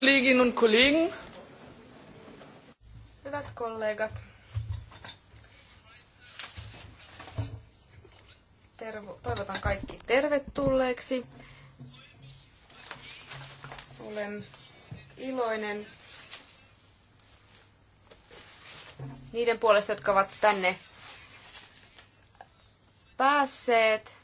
Kolleginnen und Kollegen. Hyvät kollegat. Tervo, toivotan kaikki tervetulleeksi. Olen iloinen niiden puolesta, jotka ovat tänne päässeet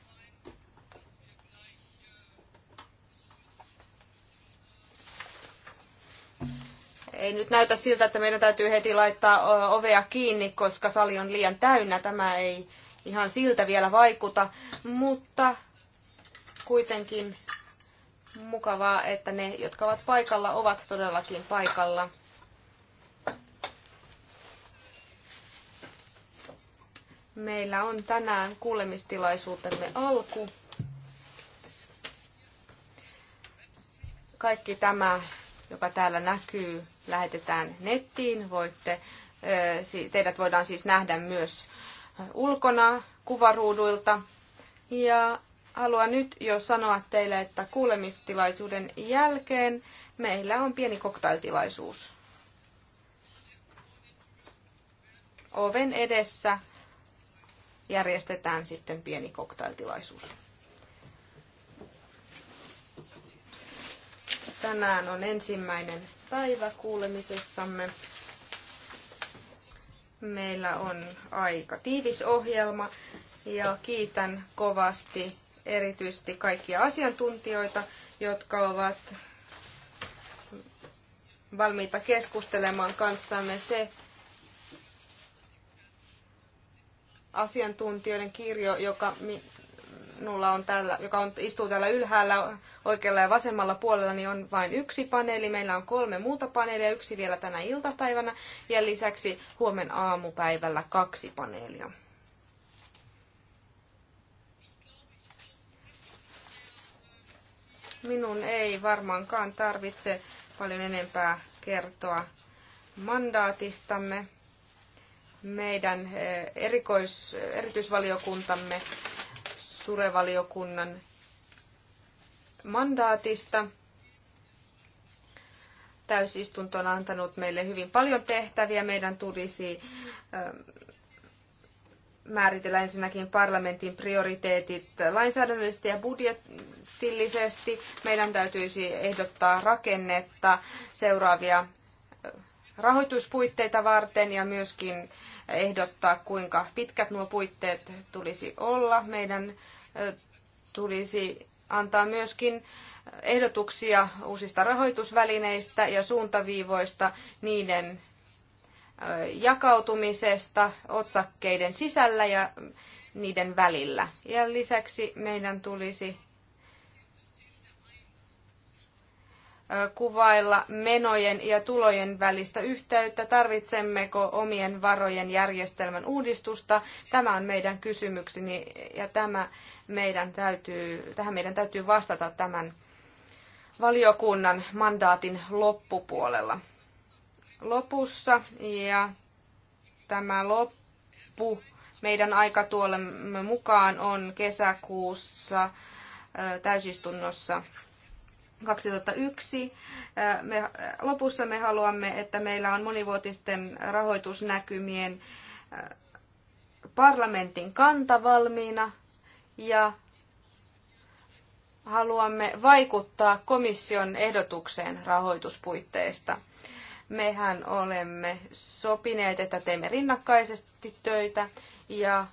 ei nyt näytä siltä, että meidän täytyy heti laittaa ovea kiinni, koska sali on liian täynnä. Tämä ei ihan siltä vielä vaikuta, mutta kuitenkin mukavaa, että ne, jotka ovat paikalla, ovat todellakin paikalla. Meillä on tänään kuulemistilaisuutemme alku. Kaikki tämä, joka täällä näkyy, lähetetään nettiin. Voitte, teidät voidaan siis nähdä myös ulkona kuvaruuduilta. Ja haluan nyt jo sanoa teille, että kuulemistilaisuuden jälkeen meillä on pieni koktailtilaisuus. Oven edessä järjestetään sitten pieni koktailtilaisuus. Tänään on ensimmäinen päivä kuulemisessamme. Meillä on aika tiivis ohjelma ja kiitän kovasti erityisesti kaikkia asiantuntijoita, jotka ovat valmiita keskustelemaan kanssamme se asiantuntijoiden kirjo, joka minulla on täällä, joka on, istuu täällä ylhäällä oikealla ja vasemmalla puolella, niin on vain yksi paneeli. Meillä on kolme muuta paneelia, yksi vielä tänä iltapäivänä ja lisäksi huomen aamupäivällä kaksi paneelia. Minun ei varmaankaan tarvitse paljon enempää kertoa mandaatistamme meidän eh, erikois, eh, erityisvaliokuntamme surevaliokunnan mandaatista. Täysistunto on antanut meille hyvin paljon tehtäviä. Meidän tulisi ähm, määritellä ensinnäkin parlamentin prioriteetit lainsäädännöllisesti ja budjetillisesti. Meidän täytyisi ehdottaa rakennetta seuraavia äh, rahoituspuitteita varten ja myöskin ehdottaa, kuinka pitkät nuo puitteet tulisi olla. Meidän tulisi antaa myöskin ehdotuksia uusista rahoitusvälineistä ja suuntaviivoista niiden jakautumisesta otsakkeiden sisällä ja niiden välillä. Ja lisäksi meidän tulisi kuvailla menojen ja tulojen välistä yhteyttä, tarvitsemmeko omien varojen järjestelmän uudistusta. Tämä on meidän kysymykseni ja tämä meidän täytyy, tähän meidän täytyy vastata tämän valiokunnan mandaatin loppupuolella. Lopussa ja tämä loppu meidän aikatuolemme mukaan on kesäkuussa täysistunnossa 2001. Äh, me, äh, lopussa me haluamme, että meillä on monivuotisten rahoitusnäkymien äh, parlamentin kanta valmiina ja haluamme vaikuttaa komission ehdotukseen rahoituspuitteista. Mehän olemme sopineet, että teemme rinnakkaisesti töitä ja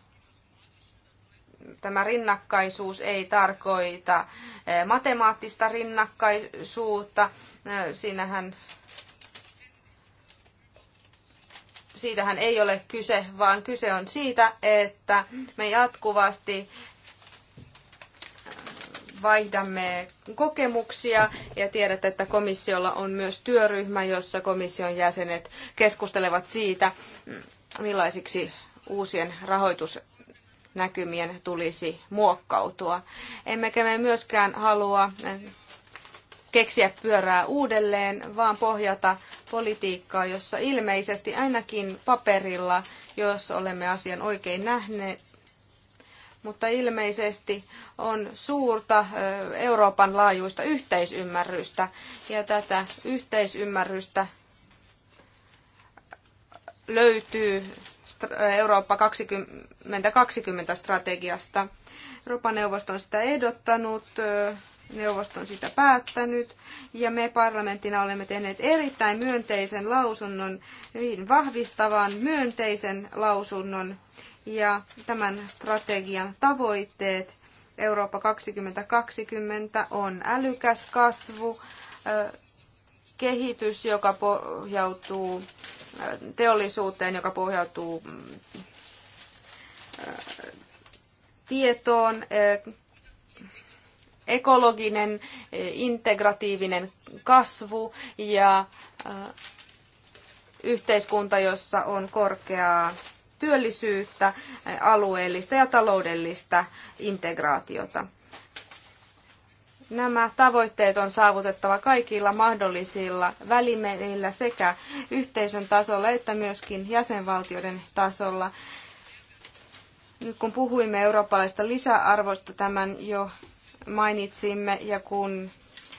tämä rinnakkaisuus ei tarkoita eh, matemaattista rinnakkaisuutta. Eh, siinähän siitähän ei ole kyse, vaan kyse on siitä, että me jatkuvasti vaihdamme kokemuksia ja tiedät, että komissiolla on myös työryhmä, jossa komission jäsenet keskustelevat siitä, mm, millaisiksi uusien rahoitus näkymien tulisi muokkautua. Emmekä me myöskään halua keksiä pyörää uudelleen, vaan pohjata politiikkaa, jossa ilmeisesti ainakin paperilla, jos olemme asian oikein nähneet, mutta ilmeisesti on suurta Euroopan laajuista yhteisymmärrystä. Ja tätä yhteisymmärrystä löytyy Eurooppa 2020 strategiasta. Euroopan neuvosto on sitä ehdottanut, neuvosto on sitä päättänyt ja me parlamenttina olemme tehneet erittäin myönteisen lausunnon, hyvin vahvistavan myönteisen lausunnon ja tämän strategian tavoitteet Eurooppa 2020 on älykäs kasvu, kehitys, joka pohjautuu äh, teollisuuteen, joka pohjautuu mm, äh, tietoon, äh, ekologinen, integratiivinen kasvu ja yhteiskunta, jossa on korkeaa työllisyyttä, alueellista ja taloudellista integraatiota. Nämä tavoitteet on saavutettava kaikilla mahdollisilla välimeillä sekä yhteisön tasolla että myöskin jäsenvaltioiden tasolla. Nyt kun puhuimme eurooppalaista lisäarvosta, tämän jo mainitsimme ja kun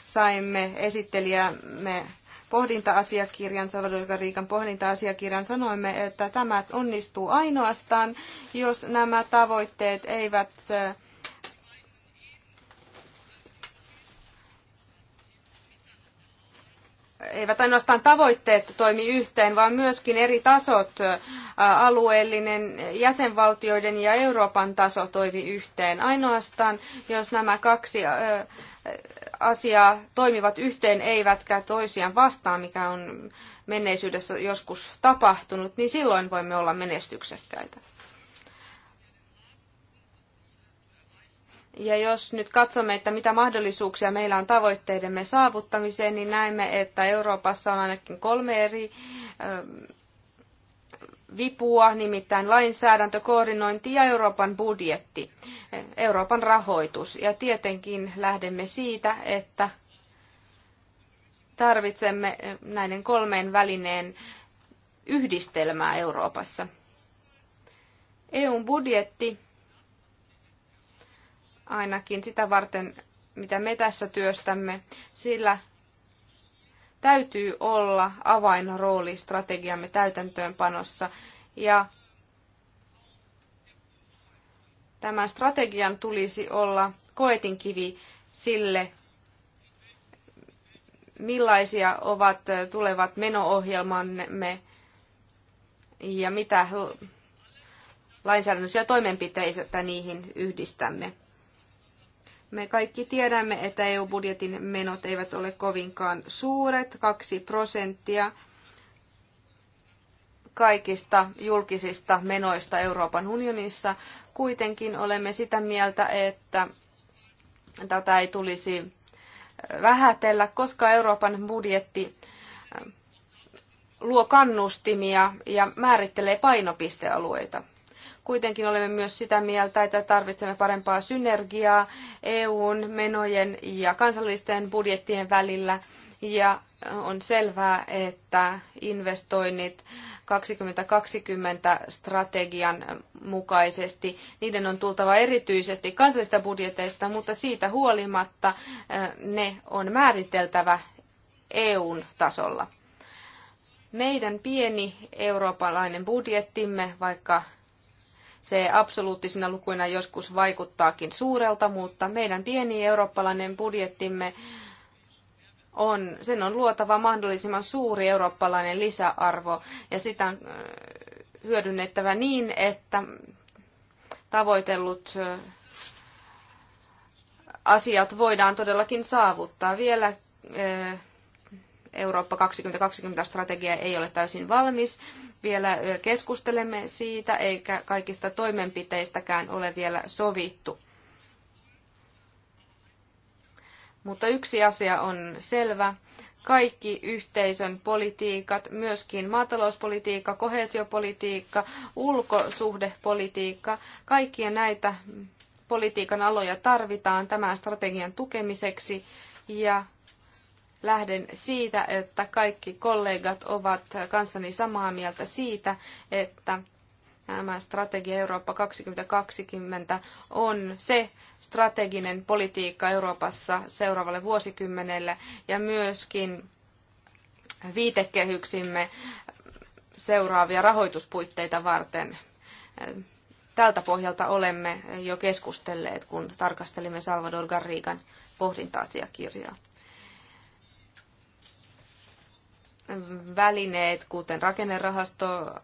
saimme esittelijämme pohdinta-asiakirjan, Salvador Garrigan pohdinta-asiakirjan, sanoimme, että tämä onnistuu ainoastaan, jos nämä tavoitteet eivät eivät ainoastaan tavoitteet toimi yhteen, vaan myöskin eri tasot, alueellinen, jäsenvaltioiden ja Euroopan taso toimi yhteen. Ainoastaan, jos nämä kaksi asiaa toimivat yhteen, eivätkä toisiaan vastaan, mikä on menneisyydessä joskus tapahtunut, niin silloin voimme olla menestyksekkäitä. Ja jos nyt katsomme, että mitä mahdollisuuksia meillä on tavoitteidemme saavuttamiseen, niin näemme, että Euroopassa on ainakin kolme eri ähm, vipua, nimittäin lainsäädäntö, koordinointi ja Euroopan budjetti, äh, Euroopan rahoitus. Ja tietenkin lähdemme siitä, että tarvitsemme äh, näiden kolmeen välineen yhdistelmää Euroopassa. EUn budjetti ainakin sitä varten, mitä me tässä työstämme, sillä täytyy olla avainrooli strategiamme täytäntöönpanossa. Ja tämän strategian tulisi olla koetinkivi sille, millaisia ovat äh, tulevat menoohjelmamme ja mitä lainsäädännöllisiä toimenpiteitä niihin yhdistämme. Me kaikki tiedämme, että EU-budjetin menot eivät ole kovinkaan suuret, kaksi prosenttia kaikista julkisista menoista Euroopan unionissa. Kuitenkin olemme sitä mieltä, että tätä ei tulisi vähätellä, koska Euroopan budjetti luo kannustimia ja määrittelee painopistealueita. Kuitenkin olemme myös sitä mieltä, että tarvitsemme parempaa synergiaa EUn menojen ja kansallisten budjettien välillä. Ja on selvää, että investoinnit 2020 strategian mukaisesti, niiden on tultava erityisesti kansallisista budjeteista, mutta siitä huolimatta eh, ne on määriteltävä EUn tasolla. Meidän pieni eurooppalainen budjettimme, vaikka se absoluuttisina lukuina joskus vaikuttaakin suurelta, mutta meidän pieni eurooppalainen budjettimme on, sen on luotava mahdollisimman suuri eurooppalainen lisäarvo ja sitä on hyödynnettävä niin, että tavoitellut asiat voidaan todellakin saavuttaa. Vielä Eurooppa 2020 strategia ei ole täysin valmis vielä keskustelemme siitä, eikä kaikista toimenpiteistäkään ole vielä sovittu. Mutta yksi asia on selvä. Kaikki yhteisön politiikat, myöskin maatalouspolitiikka, kohesiopolitiikka, ulkosuhdepolitiikka, kaikkia näitä politiikan aloja tarvitaan tämän strategian tukemiseksi ja lähden siitä, että kaikki kollegat ovat kanssani samaa mieltä siitä, että tämä strategia Eurooppa 2020 on se strateginen politiikka Euroopassa seuraavalle vuosikymmenelle ja myöskin viitekehyksimme seuraavia rahoituspuitteita varten. Tältä pohjalta olemme jo keskustelleet, kun tarkastelimme Salvador Garrigan pohdinta-asiakirjaa. välineet, kuten rakennerahasto,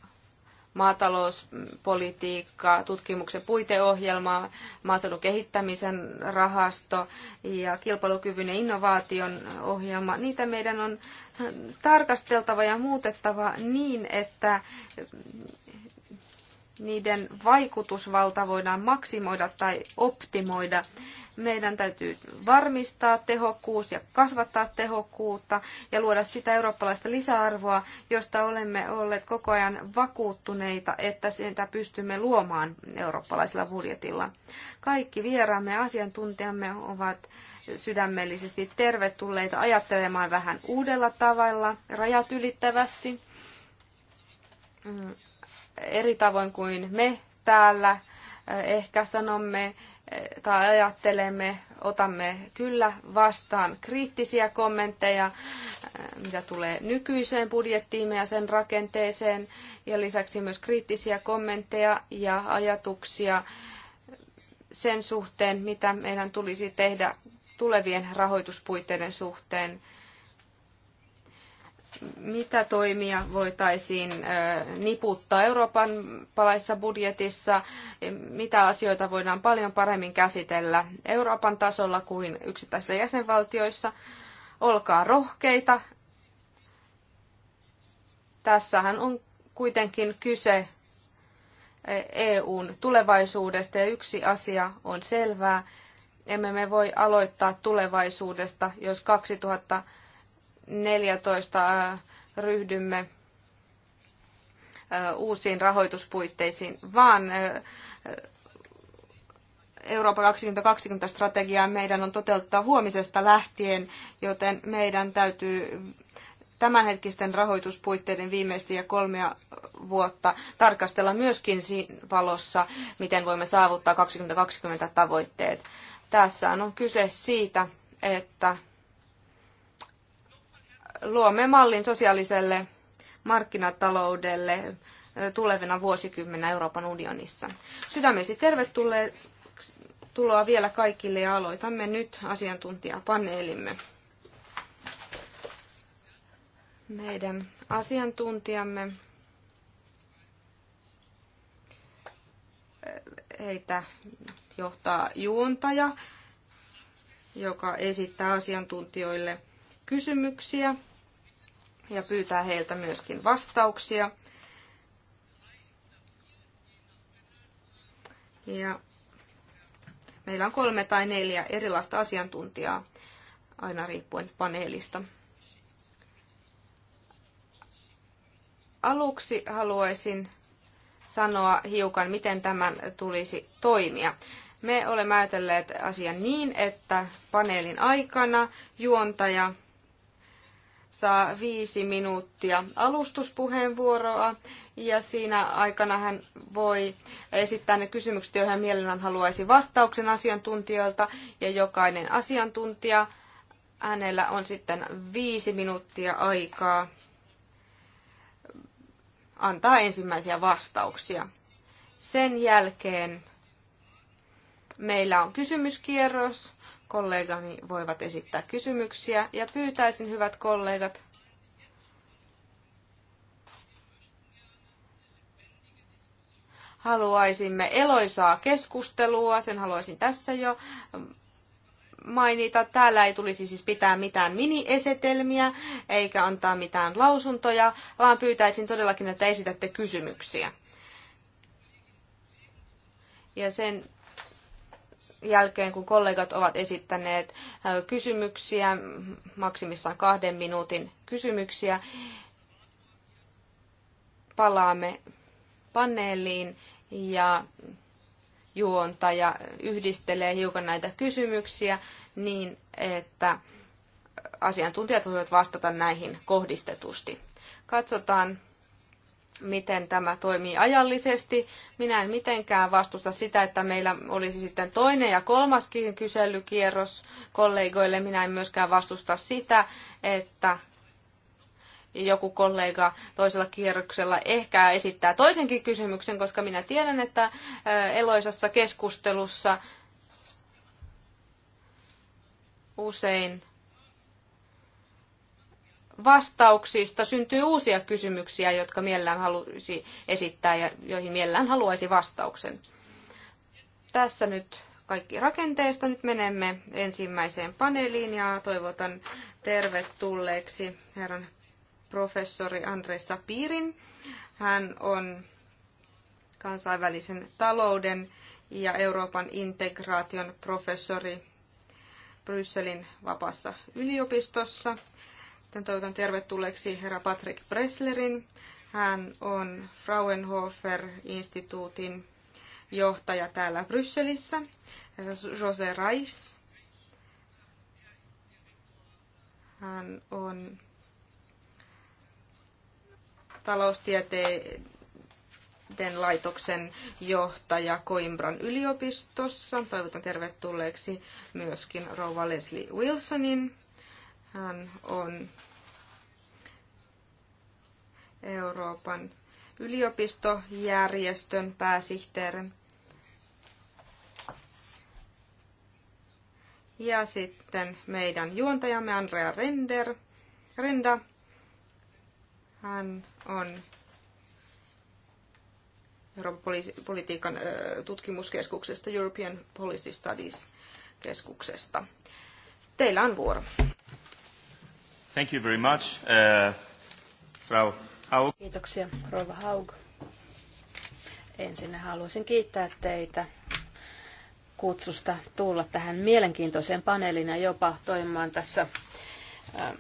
maatalouspolitiikka, tutkimuksen puiteohjelma, maaseudun kehittämisen rahasto ja kilpailukyvyn ja innovaation ohjelma, niitä meidän on tarkasteltava ja muutettava niin, että niiden vaikutusvalta voidaan maksimoida tai optimoida. Meidän täytyy varmistaa tehokkuus ja kasvattaa tehokkuutta ja luoda sitä eurooppalaista lisäarvoa, josta olemme olleet koko ajan vakuuttuneita, että sitä pystymme luomaan eurooppalaisella budjetilla. Kaikki vieraamme ja asiantuntijamme ovat sydämellisesti tervetulleita ajattelemaan vähän uudella tavalla, rajat ylittävästi mm eri tavoin kuin me täällä ehkä sanomme tai ajattelemme, otamme kyllä vastaan kriittisiä kommentteja, mitä tulee nykyiseen budjettiimme ja sen rakenteeseen, ja lisäksi myös kriittisiä kommentteja ja ajatuksia sen suhteen, mitä meidän tulisi tehdä tulevien rahoituspuitteiden suhteen mitä toimia voitaisiin niputtaa Euroopan palaissa budjetissa, mitä asioita voidaan paljon paremmin käsitellä Euroopan tasolla kuin yksittäisissä jäsenvaltioissa. Olkaa rohkeita. Tässähän on kuitenkin kyse EUn tulevaisuudesta ja yksi asia on selvää. Emme me voi aloittaa tulevaisuudesta, jos 2000 2014 äh, ryhdymme äh, uusiin rahoituspuitteisiin, vaan Euroopan 2020 strategiaa meidän on toteuttaa huomisesta lähtien, joten meidän täytyy tämänhetkisten rahoituspuitteiden viimeisiä kolmea vuotta tarkastella myöskin siinä valossa, miten voimme saavuttaa 2020 tavoitteet. Tässä on kyse siitä, että luomme mallin sosiaaliselle markkinataloudelle tulevina vuosikymmeninä Euroopan unionissa. Sydämesi tervetuloa vielä kaikille ja aloitamme nyt asiantuntijapaneelimme. Meidän asiantuntijamme, heitä johtaa juontaja, joka esittää asiantuntijoille kysymyksiä ja pyytää heiltä myöskin vastauksia. Ja meillä on kolme tai neljä erilaista asiantuntijaa, aina riippuen paneelista. Aluksi haluaisin sanoa hiukan, miten tämän tulisi toimia. Me olemme ajatelleet asian niin, että paneelin aikana juontaja saa viisi minuuttia alustuspuheenvuoroa ja siinä aikana hän voi esittää ne kysymykset, joihin hän mielellään haluaisi vastauksen asiantuntijoilta ja jokainen asiantuntija hänellä on sitten viisi minuuttia aikaa antaa ensimmäisiä vastauksia. Sen jälkeen meillä on kysymyskierros kollegani voivat esittää kysymyksiä ja pyytäisin hyvät kollegat haluaisimme eloisaa keskustelua, sen haluaisin tässä jo mainita. Täällä ei tulisi siis pitää mitään miniesetelmiä eikä antaa mitään lausuntoja, vaan pyytäisin todellakin, että esitätte kysymyksiä. Ja sen jälkeen, kun kollegat ovat esittäneet kysymyksiä, maksimissaan kahden minuutin kysymyksiä, palaamme paneeliin ja juontaja yhdistelee hiukan näitä kysymyksiä niin, että asiantuntijat voivat vastata näihin kohdistetusti. Katsotaan, miten tämä toimii ajallisesti. Minä en mitenkään vastusta sitä, että meillä olisi sitten toinen ja kolmaskin kyselykierros kollegoille. Minä en myöskään vastusta sitä, että joku kollega toisella kierroksella ehkä esittää toisenkin kysymyksen, koska minä tiedän, että äh, eloisassa keskustelussa usein vastauksista syntyy uusia kysymyksiä, jotka mielellään haluaisi esittää ja joihin mielellään haluaisi vastauksen. Tässä nyt kaikki rakenteesta. Nyt menemme ensimmäiseen paneeliin ja toivotan tervetulleeksi herran professori Andres Sapirin. Hän on kansainvälisen talouden ja Euroopan integraation professori Brysselin vapaassa yliopistossa. Sitten toivotan tervetulleeksi herra Patrick Presslerin. Hän on Fraunhofer-instituutin johtaja täällä Brysselissä, Jose Reis. Hän on taloustieteiden laitoksen johtaja Coimbran yliopistossa. Toivotan tervetulleeksi myöskin rouva Leslie Wilsonin. Hän on Euroopan yliopistojärjestön pääsihteeri. Ja sitten meidän juontajamme Andrea Render, Renda. Hän on Euroopan politiikan tutkimuskeskuksesta, European Policy Studies keskuksesta. Teillä on vuoro. Thank you very much, uh, Frau Haug. Kiitoksia, Rova Haug. Ensin haluaisin kiittää teitä kutsusta tulla tähän mielenkiintoiseen paneeliin ja jopa toimimaan tässä äh,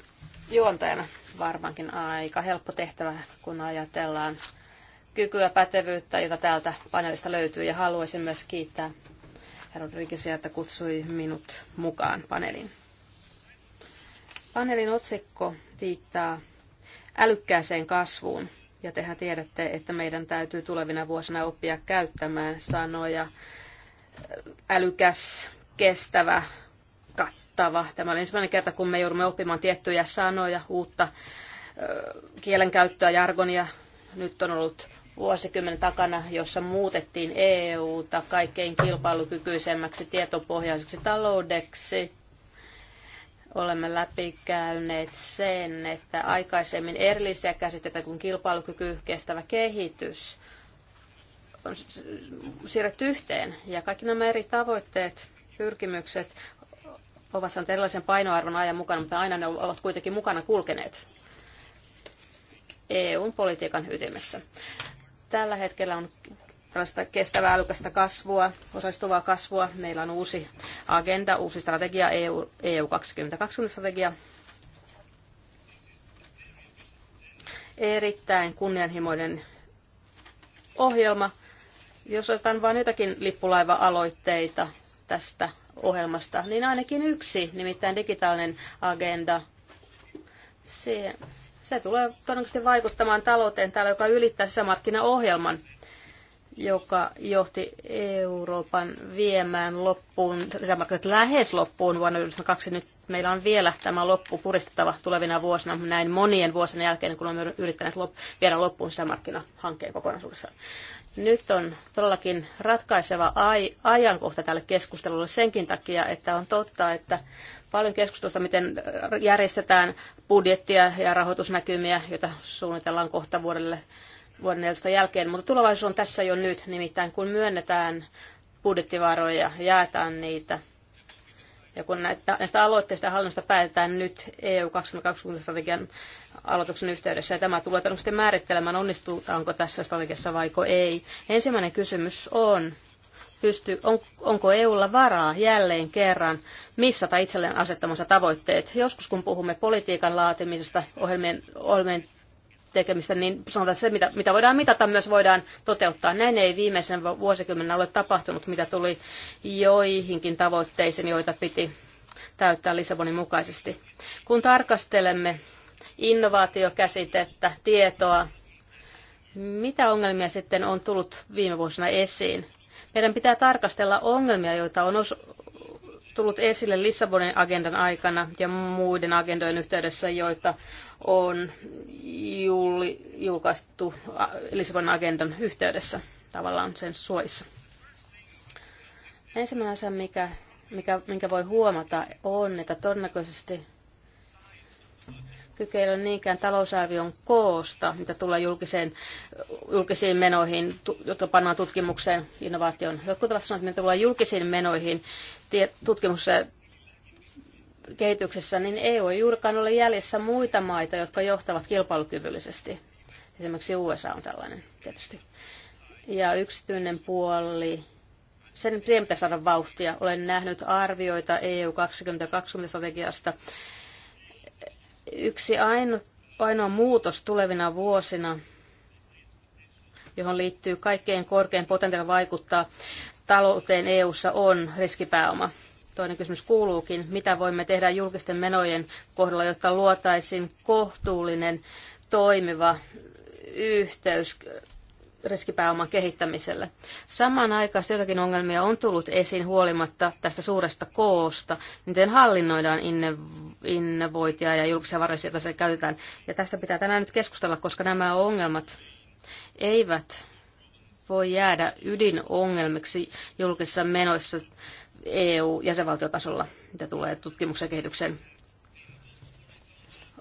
juontajana. Varmaankin aika helppo tehtävä, kun ajatellaan kykyä, pätevyyttä, jota täältä paneelista löytyy. Ja haluaisin myös kiittää herra Rodriguezia, että kutsui minut mukaan paneeliin. Paneelin otsikko viittaa älykkääseen kasvuun. Ja tehän tiedätte, että meidän täytyy tulevina vuosina oppia käyttämään sanoja älykäs, kestävä, kattava. Tämä oli ensimmäinen kerta, kun me joudumme oppimaan tiettyjä sanoja, uutta kielenkäyttöä, jargonia. Nyt on ollut vuosikymmenen takana, jossa muutettiin EU: ta kaikkein kilpailukykyisemmäksi tietopohjaiseksi taloudeksi, olemme läpikäyneet sen, että aikaisemmin erillisiä käsitteitä kuin kilpailukyky, kestävä kehitys on siirretty yhteen. Ja kaikki nämä eri tavoitteet, pyrkimykset ovat saaneet erilaisen painoarvon ajan mukana, mutta aina ne ovat kuitenkin mukana kulkeneet EUn politiikan ytimessä. Tällä hetkellä on tällaista kestävää älykästä kasvua, osallistuvaa kasvua. Meillä on uusi agenda, uusi strategia, EU, EU 2020-strategia. Erittäin kunnianhimoinen ohjelma. Jos otan vain jotakin lippulaiva-aloitteita tästä ohjelmasta, niin ainakin yksi, nimittäin digitaalinen agenda. Se, se tulee todennäköisesti vaikuttamaan talouteen täällä, joka ylittää sisämarkkinaohjelman joka johti Euroopan viemään loppuun, lähes loppuun vuonna 1992. Nyt meillä on vielä tämä loppu puristettava tulevina vuosina, näin monien vuosien jälkeen, kun olemme yrittäneet lop- viedä loppuun sisämarkkinahankkeen kokonaisuudessaan. Nyt on todellakin ratkaiseva ai- ajankohta tälle keskustelulle senkin takia, että on totta, että paljon keskustelusta, miten järjestetään budjettia ja rahoitusnäkymiä, joita suunnitellaan kohta vuodelle vuoden 14 jälkeen, mutta tulevaisuus on tässä jo nyt, nimittäin kun myönnetään budjettivaroja, jaetaan niitä. Ja kun näitä, näistä aloitteista ja hallinnosta päätetään nyt EU 2020-strategian aloituksen yhteydessä, ja tämä tulee tämmöisesti määrittelemään, onnistutaanko tässä strategiassa vaiko ei. Ensimmäinen kysymys on, pysty, on, onko EUlla varaa jälleen kerran missata itselleen asettamansa tavoitteet. Joskus kun puhumme politiikan laatimisesta, ohjelmien, ohjelmien tekemistä, niin sanotaan, että se mitä, mitä voidaan mitata, myös voidaan toteuttaa. Näin ei viimeisen vuosikymmenen ole tapahtunut, mitä tuli joihinkin tavoitteisiin, joita piti täyttää Lissabonin mukaisesti. Kun tarkastelemme innovaatiokäsitettä, tietoa, mitä ongelmia sitten on tullut viime vuosina esiin? Meidän pitää tarkastella ongelmia, joita on os tullut esille Lissabonin agendan aikana ja muiden agendojen yhteydessä, joita on juuri julkaistu Lisbon agendan yhteydessä, tavallaan sen suojissa. Ensimmäinen asia, mikä, mikä, minkä voi huomata, on, että todennäköisesti kyke ei ole niinkään talousarvion koosta, mitä tulee julkiseen, julkisiin menoihin, jotka pannaan tutkimukseen, innovaatioon. Jotkut ovat sanoneet, että mitä tulee julkisiin menoihin, tutkimukseen, kehityksessä, niin EU ei juurikaan ole jäljessä muita maita, jotka johtavat kilpailukyvyllisesti. Esimerkiksi USA on tällainen tietysti. Ja yksityinen puoli, sen pitäisi saada vauhtia. Olen nähnyt arvioita EU 2020-strategiasta. Yksi aino, ainoa muutos tulevina vuosina, johon liittyy kaikkein korkein potentiaali vaikuttaa talouteen EU:ssa on riskipääoma. Toinen kysymys kuuluukin, mitä voimme tehdä julkisten menojen kohdalla, jotta luotaisiin kohtuullinen, toimiva yhteys riskipääoman kehittämiselle. aikaan jotakin ongelmia on tullut esiin huolimatta tästä suuresta koosta, miten hallinnoidaan innovointia ja julkisia varoja, joita se käytetään. Ja tästä pitää tänään nyt keskustella, koska nämä ongelmat eivät voi jäädä ydinongelmiksi julkisissa menoissa EU-jäsenvaltiotasolla, mitä tulee tutkimuksen ja kehitykseen.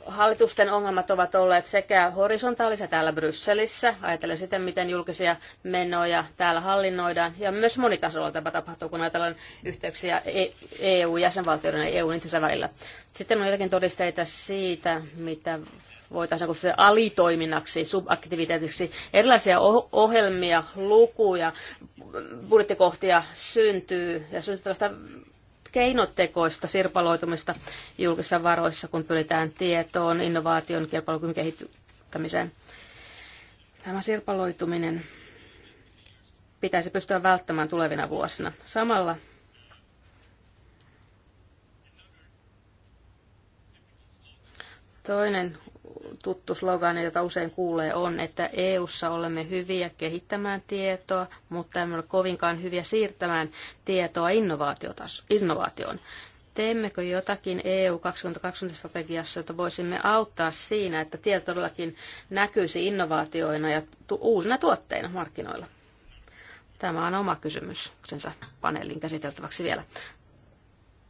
Hallitusten ongelmat ovat olleet sekä horisontaalisia täällä Brysselissä, ajatellen sitten, miten julkisia menoja täällä hallinnoidaan, ja myös monitasolla tämä tapahtuu, kun ajatellaan yhteyksiä EU-jäsenvaltioiden e ja EU itsensä välillä. Sitten on jotakin todisteita siitä, mitä voitaisiin kutsua alitoiminnaksi, subaktiviteetiksi. Erilaisia ohjelmia, lukuja, budjettikohtia syntyy ja syntyy tällaista keinotekoista sirpaloitumista julkisissa varoissa, kun pyritään tietoon, innovaation, kilpailukyvyn kehittämiseen. Tämä sirpaloituminen pitäisi pystyä välttämään tulevina vuosina. Samalla toinen tuttu slogan, jota usein kuulee, on, että EU:ssa olemme hyviä kehittämään tietoa, mutta emme ole kovinkaan hyviä siirtämään tietoa innovaatioon. Teemmekö jotakin EU 2020-strategiassa, jota voisimme auttaa siinä, että tieto todellakin näkyisi innovaatioina ja uusina tuotteina markkinoilla? Tämä on oma kysymyksensä paneelin käsiteltäväksi vielä.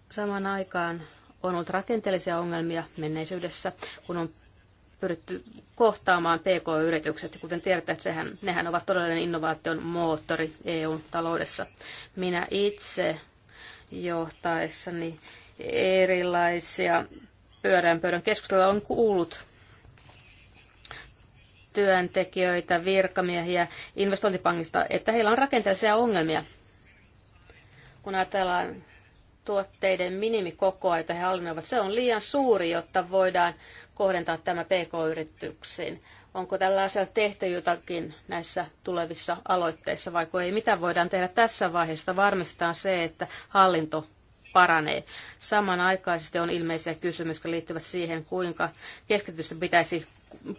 Samaan aikaan on ollut rakenteellisia ongelmia menneisyydessä, kun on pyritty kohtaamaan PK-yritykset. Kuten tiedätte, että sehän, nehän ovat todellinen innovaation moottori EU-taloudessa. Minä itse johtaessani erilaisia pyörän pyörän keskustelua on kuullut työntekijöitä, virkamiehiä investointipankista, että heillä on rakenteellisia ongelmia. Kun ajatellaan tuotteiden minimikokoa, jota he hallinnoivat, se on liian suuri, jotta voidaan kohdentaa tämä PK-yrityksiin? Onko tällä asialla tehty jotakin näissä tulevissa aloitteissa vai ei? Mitä voidaan tehdä tässä vaiheessa? Varmistetaan se, että hallinto paranee. Samanaikaisesti on ilmeisiä kysymyksiä, jotka liittyvät siihen, kuinka keskitystä pitäisi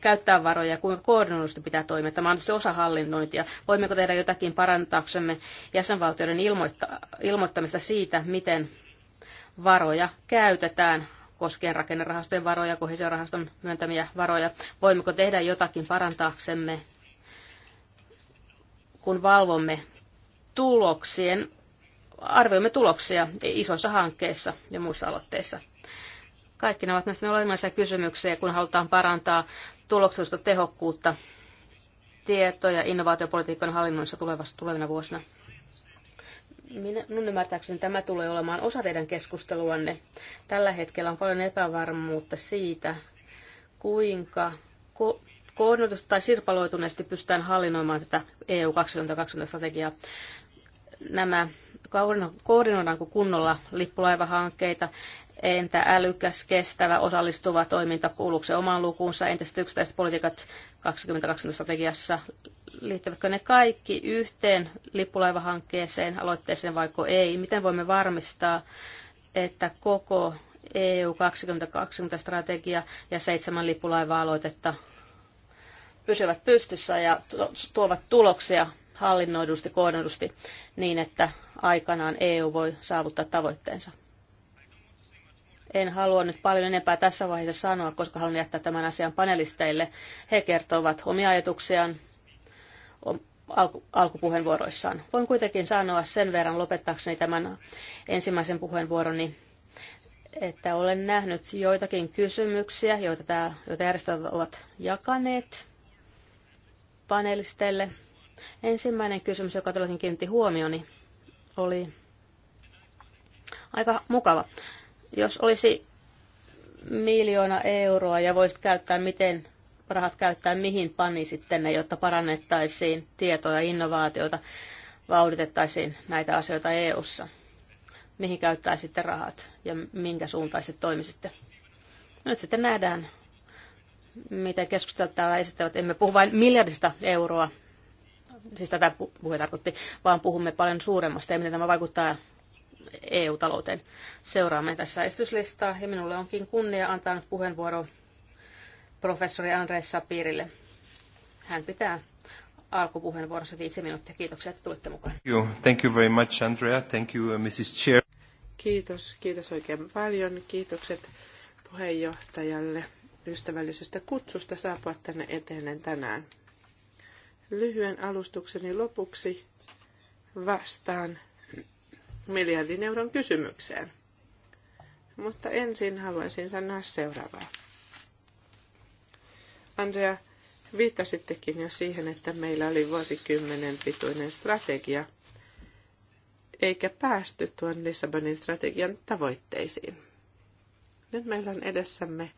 käyttää varoja ja kuinka koordinoidusti pitää toimia. Tämä on tietysti osa hallinnointia. Voimmeko tehdä jotakin parantaaksemme jäsenvaltioiden ilmoitta- ilmoittamista siitä, miten varoja käytetään koskien rakennerahastojen varoja, kohesiorahaston myöntämiä varoja. Voimmeko tehdä jotakin parantaaksemme, kun valvomme tuloksien, arvioimme tuloksia isoissa hankkeissa ja muissa aloitteissa. Kaikki ne ovat näistä olennaisia kysymyksiä, kun halutaan parantaa tuloksellista tehokkuutta tieto- ja innovaatiopolitiikan hallinnoissa tulevina vuosina. Minä, minun ymmärtääkseni tämä tulee olemaan osa teidän keskusteluanne. Tällä hetkellä on paljon epävarmuutta siitä, kuinka ko- koordinoitusta tai sirpaloituneesti pystytään hallinnoimaan tätä EU 2020-strategiaa. Nämä koordinoidaanko kunnolla lippulaivahankkeita, entä älykäs, kestävä, osallistuva toiminta kuuluuko se omaan lukuunsa, entä sitten yksittäiset politiikat 2020 strategiassa liittyvätkö ne kaikki yhteen lippulaivahankkeeseen, aloitteeseen vai ei? Miten voimme varmistaa, että koko EU 2020-strategia ja seitsemän lippulaiva-aloitetta pysyvät pystyssä ja tuovat tuloksia hallinnoidusti, koordinoidusti niin, että aikanaan EU voi saavuttaa tavoitteensa. En halua nyt paljon enempää tässä vaiheessa sanoa, koska haluan jättää tämän asian panelisteille. He kertovat omia ajatuksiaan alku, alkupuheenvuoroissaan. Voin kuitenkin sanoa sen verran lopettaakseni tämän ensimmäisen puheenvuoroni, että olen nähnyt joitakin kysymyksiä, joita, tää, joita järjestöt ovat jakaneet panelisteille. Ensimmäinen kysymys, joka todellakin kiinnitti huomioni, oli aika mukava. Jos olisi miljoona euroa ja voisit käyttää miten rahat käyttää, mihin sitten, ne, jotta parannettaisiin tietoa ja innovaatioita, vauhditettaisiin näitä asioita EU-ssa? Mihin käyttäisitte rahat ja minkä suuntaiset toimisitte? No nyt sitten nähdään, mitä keskustelut täällä esittävät. Emme puhu vain miljardista euroa, siis tätä puhe tarkoitti, vaan puhumme paljon suuremmasta ja miten tämä vaikuttaa EU-talouteen. Seuraamme tässä esityslistaa ja minulle onkin kunnia antaa nyt puheenvuoro professori Andres Sapirille. Hän pitää alkupuheenvuorossa viisi minuuttia. Kiitoksia, että tulitte mukaan. Thank you, Thank you very much, Andrea. Thank you, uh, Mrs. Chair. Kiitos, kiitos oikein paljon. Kiitokset puheenjohtajalle ystävällisestä kutsusta saapua tänne eteenen tänään. Lyhyen alustukseni lopuksi vastaan miljardin euron kysymykseen. Mutta ensin haluaisin sanoa seuraavaa. Andrea, viittasittekin jo siihen, että meillä oli vuosikymmenen pituinen strategia, eikä päästy tuon Lissabonin strategian tavoitteisiin. Nyt meillä on edessämme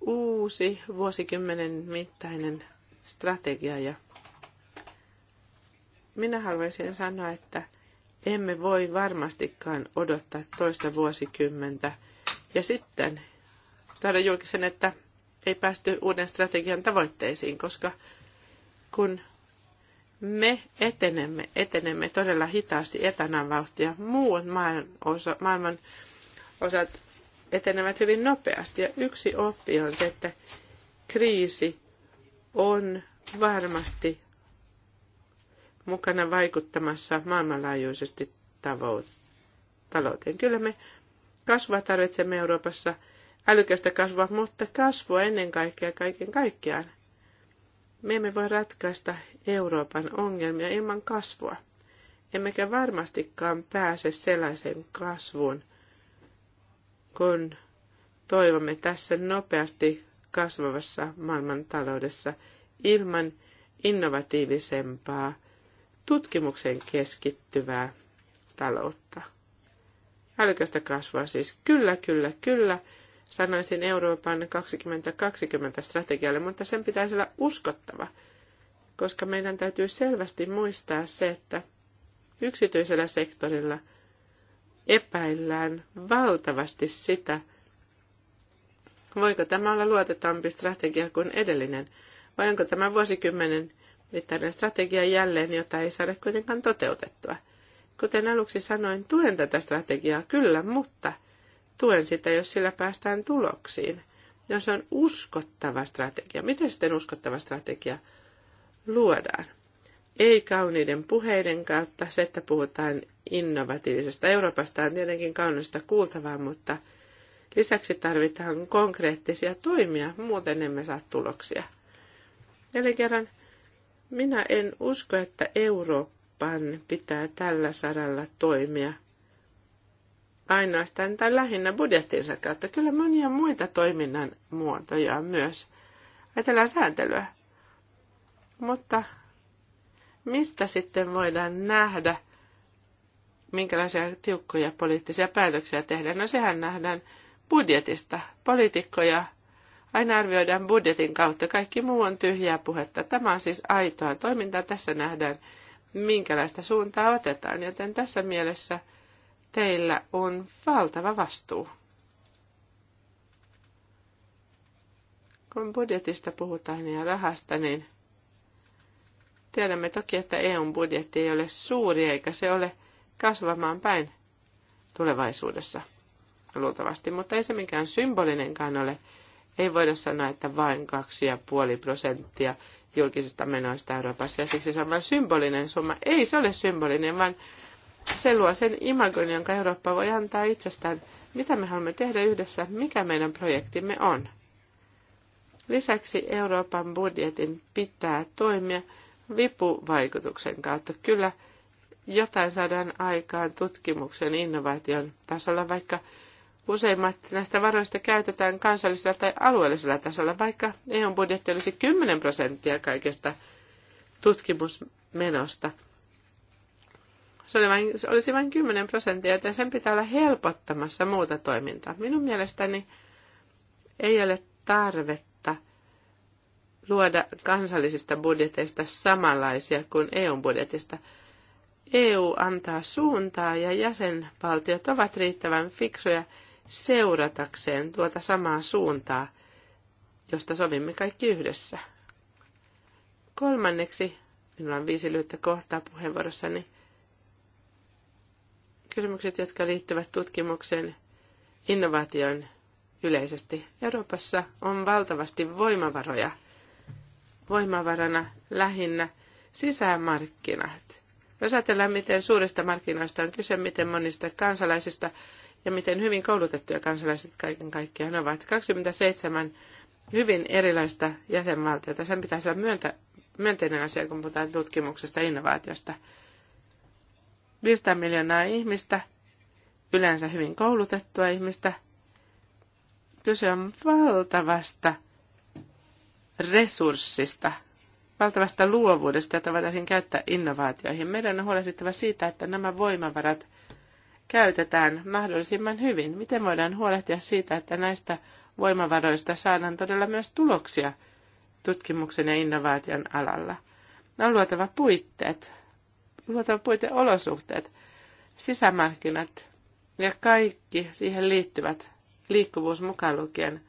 uusi vuosikymmenen mittainen strategia ja minä haluaisin sanoa, että emme voi varmastikaan odottaa toista vuosikymmentä ja sitten tuoda julkisen, että ei päästy uuden strategian tavoitteisiin, koska kun me etenemme, etenemme todella hitaasti etänän vauhtia. Muut maailman, osa, maailman osat etenevät hyvin nopeasti. Ja yksi oppi on se, että kriisi on varmasti mukana vaikuttamassa maailmanlaajuisesti talouteen. Kyllä me kasvua tarvitsemme Euroopassa – älykästä kasvua, mutta kasvua ennen kaikkea kaiken kaikkiaan. Me emme voi ratkaista Euroopan ongelmia ilman kasvua, emmekä varmastikaan pääse sellaisen kasvuun, kun toivomme tässä nopeasti kasvavassa maailmantaloudessa ilman innovatiivisempaa, tutkimuksen keskittyvää taloutta. Älykästä kasvua siis kyllä, kyllä, kyllä sanoisin Euroopan 2020 strategialle, mutta sen pitäisi olla uskottava, koska meidän täytyy selvästi muistaa se, että yksityisellä sektorilla epäillään valtavasti sitä, voiko tämä olla luotetampi strategia kuin edellinen, vai onko tämä vuosikymmenen mittainen strategia jälleen, jota ei saada kuitenkaan toteutettua. Kuten aluksi sanoin, tuen tätä strategiaa kyllä, mutta – tuen sitä, jos sillä päästään tuloksiin. Ja se on uskottava strategia. Miten sitten uskottava strategia luodaan? Ei kauniiden puheiden kautta, se, että puhutaan innovatiivisesta Euroopasta on tietenkin kaunista kuultavaa, mutta lisäksi tarvitaan konkreettisia toimia, muuten emme saa tuloksia. Eli kerran, minä en usko, että Euroopan pitää tällä saralla toimia – ainoastaan tai lähinnä budjettinsa kautta. Kyllä monia muita toiminnan muotoja myös. Ajatellaan sääntelyä. Mutta mistä sitten voidaan nähdä, minkälaisia tiukkoja poliittisia päätöksiä tehdään? No sehän nähdään budjetista. Poliitikkoja aina arvioidaan budjetin kautta. Kaikki muu on tyhjää puhetta. Tämä on siis aitoa toimintaa. Tässä nähdään, minkälaista suuntaa otetaan. Joten tässä mielessä – teillä on valtava vastuu. Kun budjetista puhutaan ja rahasta, niin tiedämme toki, että EUn budjetti ei ole suuri eikä se ole kasvamaan päin tulevaisuudessa luultavasti, mutta ei se mikään symbolinenkaan ole. Ei voida sanoa, että vain 2,5 prosenttia julkisista menoista Euroopassa ja siksi se on vain symbolinen summa. Ei se ole symbolinen, vaan se luo sen imagon, jonka Eurooppa voi antaa itsestään, mitä me haluamme tehdä yhdessä, mikä meidän projektimme on. Lisäksi Euroopan budjetin pitää toimia vipuvaikutuksen kautta. Kyllä jotain saadaan aikaan tutkimuksen innovaation tasolla, vaikka useimmat näistä varoista käytetään kansallisella tai alueellisella tasolla, vaikka eu budjetti olisi 10 prosenttia kaikesta tutkimusmenosta se oli vain, se olisi vain 10 prosenttia, joten sen pitää olla helpottamassa muuta toimintaa. Minun mielestäni ei ole tarvetta luoda kansallisista budjeteista samanlaisia kuin EU-budjetista. EU antaa suuntaa ja jäsenvaltiot ovat riittävän fiksuja seuratakseen tuota samaa suuntaa, josta sovimme kaikki yhdessä. Kolmanneksi, minulla on viisi lyhyttä kohtaa puheenvuorossani, niin kysymykset, jotka liittyvät tutkimukseen, innovaatioon yleisesti. Euroopassa on valtavasti voimavaroja. Voimavarana lähinnä sisämarkkinat. Jos ajatellaan, miten suurista markkinoista on kyse, miten monista kansalaisista ja miten hyvin koulutettuja kansalaiset kaiken kaikkiaan ovat. 27 hyvin erilaista jäsenvaltiota. Sen pitäisi olla myönteinen asia, kun puhutaan tutkimuksesta ja innovaatiosta. 500 miljoonaa ihmistä, yleensä hyvin koulutettua ihmistä. Kyse on valtavasta resurssista, valtavasta luovuudesta, jota voitaisiin käyttää innovaatioihin. Meidän on huolehdittava siitä, että nämä voimavarat käytetään mahdollisimman hyvin. Miten voidaan huolehtia siitä, että näistä voimavaroista saadaan todella myös tuloksia tutkimuksen ja innovaation alalla? On luotava puitteet luotava puiteolosuhteet, sisämarkkinat ja kaikki siihen liittyvät, liikkuvuus mukaan lukien,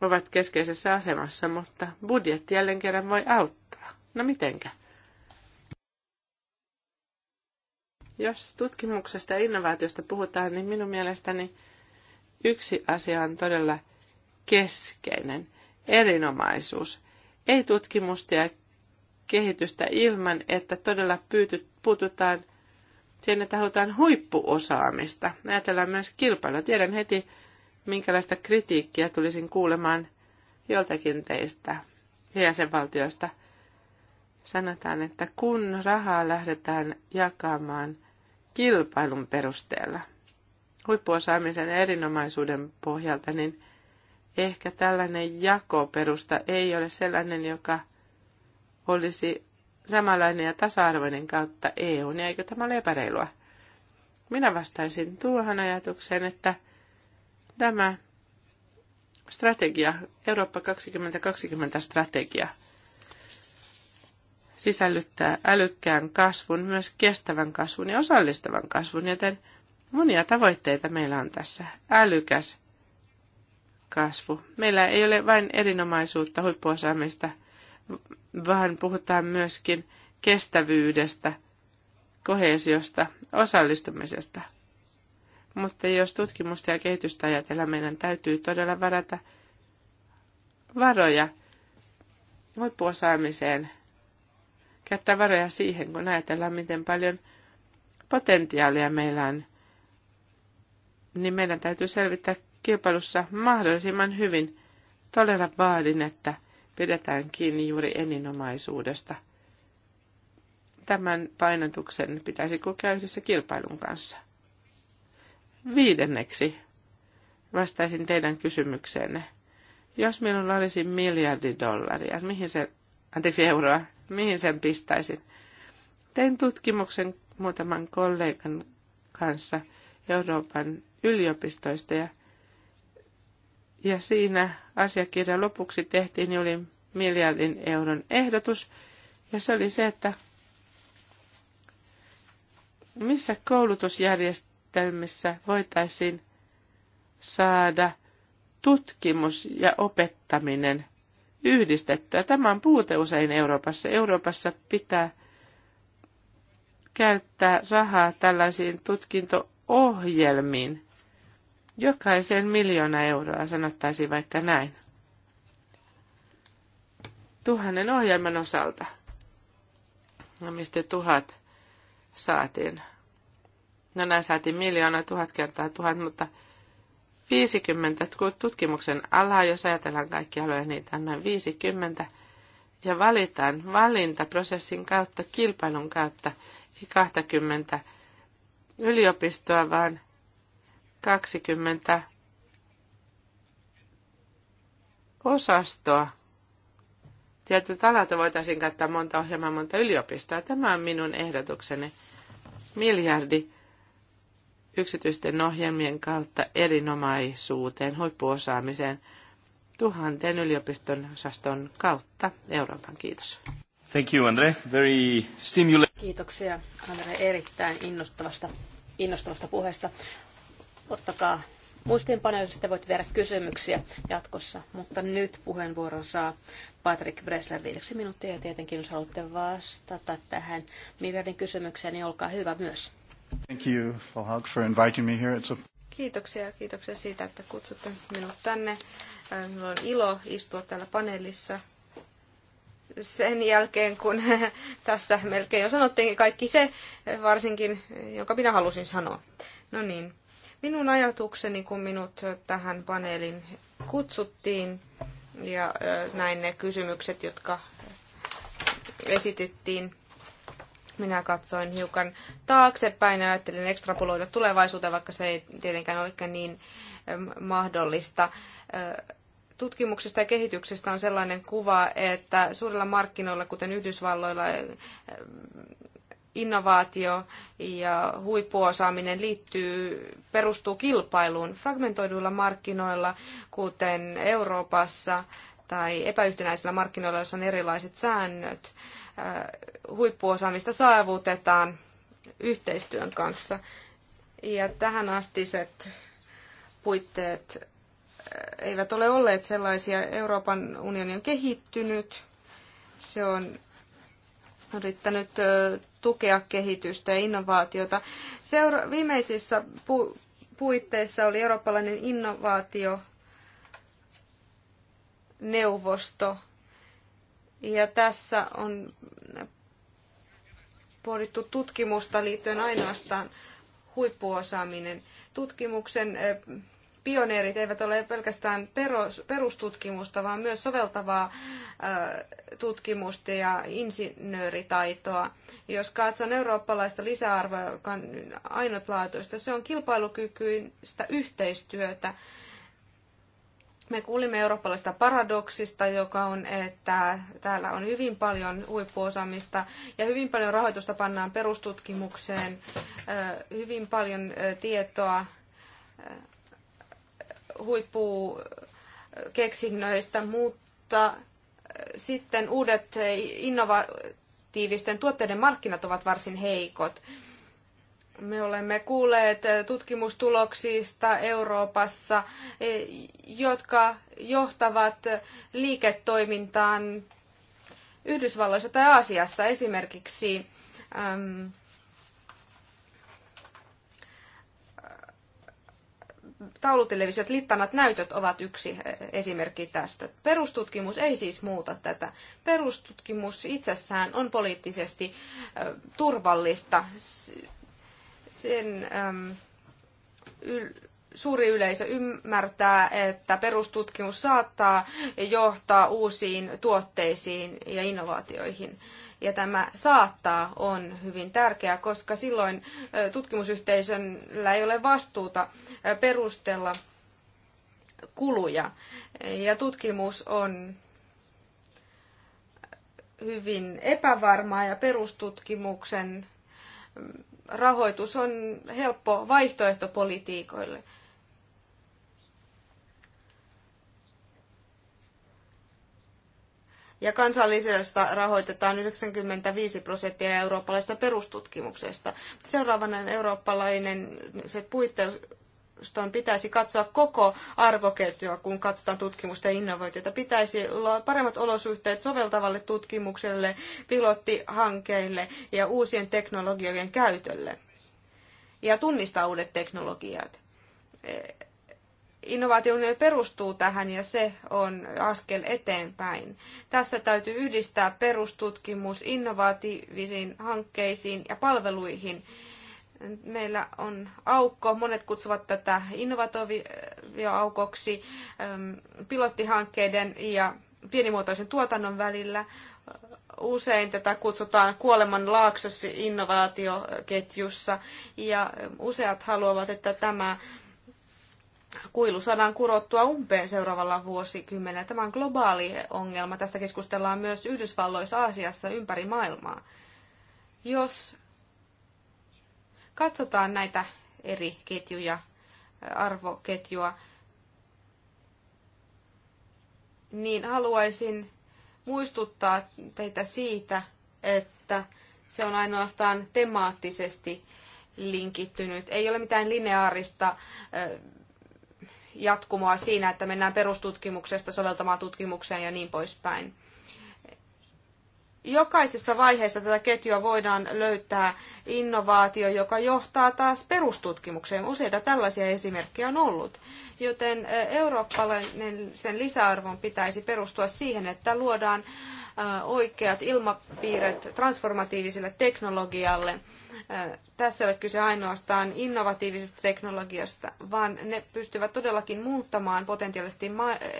ovat keskeisessä asemassa, mutta budjetti jälleen kerran voi auttaa. No mitenkä? Jos tutkimuksesta ja innovaatiosta puhutaan, niin minun mielestäni yksi asia on todella keskeinen. Erinomaisuus. Ei tutkimusta ja kehitystä ilman, että todella puututaan siihen, että halutaan huippuosaamista. Ajatellaan myös kilpailua. Tiedän heti, minkälaista kritiikkiä tulisin kuulemaan joltakin teistä jäsenvaltioista. Sanotaan, että kun rahaa lähdetään jakamaan kilpailun perusteella, huippuosaamisen ja erinomaisuuden pohjalta, niin ehkä tällainen jakoperusta ei ole sellainen, joka – olisi samanlainen ja tasa-arvoinen kautta EUn, ja eikö tämä ole epäreilua? Minä vastaisin tuohon ajatukseen, että tämä strategia, Eurooppa 2020 strategia, sisällyttää älykkään kasvun, myös kestävän kasvun ja osallistavan kasvun, joten monia tavoitteita meillä on tässä. Älykäs kasvu. Meillä ei ole vain erinomaisuutta, huippuosaamista, vaan puhutaan myöskin kestävyydestä, kohesiosta, osallistumisesta. Mutta jos tutkimusta ja kehitystä ajatellaan, meidän täytyy todella varata varoja huippuosaamiseen, käyttää varoja siihen, kun ajatellaan, miten paljon potentiaalia meillä on, niin meidän täytyy selvittää kilpailussa mahdollisimman hyvin. Todella vaadin, että pidetään kiinni juuri eninomaisuudesta. Tämän painotuksen pitäisi kokea yhdessä kilpailun kanssa. Viidenneksi vastaisin teidän kysymykseenne. Jos minulla olisi miljardi dollaria, mihin se, anteeksi euroa, mihin sen pistäisin? Tein tutkimuksen muutaman kollegan kanssa Euroopan yliopistoista ja, ja siinä Asiakirja lopuksi tehtiin, niin oli miljardin euron ehdotus. Ja se oli se, että missä koulutusjärjestelmissä voitaisiin saada tutkimus ja opettaminen yhdistettyä. Tämä on puute usein Euroopassa. Euroopassa pitää käyttää rahaa tällaisiin tutkinto-ohjelmiin, Jokaisen miljoona euroa, sanottaisiin vaikka näin. Tuhannen ohjelman osalta, no mistä tuhat saatiin. No näin saatiin miljoona, tuhat kertaa tuhat, mutta 50 tutkimuksen alaa, jos ajatellaan kaikki aloja, niitä on noin 50. Ja valitaan valintaprosessin kautta, kilpailun kautta, ei 20 yliopistoa, vaan 20 osastoa. Tietyt alalta voitaisiin kattaa monta ohjelmaa, monta yliopistoa. Tämä on minun ehdotukseni. Miljardi yksityisten ohjelmien kautta erinomaisuuteen, huippuosaamiseen, tuhanteen yliopiston osaston kautta Euroopan. Kiitos. Thank you, Andre. Very stimulating. Kiitoksia, Andre, erittäin innostavasta, innostavasta puheesta. Ottakaa muistiinpanoja, sitten voit viedä kysymyksiä jatkossa. Mutta nyt puheenvuoron saa Patrick Bresler viideksi minuuttia. Ja tietenkin, jos haluatte vastata tähän miljardin kysymykseen, niin olkaa hyvä myös. Thank you, Falhag, for inviting me here. It's a... Kiitoksia, kiitoksia siitä, että kutsutte minut tänne. Minulla on ilo istua täällä paneelissa sen jälkeen, kun tässä melkein jo sanottiin kaikki se, varsinkin, jonka minä halusin sanoa. No niin, Minun ajatukseni, kun minut tähän paneelin kutsuttiin ja näin ne kysymykset, jotka esitettiin, minä katsoin hiukan taaksepäin ja ajattelin ekstrapoloida tulevaisuuteen, vaikka se ei tietenkään olekaan niin mahdollista. Tutkimuksesta ja kehityksestä on sellainen kuva, että suurilla markkinoilla, kuten Yhdysvalloilla, innovaatio ja huippuosaaminen liittyy, perustuu kilpailuun fragmentoiduilla markkinoilla, kuten Euroopassa tai epäyhtenäisillä markkinoilla, joissa on erilaiset säännöt. Äh, huippuosaamista saavutetaan yhteistyön kanssa. Ja tähän astiset puitteet äh, eivät ole olleet sellaisia. Euroopan unioni on kehittynyt. Se on yrittänyt äh, tukea kehitystä ja innovaatiota. Seura- viimeisissä pu- puitteissa oli eurooppalainen innovaatio neuvosto. Ja tässä on pohdittu tutkimusta liittyen ainoastaan huippuosaaminen. Tutkimuksen eh, pioneerit eivät ole pelkästään perustutkimusta, vaan myös soveltavaa tutkimusta ja insinööritaitoa. Jos katson eurooppalaista lisäarvoa, joka on ainutlaatuista, se on kilpailukykyistä yhteistyötä. Me kuulimme eurooppalaista paradoksista, joka on, että täällä on hyvin paljon huippuosaamista ja hyvin paljon rahoitusta pannaan perustutkimukseen, hyvin paljon tietoa huippukeksinnöistä, äh, mutta äh, sitten uudet äh, innovatiivisten tuotteiden markkinat ovat varsin heikot. Me olemme kuulleet tutkimustuloksista Euroopassa, jotka johtavat liiketoimintaan Yhdysvalloissa tai Aasiassa esimerkiksi. Ähm, taulutelevisiot, littanat näytöt ovat yksi eh, esimerkki tästä. Perustutkimus ei siis muuta tätä. Perustutkimus itsessään on poliittisesti eh, turvallista. Sen ehm, suuri yleisö ymmärtää, että perustutkimus saattaa johtaa uusiin tuotteisiin ja innovaatioihin. Ja tämä saattaa on hyvin tärkeää, koska silloin tutkimusyhteisöllä ei ole vastuuta perustella kuluja. Ja tutkimus on hyvin epävarmaa ja perustutkimuksen rahoitus on helppo vaihtoehto politiikoille. ja kansallisesta rahoitetaan 95 prosenttia eurooppalaisesta perustutkimuksesta. Seuraavana eurooppalainen se puitteiston pitäisi katsoa koko arvoketjua, kun katsotaan tutkimusta ja innovaatiota. Pitäisi olla paremmat olosuhteet soveltavalle tutkimukselle, pilottihankkeille ja uusien teknologioiden käytölle ja tunnistaa uudet teknologiat innovaatiounioni perustuu tähän ja se on askel eteenpäin. Tässä täytyy yhdistää perustutkimus innovatiivisiin hankkeisiin ja palveluihin. Meillä on aukko, monet kutsuvat tätä innovatiivioaukoksi ähm, pilottihankkeiden ja pienimuotoisen tuotannon välillä. Usein tätä kutsutaan kuoleman laaksossa innovaatioketjussa ja useat haluavat, että tämä kuilu saadaan kurottua umpeen seuraavalla vuosikymmenellä. Tämä on globaali ongelma. Tästä keskustellaan myös Yhdysvalloissa, Aasiassa, ympäri maailmaa. Jos katsotaan näitä eri ketjuja, arvoketjua, niin haluaisin muistuttaa teitä siitä, että se on ainoastaan temaattisesti linkittynyt. Ei ole mitään lineaarista jatkumoa siinä, että mennään perustutkimuksesta soveltamaan tutkimukseen ja niin poispäin. Jokaisessa vaiheessa tätä ketjua voidaan löytää innovaatio, joka johtaa taas perustutkimukseen. Useita tällaisia esimerkkejä on ollut. Joten eh, eurooppalainen sen lisäarvon pitäisi perustua siihen, että luodaan eh, oikeat ilmapiiret transformatiiviselle teknologialle – tässä ei ole kyse ainoastaan innovatiivisesta teknologiasta, vaan ne pystyvät todellakin muuttamaan potentiaalisesti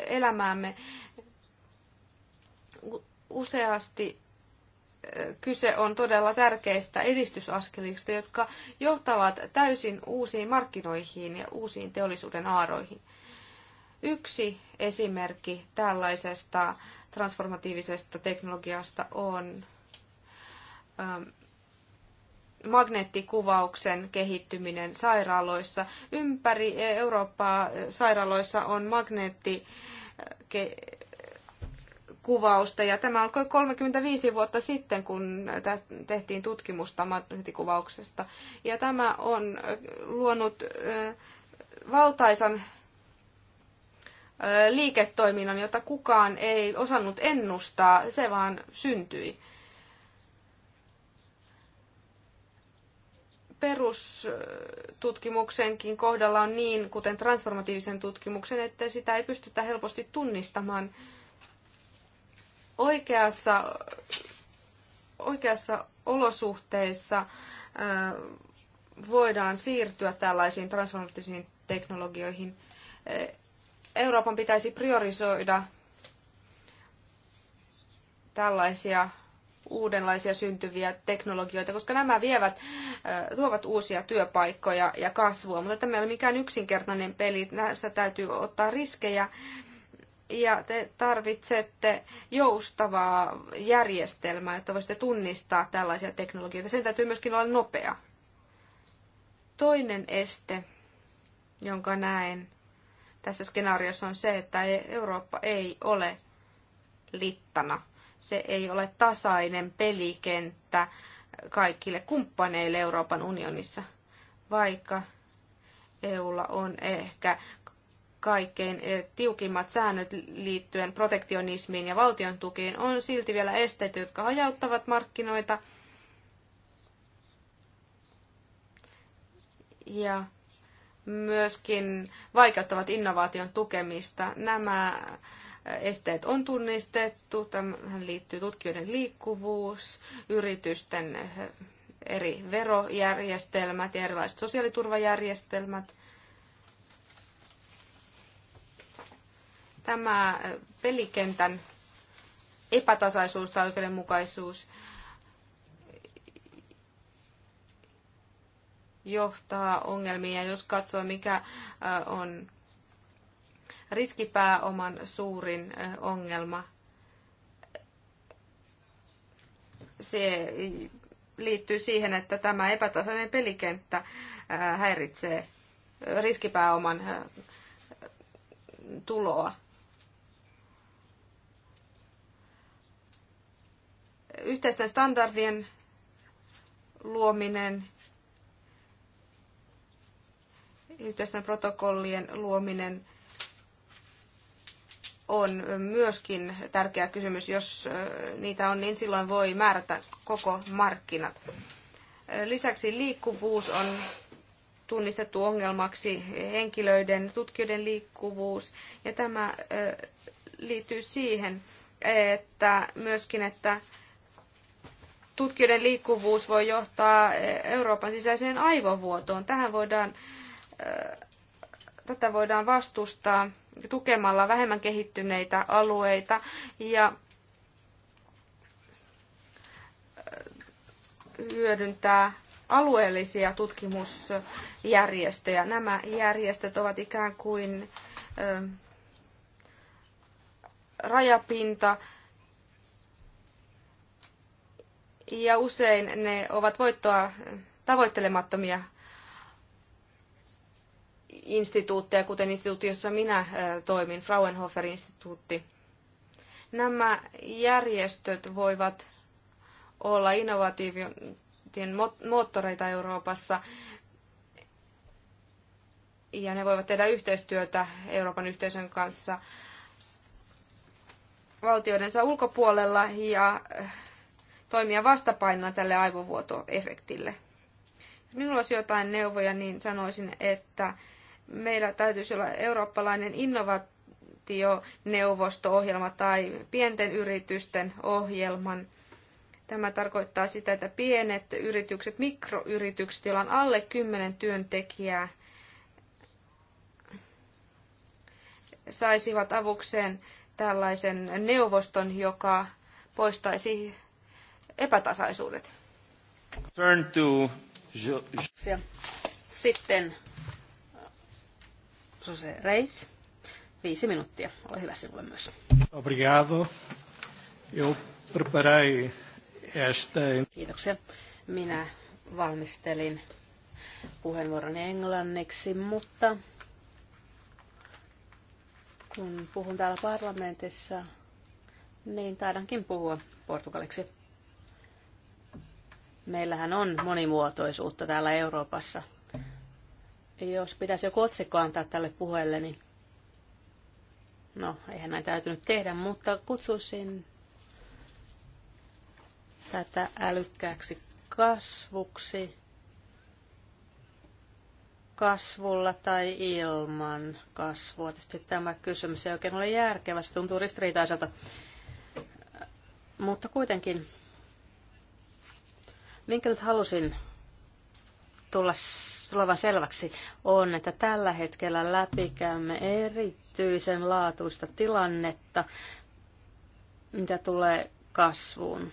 elämäämme. Useasti kyse on todella tärkeistä edistysaskelista, jotka johtavat täysin uusiin markkinoihin ja uusiin teollisuuden aaroihin. Yksi esimerkki tällaisesta transformatiivisesta teknologiasta on ähm, magneettikuvauksen kehittyminen sairaaloissa. Ympäri Eurooppaa sairaaloissa on magneettikuvausta äh, ja tämä alkoi 35 vuotta sitten, kun tehtiin tutkimusta magneettikuvauksesta. Ja tämä on äh, luonut äh, valtaisan liiketoiminnan, jota kukaan ei osannut ennustaa, se vaan syntyi. perustutkimuksenkin kohdalla on niin, kuten transformatiivisen tutkimuksen, että sitä ei pystytä helposti tunnistamaan. Oikeassa, oikeassa olosuhteissa voidaan siirtyä tällaisiin transformatiivisiin teknologioihin. Euroopan pitäisi priorisoida tällaisia uudenlaisia syntyviä teknologioita, koska nämä vievät, tuovat uusia työpaikkoja ja kasvua, mutta tämä ei ole mikään yksinkertainen peli, Näistä täytyy ottaa riskejä ja te tarvitsette joustavaa järjestelmää, jotta voisitte tunnistaa tällaisia teknologioita. Sen täytyy myöskin olla nopea. Toinen este, jonka näen tässä skenaariossa on se, että Eurooppa ei ole littana se ei ole tasainen pelikenttä kaikille kumppaneille Euroopan unionissa, vaikka EUlla on ehkä kaikkein eh, tiukimmat säännöt liittyen protektionismiin ja valtion tukiin, on silti vielä esteitä, jotka hajauttavat markkinoita. Ja myöskin vaikeuttavat innovaation tukemista. Nämä esteet on tunnistettu. Tähän liittyy tutkijoiden liikkuvuus, yritysten eh, eri verojärjestelmät ja erilaiset sosiaaliturvajärjestelmät. Tämä eh, pelikentän epätasaisuus tai oikeudenmukaisuus johtaa ongelmia. Jos katsoo, mikä eh, on riskipääoman suurin ongelma. Se liittyy siihen, että tämä epätasainen pelikenttä häiritsee riskipääoman tuloa. Yhteisten standardien luominen, yhteisten protokollien luominen – on myöskin tärkeä kysymys. Jos niitä on, niin silloin voi määrätä koko markkinat. Lisäksi liikkuvuus on tunnistettu ongelmaksi, henkilöiden, tutkijoiden liikkuvuus. Ja tämä liittyy siihen, että myöskin, että tutkijoiden liikkuvuus voi johtaa Euroopan sisäiseen aivovuotoon. Tähän voidaan, tätä voidaan vastustaa tukemalla vähemmän kehittyneitä alueita ja hyödyntää alueellisia tutkimusjärjestöjä. Nämä järjestöt ovat ikään kuin rajapinta ja usein ne ovat voittoa tavoittelemattomia instituutteja, kuten instituutti, jossa minä toimin, Frauenhofer-instituutti. Nämä järjestöt voivat olla innovatiivien moottoreita Euroopassa ja ne voivat tehdä yhteistyötä Euroopan yhteisön kanssa valtioidensa ulkopuolella ja toimia vastapainona tälle aivovuotoefektille. Jos minulla olisi jotain neuvoja, niin sanoisin, että meillä täytyisi olla eurooppalainen innovaationeuvosto-ohjelma tai pienten yritysten ohjelman. Tämä tarkoittaa sitä, että pienet yritykset, mikroyritykset, joilla on alle 10 työntekijää, saisivat avukseen tällaisen neuvoston, joka poistaisi epätasaisuudet. Turn to... Sitten Jose Reis. Viisi minuuttia. Ole hyvä sinulle myös. Obrigado. Eu preparei esta... Kiitoksia. Minä valmistelin puheenvuoron englanniksi, mutta kun puhun täällä parlamentissa, niin taidankin puhua portugaliksi. Meillähän on monimuotoisuutta täällä Euroopassa. Jos pitäisi joku otsikko antaa tälle puheelle, niin no, eihän näin täytynyt tehdä, mutta kutsuisin tätä älykkääksi kasvuksi kasvulla tai ilman kasvua. Tietysti tämä kysymys ei oikein ole järkevä, se tuntuu ristiriitaiselta. Mutta kuitenkin, minkä nyt halusin tulla tulevan selväksi, on, että tällä hetkellä läpikäymme erityisen laatuista tilannetta, mitä tulee kasvuun.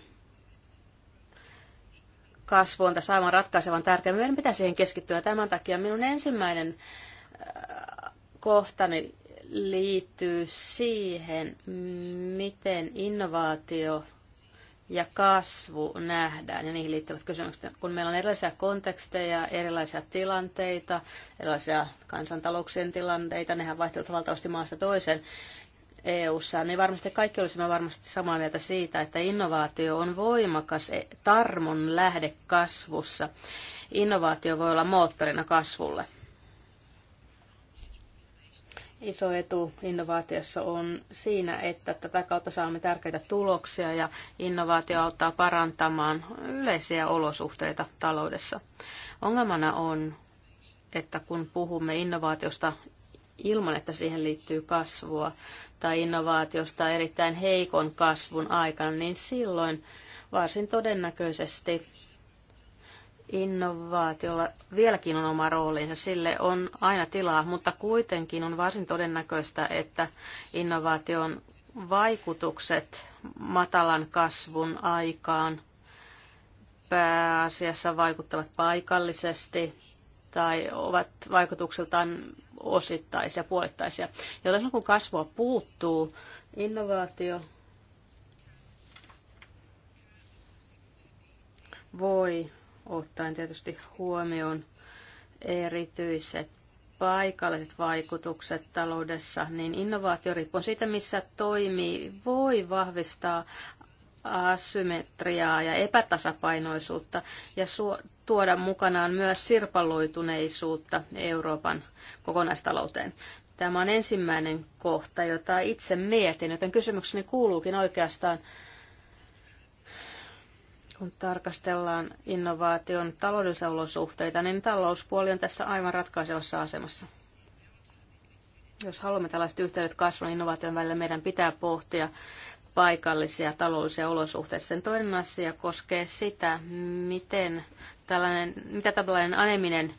Kasvu on tässä aivan ratkaisevan tärkeä. Meidän pitää siihen keskittyä. Tämän takia minun ensimmäinen äh, kohtani liittyy siihen, miten innovaatio ja kasvu nähdään ja niihin liittyvät kysymykset. Kun meillä on erilaisia konteksteja, erilaisia tilanteita, erilaisia kansantalouksien tilanteita, nehän vaihtelevat valtavasti maasta toiseen eu niin varmasti kaikki olisimme varmasti samaa mieltä siitä, että innovaatio on voimakas e- tarmon lähde kasvussa. Innovaatio voi olla moottorina kasvulle. Iso etu innovaatiossa on siinä, että tätä kautta saamme tärkeitä tuloksia ja innovaatio auttaa parantamaan yleisiä olosuhteita taloudessa. Ongelmana on, että kun puhumme innovaatiosta ilman, että siihen liittyy kasvua, tai innovaatiosta erittäin heikon kasvun aikana, niin silloin varsin todennäköisesti innovaatiolla vieläkin on oma roolinsa, sille on aina tilaa, mutta kuitenkin on varsin todennäköistä, että innovaation vaikutukset matalan kasvun aikaan pääasiassa vaikuttavat paikallisesti tai ovat vaikutukseltaan osittaisia, puolittaisia. Joten kun kasvua puuttuu, innovaatio voi ottaen tietysti huomioon erityiset paikalliset vaikutukset taloudessa, niin innovaatio riippuen siitä, missä toimii, voi vahvistaa asymmetriaa ja epätasapainoisuutta ja tuoda mukanaan myös sirpaloituneisuutta Euroopan kokonaistalouteen. Tämä on ensimmäinen kohta, jota itse mietin, joten kysymykseni kuuluukin oikeastaan, kun tarkastellaan innovaation taloudellisia olosuhteita, niin talouspuoli on tässä aivan ratkaisevassa asemassa. Jos haluamme tällaiset yhteydet kasvun innovaation välillä, meidän pitää pohtia paikallisia taloudellisia olosuhteita. Sen toinen asia koskee sitä, miten tällainen, mitä tällainen aneminen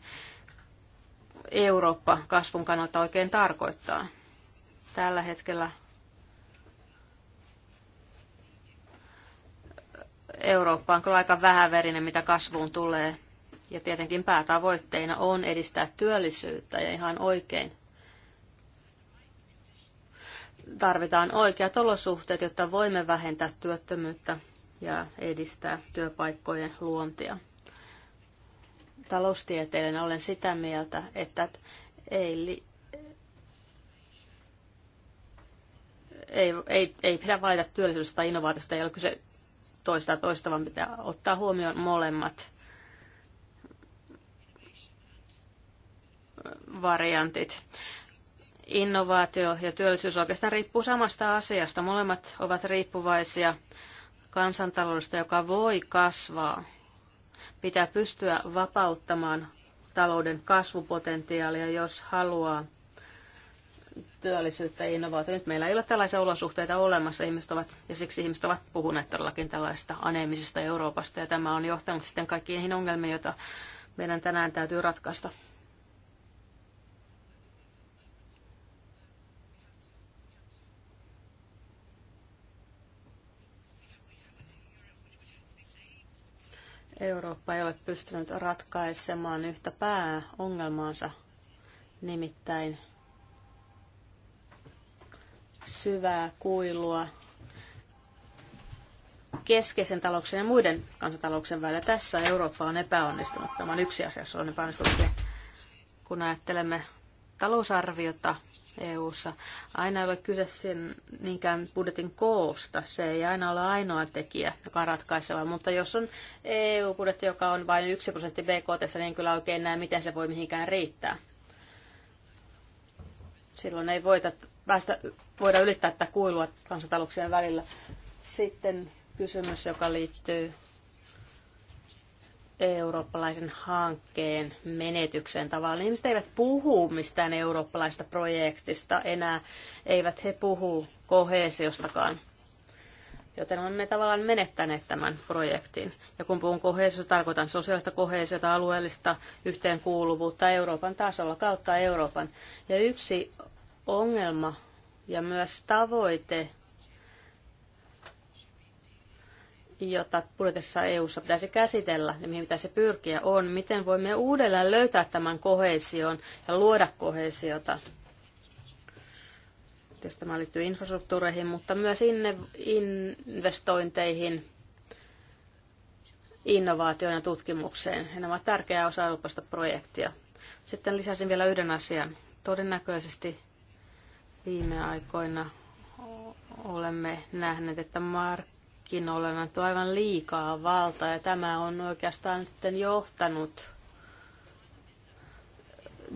Eurooppa kasvun kannalta oikein tarkoittaa. Tällä hetkellä Eurooppa on kyllä aika vähäverinen, mitä kasvuun tulee. Ja tietenkin päätavoitteena on edistää työllisyyttä ja ihan oikein. Tarvitaan oikeat olosuhteet, jotta voimme vähentää työttömyyttä ja edistää työpaikkojen luontia. Taloustieteilijänä olen sitä mieltä, että ei, li- ei, ei, ei pidä valita työllisyydestä tai innovaatiosta, ei ole kyse toista toista, vaan pitää ottaa huomioon molemmat variantit. Innovaatio ja työllisyys oikeastaan riippuu samasta asiasta. Molemmat ovat riippuvaisia kansantaloudesta, joka voi kasvaa. Pitää pystyä vapauttamaan talouden kasvupotentiaalia, jos haluaa työllisyyttä ja innovaatiota. Nyt meillä ei ole tällaisia olosuhteita olemassa, ihmiset ovat, ja siksi ihmiset ovat puhuneet todellakin tällaista aneemisesta Euroopasta, ja tämä on johtanut sitten kaikkiin niihin ongelmiin, joita meidän tänään täytyy ratkaista. Eurooppa ei ole pystynyt ratkaisemaan yhtä pääongelmaansa, nimittäin syvää kuilua keskeisen talouksen ja muiden kansantalouksen välillä. Tässä Eurooppa on epäonnistunut. Tämä on yksi asia, on epäonnistunut. Kun ajattelemme talousarviota EU-ssa, aina ei ole kyse sen niinkään budjetin koosta. Se ei aina ole ainoa tekijä, joka on ratkaiseva. Mutta jos on EU-budjetti, joka on vain 1 prosentti BKT, niin kyllä oikein näe, miten se voi mihinkään riittää. Silloin ei voita päästä, voida ylittää tätä kuilua kansantalouksien välillä. Sitten kysymys, joka liittyy eurooppalaisen hankkeen menetykseen tavallaan. Ihmiset eivät puhu mistään eurooppalaista projektista enää, eivät he puhu kohesiostakaan. Joten olemme tavallaan menettäneet tämän projektin. Ja kun puhun kohesiosta, tarkoitan sosiaalista kohesiota, alueellista yhteenkuuluvuutta Euroopan tasolla kautta Euroopan. Ja yksi ongelma ja myös tavoite, jota budjetissa EU-ssa pitäisi käsitellä ja mihin pitäisi pyrkiä, on, miten voimme uudelleen löytää tämän kohesion ja luoda kohesiota. Tietysti tämä liittyy infrastruktuureihin, mutta myös investointeihin, innovaatioon ja tutkimukseen. Ja nämä ovat tärkeä osa arvokasta projektia. Sitten lisäsin vielä yhden asian. Todennäköisesti Viime aikoina olemme nähneet, että markkinoilla on annettu aivan liikaa valtaa ja tämä on oikeastaan sitten johtanut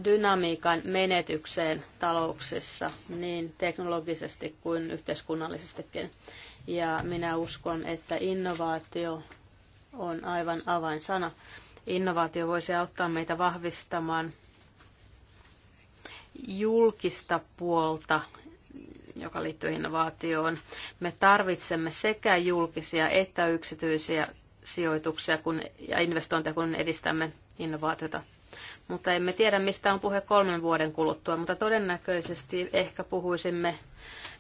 dynamiikan menetykseen talouksissa niin teknologisesti kuin yhteiskunnallisestikin. Ja minä uskon, että innovaatio on aivan avainsana. Innovaatio voisi auttaa meitä vahvistamaan julkista puolta, joka liittyy innovaatioon. Me tarvitsemme sekä julkisia että yksityisiä sijoituksia kun, ja investointeja, kun edistämme innovaatiota. Mutta emme tiedä, mistä on puhe kolmen vuoden kuluttua, mutta todennäköisesti ehkä puhuisimme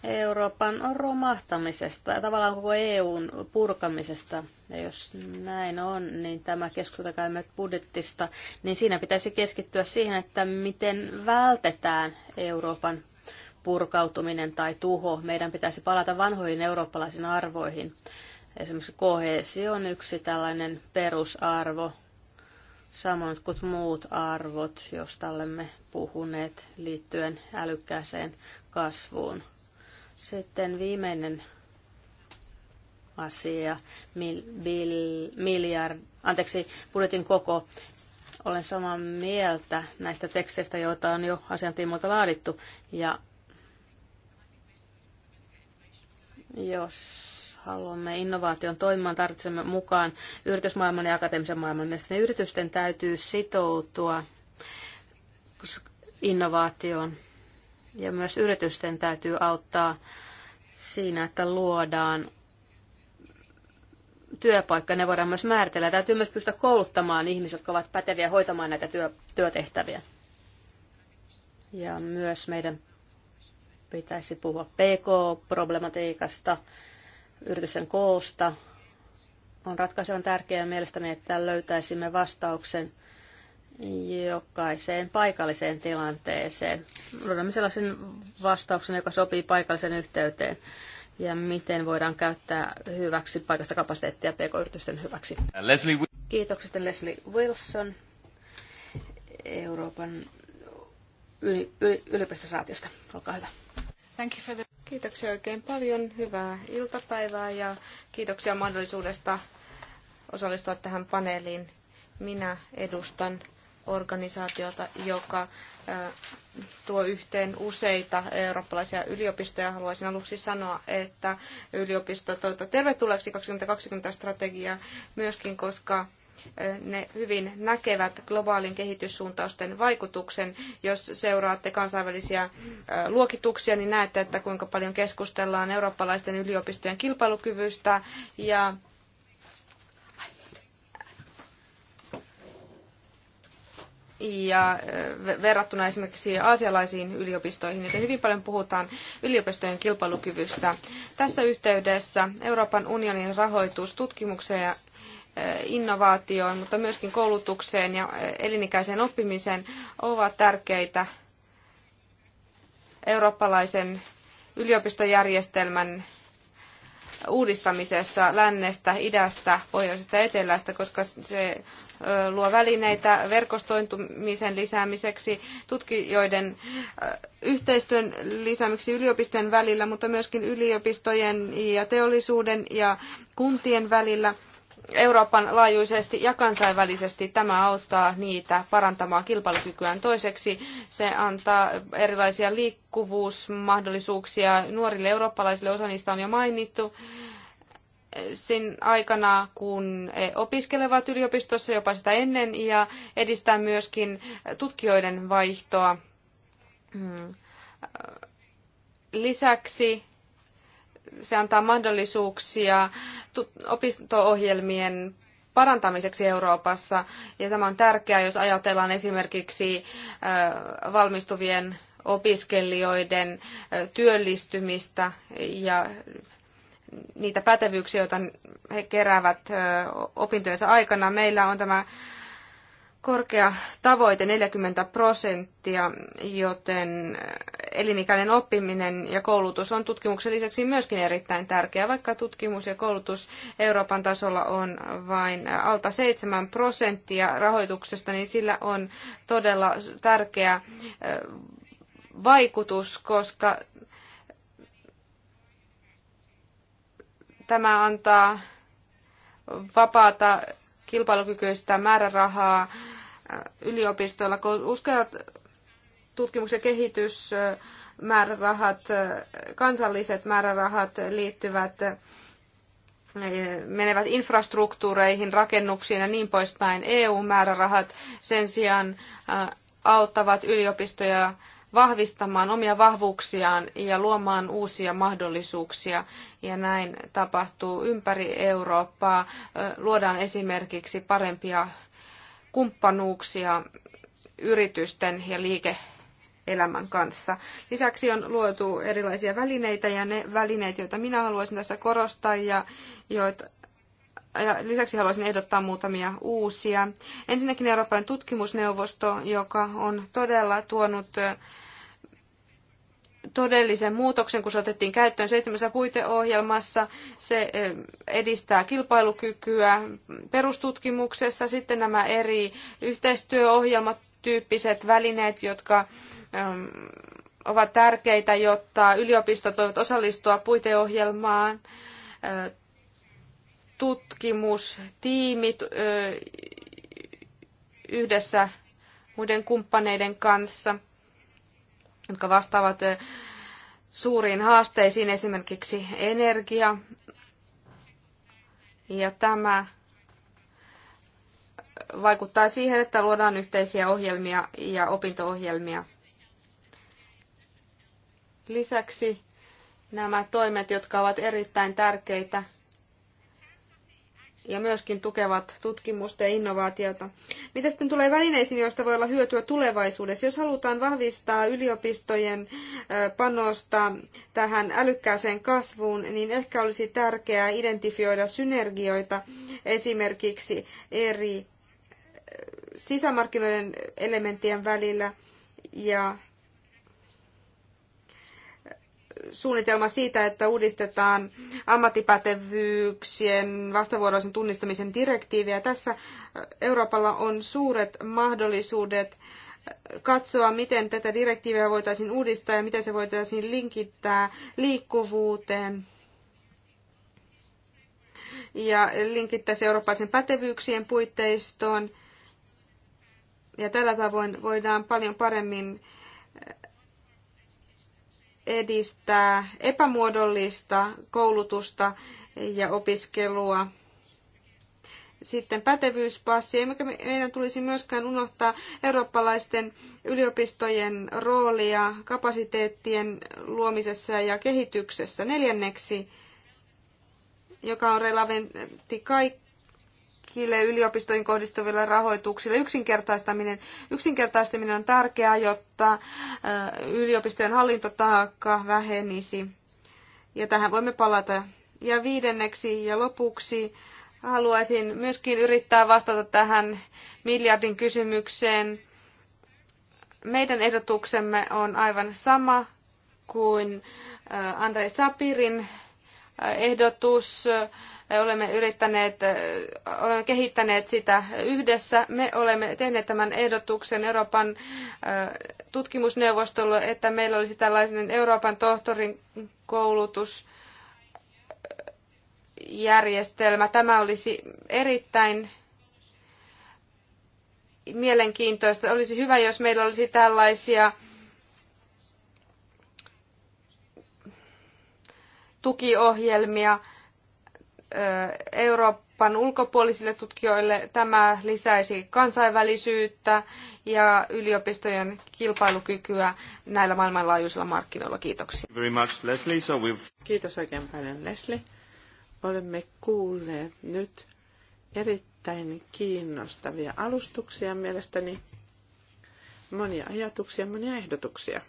Euroopan romahtamisesta, tavallaan koko EUn purkamisesta. Ja jos näin on, niin tämä keskustelu budjettista, niin siinä pitäisi keskittyä siihen, että miten vältetään Euroopan purkautuminen tai tuho. Meidän pitäisi palata vanhoihin eurooppalaisiin arvoihin. Esimerkiksi kohesio on yksi tällainen perusarvo, samoin kuin muut arvot, joista olemme puhuneet liittyen älykkääseen kasvuun sitten viimeinen asia, mil, bil, miljard, anteeksi, budjetin koko. Olen samaa mieltä näistä teksteistä, joita on jo asiantiimoilta laadittu. Ja jos haluamme innovaation toimimaan, tarvitsemme mukaan yritysmaailman ja akateemisen maailman. Mielestäni yritysten täytyy sitoutua innovaatioon ja myös yritysten täytyy auttaa siinä, että luodaan työpaikka. Ne voidaan myös määritellä. Täytyy myös pystyä kouluttamaan ihmisiä, jotka ovat päteviä hoitamaan näitä työ, työtehtäviä. Ja myös meidän pitäisi puhua PK-problematiikasta, yritysten koosta. On ratkaisevan tärkeää mielestäni, että löytäisimme vastauksen – jokaiseen paikalliseen tilanteeseen. Luodamme sellaisen vastauksen, joka sopii paikallisen yhteyteen ja miten voidaan käyttää hyväksi paikasta kapasiteettia pk-yritysten hyväksi. Leslie... kiitokset Leslie Wilson Euroopan yli, yli, yliopistosaatiosta. Olkaa hyvä. Thank you for the... Kiitoksia oikein paljon. Hyvää iltapäivää ja kiitoksia mahdollisuudesta osallistua tähän paneeliin. Minä edustan organisaatiota, joka tuo yhteen useita eurooppalaisia yliopistoja. Haluaisin aluksi sanoa, että yliopisto toivottaa tervetulleeksi 2020 strategia myöskin, koska ne hyvin näkevät globaalin kehityssuuntausten vaikutuksen. Jos seuraatte kansainvälisiä luokituksia, niin näette, että kuinka paljon keskustellaan eurooppalaisten yliopistojen kilpailukyvystä ja ja verrattuna esimerkiksi aasialaisiin yliopistoihin, joten hyvin paljon puhutaan yliopistojen kilpailukyvystä. Tässä yhteydessä Euroopan unionin rahoitus tutkimukseen ja innovaatioon, mutta myöskin koulutukseen ja elinikäiseen oppimiseen ovat tärkeitä eurooppalaisen yliopistojärjestelmän uudistamisessa lännestä, idästä, pohjoisesta ja etelästä, koska se luo välineitä verkostointumisen lisäämiseksi, tutkijoiden yhteistyön lisäämiseksi yliopistojen välillä, mutta myöskin yliopistojen ja teollisuuden ja kuntien välillä. Euroopan laajuisesti ja kansainvälisesti tämä auttaa niitä parantamaan kilpailukykyään. Toiseksi se antaa erilaisia liikkuvuusmahdollisuuksia nuorille eurooppalaisille, osa niistä on jo mainittu sen aikana, kun opiskelevat yliopistossa jopa sitä ennen ja edistää myöskin tutkijoiden vaihtoa. Hmm. Lisäksi se antaa mahdollisuuksia opisto ohjelmien parantamiseksi Euroopassa. Ja tämä on tärkeää, jos ajatellaan esimerkiksi valmistuvien opiskelijoiden työllistymistä ja niitä pätevyyksiä, joita he keräävät opintojensa aikana. Meillä on tämä korkea tavoite 40 prosenttia, joten elinikäinen oppiminen ja koulutus on tutkimuksen lisäksi myöskin erittäin tärkeää, vaikka tutkimus ja koulutus Euroopan tasolla on vain alta 7 prosenttia rahoituksesta, niin sillä on todella tärkeä vaikutus, koska Tämä antaa vapaata kilpailukykyistä määrärahaa äh, yliopistoilla, kun uskallat tutkimuksen ja kehitysmäärärahat, äh, kansalliset määrärahat liittyvät äh, menevät infrastruktuureihin, rakennuksiin ja niin poispäin. EU-määrärahat sen sijaan auttavat yliopistoja vahvistamaan omia vahvuuksiaan ja luomaan uusia mahdollisuuksia. Ja näin tapahtuu ympäri Eurooppaa. Luodaan esimerkiksi parempia kumppanuuksia yritysten ja liike-elämän kanssa. Lisäksi on luotu erilaisia välineitä ja ne välineet, joita minä haluaisin tässä korostaa ja joita ja lisäksi haluaisin ehdottaa muutamia uusia. Ensinnäkin Euroopan tutkimusneuvosto, joka on todella tuonut todellisen muutoksen, kun se otettiin käyttöön seitsemässä puiteohjelmassa. Se eh, edistää kilpailukykyä perustutkimuksessa, sitten nämä eri yhteistyöohjelmat, tyyppiset välineet, jotka ehm, ovat tärkeitä, jotta yliopistot voivat osallistua puiteohjelmaan, eh, tutkimustiimit eh, yhdessä muiden kumppaneiden kanssa – jotka vastaavat eh, suuriin haasteisiin, esimerkiksi energia. Ja tämä vaikuttaa siihen, että luodaan yhteisiä ohjelmia ja opinto-ohjelmia. Lisäksi nämä toimet, jotka ovat erittäin tärkeitä ja myöskin tukevat tutkimusta ja innovaatiota. Mitä sitten tulee välineisiin, joista voi olla hyötyä tulevaisuudessa? Jos halutaan vahvistaa yliopistojen panosta tähän älykkääseen kasvuun, niin ehkä olisi tärkeää identifioida synergioita esimerkiksi eri sisämarkkinoiden elementtien välillä ja suunnitelma siitä, että uudistetaan ammattipätevyyksien vastavuoroisen tunnistamisen direktiiviä. Tässä Euroopalla on suuret mahdollisuudet katsoa, miten tätä direktiiviä voitaisiin uudistaa ja miten se voitaisiin linkittää liikkuvuuteen ja linkittää se eurooppalaisen pätevyyksien puitteistoon. Ja tällä tavoin voidaan paljon paremmin edistää epämuodollista koulutusta ja opiskelua. Sitten pätevyyspassi. Eikä meidän tulisi myöskään unohtaa eurooppalaisten yliopistojen roolia kapasiteettien luomisessa ja kehityksessä. Neljänneksi, joka on relevantti kaikki kaikille yliopistoihin kohdistuville rahoituksille. Yksinkertaistaminen, yksinkertaistaminen on tärkeää, jotta yliopistojen hallintotaakka vähenisi. Ja tähän voimme palata. Ja viidenneksi ja lopuksi haluaisin myöskin yrittää vastata tähän miljardin kysymykseen. Meidän ehdotuksemme on aivan sama kuin Andrei Sapirin ehdotus. Olemme yrittäneet, olemme kehittäneet sitä yhdessä. Me olemme tehneet tämän ehdotuksen Euroopan tutkimusneuvostolle, että meillä olisi tällainen Euroopan tohtorin koulutusjärjestelmä. Tämä olisi erittäin mielenkiintoista. Olisi hyvä, jos meillä olisi tällaisia tukiohjelmia Euroopan ulkopuolisille tutkijoille. Tämä lisäisi kansainvälisyyttä ja yliopistojen kilpailukykyä näillä maailmanlaajuisilla markkinoilla. Kiitoksia. Very much, Leslie. So we've... Kiitos oikein paljon, Leslie. Olemme kuulleet nyt erittäin kiinnostavia alustuksia mielestäni. Monia ajatuksia, monia ehdotuksia.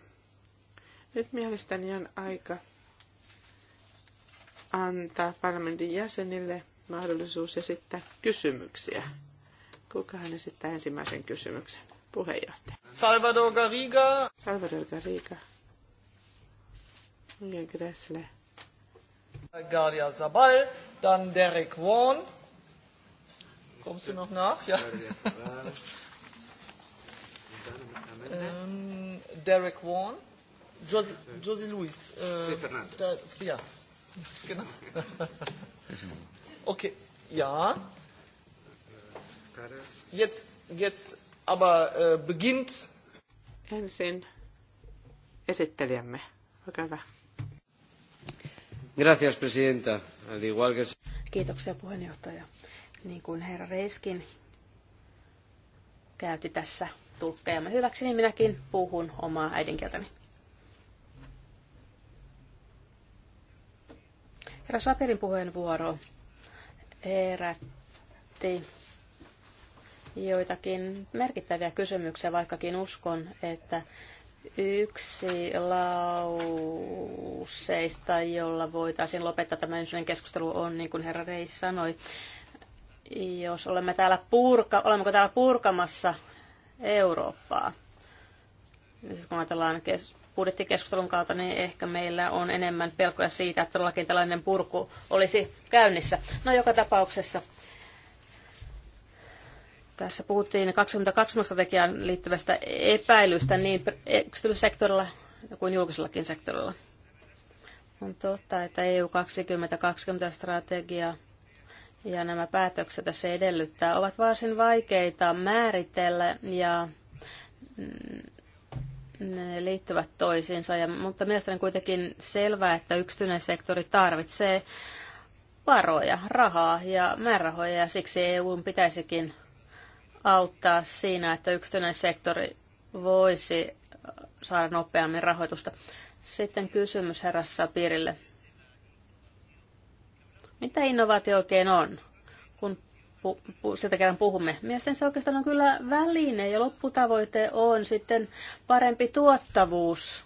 Nyt mielestäni on aika antaa parlamentin jäsenille mahdollisuus esittää kysymyksiä. Kuka hän esittää ensimmäisen kysymyksen? Puheenjohtaja. Salvador Garriga. Salvador Garriga. Inge Gressle. Garia Zabal, dann Derek Warn. Kommst du noch nach? Ja. Ähm, Derek Warn. Josie, Josie Luis. Äh, Fernando. ja. Genau. Okay, ja. Äh, jetzt, jetzt aber äh, beginnt. Ensin esittelijämme. Olkaa hyvä. Gracias, presidenta. Al igual que... Kiitoksia puheenjohtaja. Niin kuin herra Reiskin käytti tässä tulkkejamme hyväksi, niin minäkin puhun omaa äidinkieltäni. Herra Saperin puheenvuoro herätti joitakin merkittäviä kysymyksiä, vaikkakin uskon, että yksi lauseista, jolla voitaisiin lopettaa tämä ensimmäinen keskustelu on, niin kuin herra Reis sanoi, jos olemme täällä purka, olemmeko täällä purkamassa Eurooppaa. Siis kun ajatellaan kes- budjettikeskustelun kautta, niin ehkä meillä on enemmän pelkoja siitä, että todellakin tällainen purku olisi käynnissä. No joka tapauksessa tässä puhuttiin 22 strategiaan liittyvästä epäilystä niin yksityissektorilla kuin julkisellakin sektorilla. On totta, että EU 2020 strategia ja nämä päätökset tässä edellyttää ovat varsin vaikeita määritellä ja ne liittyvät toisiinsa, ja, mutta mielestäni kuitenkin selvää, että yksityinen sektori tarvitsee varoja, rahaa ja määrärahoja, ja siksi EU pitäisikin auttaa siinä, että yksityinen sektori voisi saada nopeammin rahoitusta. Sitten kysymys herrassa pirille. Mitä innovaatio oikein on? Kun pu, pu, sitä kerran puhumme. Mielestäni se oikeastaan on kyllä väline ja lopputavoite on sitten parempi tuottavuus,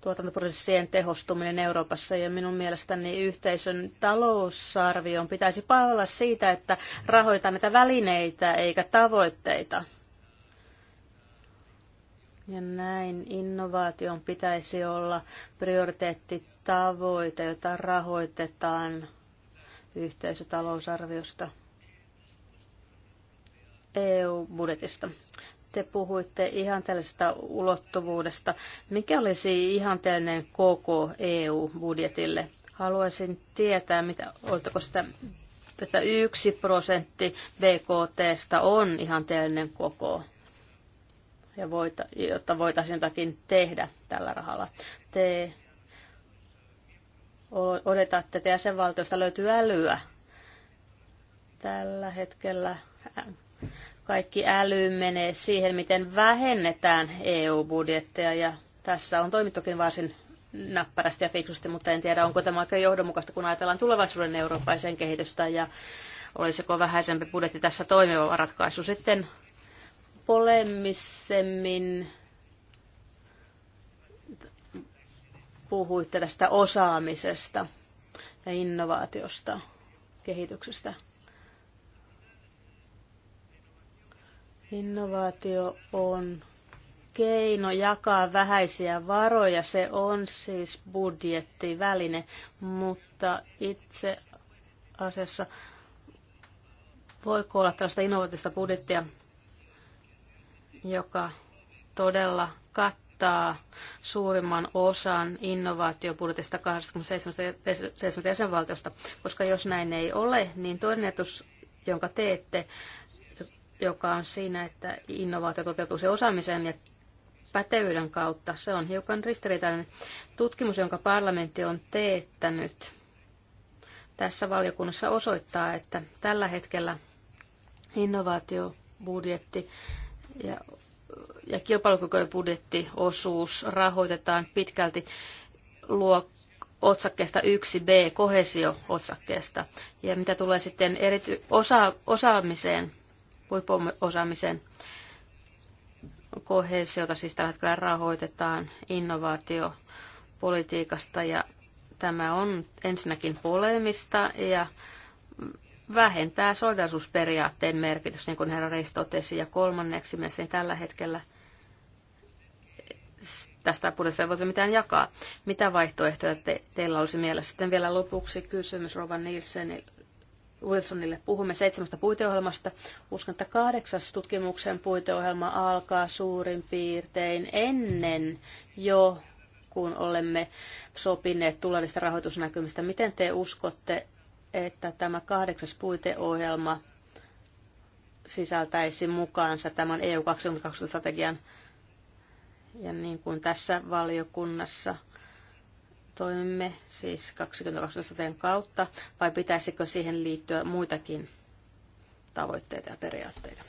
tuotantoprosessien tehostuminen Euroopassa ja minun mielestäni yhteisön talousarvion pitäisi palvella siitä, että rahoitetaan näitä välineitä eikä tavoitteita. Ja näin innovaation pitäisi olla prioriteettitavoite, jota rahoitetaan – yhteisötalousarviosta, EU-budjetista. Te puhuitte ihanteellisesta ulottuvuudesta. Mikä olisi ihanteellinen koko EU-budjetille? Haluaisin tietää, mitä, oletteko sitä, että yksi prosentti BKTstä on ihanteellinen koko ja voita, jotta voitaisiin jotakin tehdä tällä rahalla. Te odotatte, että jäsenvaltiosta löytyy älyä. Tällä hetkellä äh, kaikki äly menee siihen, miten vähennetään EU-budjetteja ja tässä on toimittukin varsin näppärästi ja fiksusti, mutta en tiedä, onko tämä oikein johdonmukaista, kun ajatellaan tulevaisuuden eurooppaisen kehitystä ja olisiko vähäisempi budjetti tässä toimiva ratkaisu. Sitten polemisemmin puhuitte tästä osaamisesta ja innovaatiosta, kehityksestä. Innovaatio on keino jakaa vähäisiä varoja, se on siis budjettiväline, mutta itse asiassa voiko olla tällaista innovatiivista budjettia, joka todella katsoo kattaa suurimman osan innovaatiobudjetista 27 jäsenvaltiosta, koska jos näin ei ole, niin toinen etus, jonka teette, joka on siinä, että innovaatio toteutuu se osaamisen ja pätevyyden kautta, se on hiukan ristiriitainen tutkimus, jonka parlamentti on teettänyt tässä valiokunnassa osoittaa, että tällä hetkellä innovaatiobudjetti ja ja kilpailukykyinen budjettiosuus rahoitetaan pitkälti luok- otsakkeesta 1b, kohesio-otsakkeesta. Ja mitä tulee sitten erity- osa- osaamiseen, huippuosaamiseen, kohesiota siis tällä hetkellä rahoitetaan innovaatiopolitiikasta ja tämä on ensinnäkin polemista ja vähentää solidaisuusperiaatteen merkitys, niin kuin herra Reis totesi. Ja kolmanneksi sen tällä hetkellä tästä puolesta ei voitu mitään jakaa. Mitä vaihtoehtoja te, teillä olisi mielessä? Sitten vielä lopuksi kysymys Rovan Nielsen, Wilsonille. Puhumme seitsemästä puiteohjelmasta. Uskon, että kahdeksas tutkimuksen puiteohjelma alkaa suurin piirtein ennen jo kun olemme sopineet tulevista rahoitusnäkymistä. Miten te uskotte, että tämä kahdeksas puiteohjelma sisältäisi mukaansa tämän EU 2020-strategian. Ja niin kuin tässä valiokunnassa toimimme, siis 2020-strategian kautta, vai pitäisikö siihen liittyä muitakin tavoitteita ja periaatteita?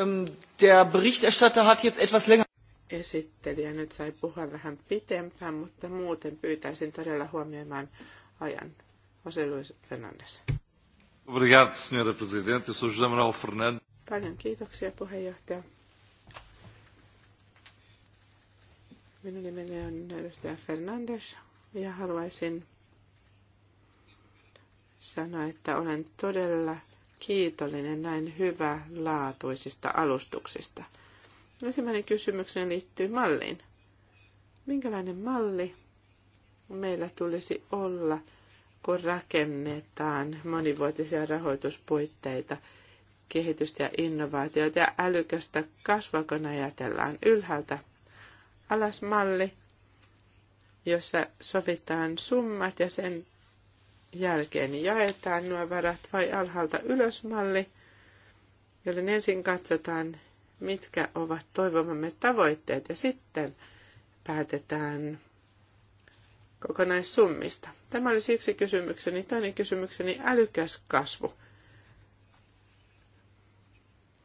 Ähm, der Berichterstatter hat jetzt etwas länger esittelijä nyt sai puhua vähän pitempään, mutta muuten pyytäisin todella huomioimaan ajan. José Luis Fernandes. Obrigado, senhora presidente. Eu sou José Manuel Fernandes. Paljon kiitoksia, puheenjohtaja. Minun nimeni on edustaja Fernandes ja haluaisin sanoa, että olen todella kiitollinen näin hyvälaatuisista alustuksista – Ensimmäinen kysymykseen liittyy malliin. Minkälainen malli meillä tulisi olla, kun rakennetaan monivuotisia rahoituspuitteita, kehitystä ja innovaatioita ja älykästä kasvua, kun ajatellaan ylhäältä alas malli, jossa sovitaan summat ja sen jälkeen jaetaan nuo varat vai alhaalta ylös malli, jolloin ensin katsotaan mitkä ovat toivomamme tavoitteet ja sitten päätetään kokonaissummista. Tämä oli yksi kysymykseni. Toinen kysymykseni, älykäs kasvu.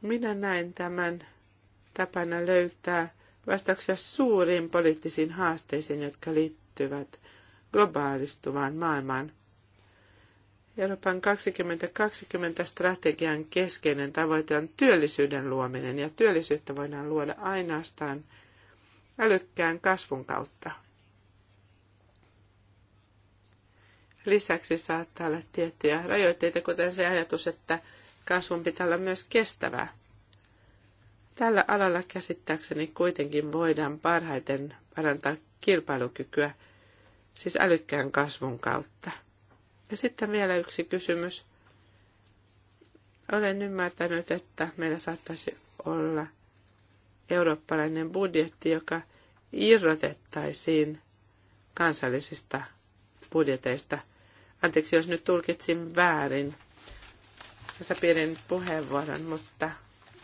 Minä näen tämän tapana löytää vastauksia suuriin poliittisiin haasteisiin, jotka liittyvät globaalistuvaan maailmaan. Euroopan 2020 strategian keskeinen tavoite on työllisyyden luominen ja työllisyyttä voidaan luoda ainoastaan älykkään kasvun kautta. Lisäksi saattaa olla tiettyjä rajoitteita, kuten se ajatus, että kasvun pitää olla myös kestävää. Tällä alalla käsittääkseni kuitenkin voidaan parhaiten parantaa kilpailukykyä, siis älykkään kasvun kautta. Ja sitten vielä yksi kysymys. Olen ymmärtänyt, että meillä saattaisi olla eurooppalainen budjetti, joka irrotettaisiin kansallisista budjeteista. Anteeksi, jos nyt tulkitsin väärin tässä pienen puheenvuoron, mutta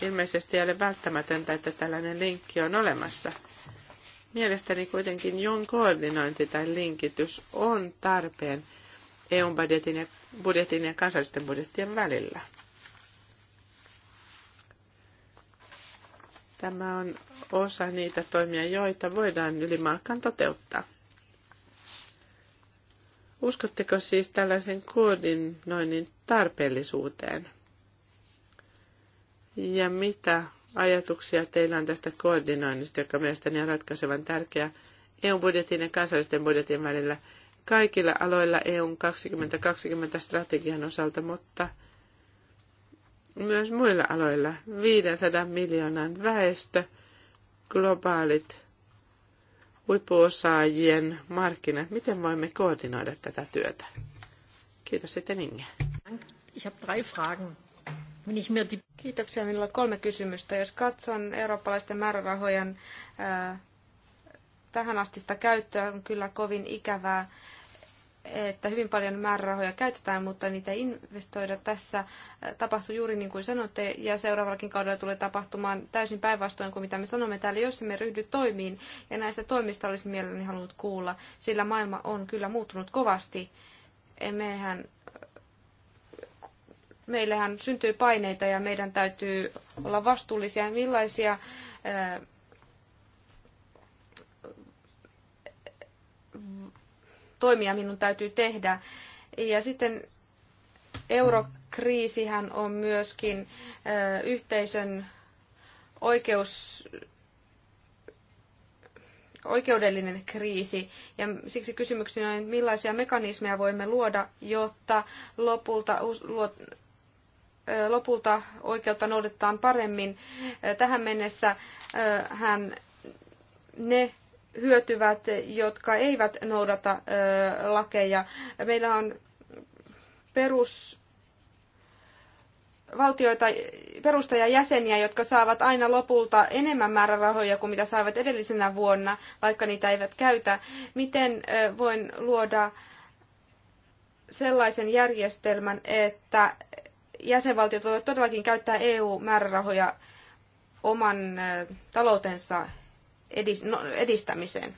ilmeisesti ei ole välttämätöntä, että tällainen linkki on olemassa. Mielestäni kuitenkin jon koordinointi tai linkitys on tarpeen – EU-budjetin ja, budjetin ja kansallisten budjettien välillä. Tämä on osa niitä toimia, joita voidaan ylimalkkaan toteuttaa. Uskotteko siis tällaisen koordinoinnin tarpeellisuuteen? Ja mitä ajatuksia teillä on tästä koordinoinnista, joka mielestäni on ratkaisevan tärkeä EU-budjetin ja kansallisten budjetin välillä – kaikilla aloilla EUn 2020-strategian osalta, mutta myös muilla aloilla. 500 miljoonan väestö, globaalit huippuosaajien markkinat. Miten voimme koordinoida tätä työtä? Kiitos sitten Inge. Kiitoksia. Minulla on kolme kysymystä. Jos katson eurooppalaisten määrärahojen tähän sitä käyttöä, on kyllä kovin ikävää, että hyvin paljon määrärahoja käytetään, mutta niitä ei investoida. Tässä äh, tapahtuu juuri niin kuin sanotte, ja seuraavallakin kaudella tulee tapahtumaan täysin päinvastoin kuin mitä me sanomme täällä, jos emme ryhdy toimiin. Ja näistä toimista olisi mielelläni halunnut kuulla, sillä maailma on kyllä muuttunut kovasti. Mehän, meillähän syntyy paineita ja meidän täytyy olla vastuullisia. Millaisia äh, toimia minun täytyy tehdä. Ja sitten eurokriisihän on myöskin yhteisön oikeus, oikeudellinen kriisi. Ja siksi kysymykseni on, millaisia mekanismeja voimme luoda, jotta lopulta, lopulta oikeutta noudatetaan paremmin. Tähän mennessä hän ne hyötyvät, jotka eivät noudata lakeja. Meillä on perus valtioita, perustajajäseniä, jotka saavat aina lopulta enemmän määrärahoja kuin mitä saivat edellisenä vuonna, vaikka niitä eivät käytä. Miten voin luoda sellaisen järjestelmän, että jäsenvaltiot voivat todellakin käyttää EU-määrärahoja oman taloutensa No, edistämiseen.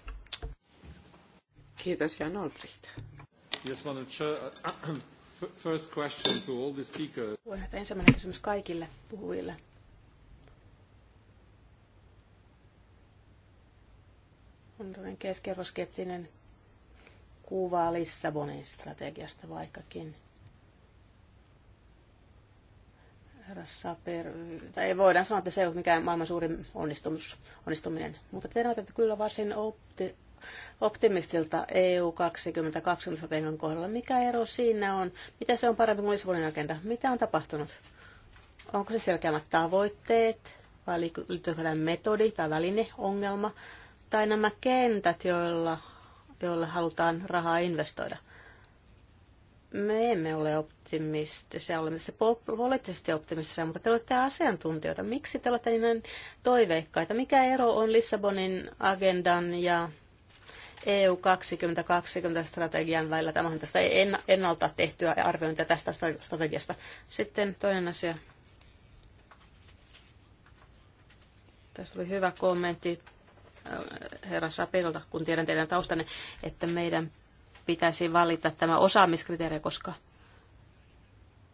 Kiitos Jan Olbricht. Yes, Madam Chair. Uh, first question to all the speakers. Ensimmäinen kysymys kaikille puhujille. on tämmöinen keskeroskeptinen kuva Lissabonin strategiasta vaikkakin herra Saper, tai ei voidaan sanoa, että se ei ollut mikään maailman suurin onnistumus, onnistuminen, mutta te näytätte kyllä varsin opti, optimistilta EU 2020 kohdalla. Mikä ero siinä on? Mitä se on parempi kuin Lisbonin agenda? Mitä on tapahtunut? Onko se selkeämmät tavoitteet? Vai liittyykö tämä metodi tai väline, ongelma? Tai nämä kentät, joilla, joilla halutaan rahaa investoida? me emme ole optimistisia, olemme se poliittisesti optimistisia, mutta te olette asiantuntijoita. Miksi te olette niin toiveikkaita? Mikä ero on Lissabonin agendan ja EU 2020 strategian välillä? Tämä on tästä ennalta tehtyä arviointia tästä strategiasta. Sitten toinen asia. Tästä oli hyvä kommentti äh, herra Sapilta, kun tiedän teidän taustanne, että meidän pitäisi valita tämä osaamiskriteeri, koska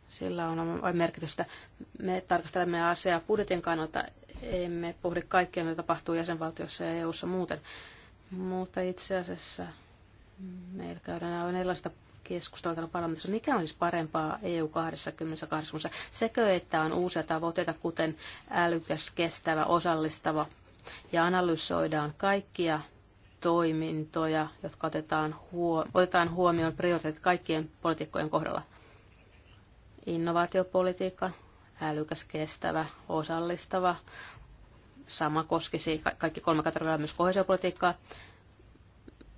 sillä on merkitystä. Me tarkastelemme asiaa budjetin kannalta, emme pohdi kaikkia, mitä tapahtuu jäsenvaltiossa ja EU-ssa muuten. Mutta itse asiassa meillä käydään aivan erilaista keskustelua täällä parlamentissa. Mikä on siis parempaa EU 2020? Sekö, että on uusia tavoitteita, kuten älykäs, kestävä, osallistava ja analysoidaan kaikkia toimintoja, jotka otetaan, huo- otetaan huomioon prioriteet kaikkien politiikkojen kohdalla. Innovaatiopolitiikka, älykäs, kestävä, osallistava. Sama koskisi kaikki kolme kategoriaa myös kohesiopolitiikkaa.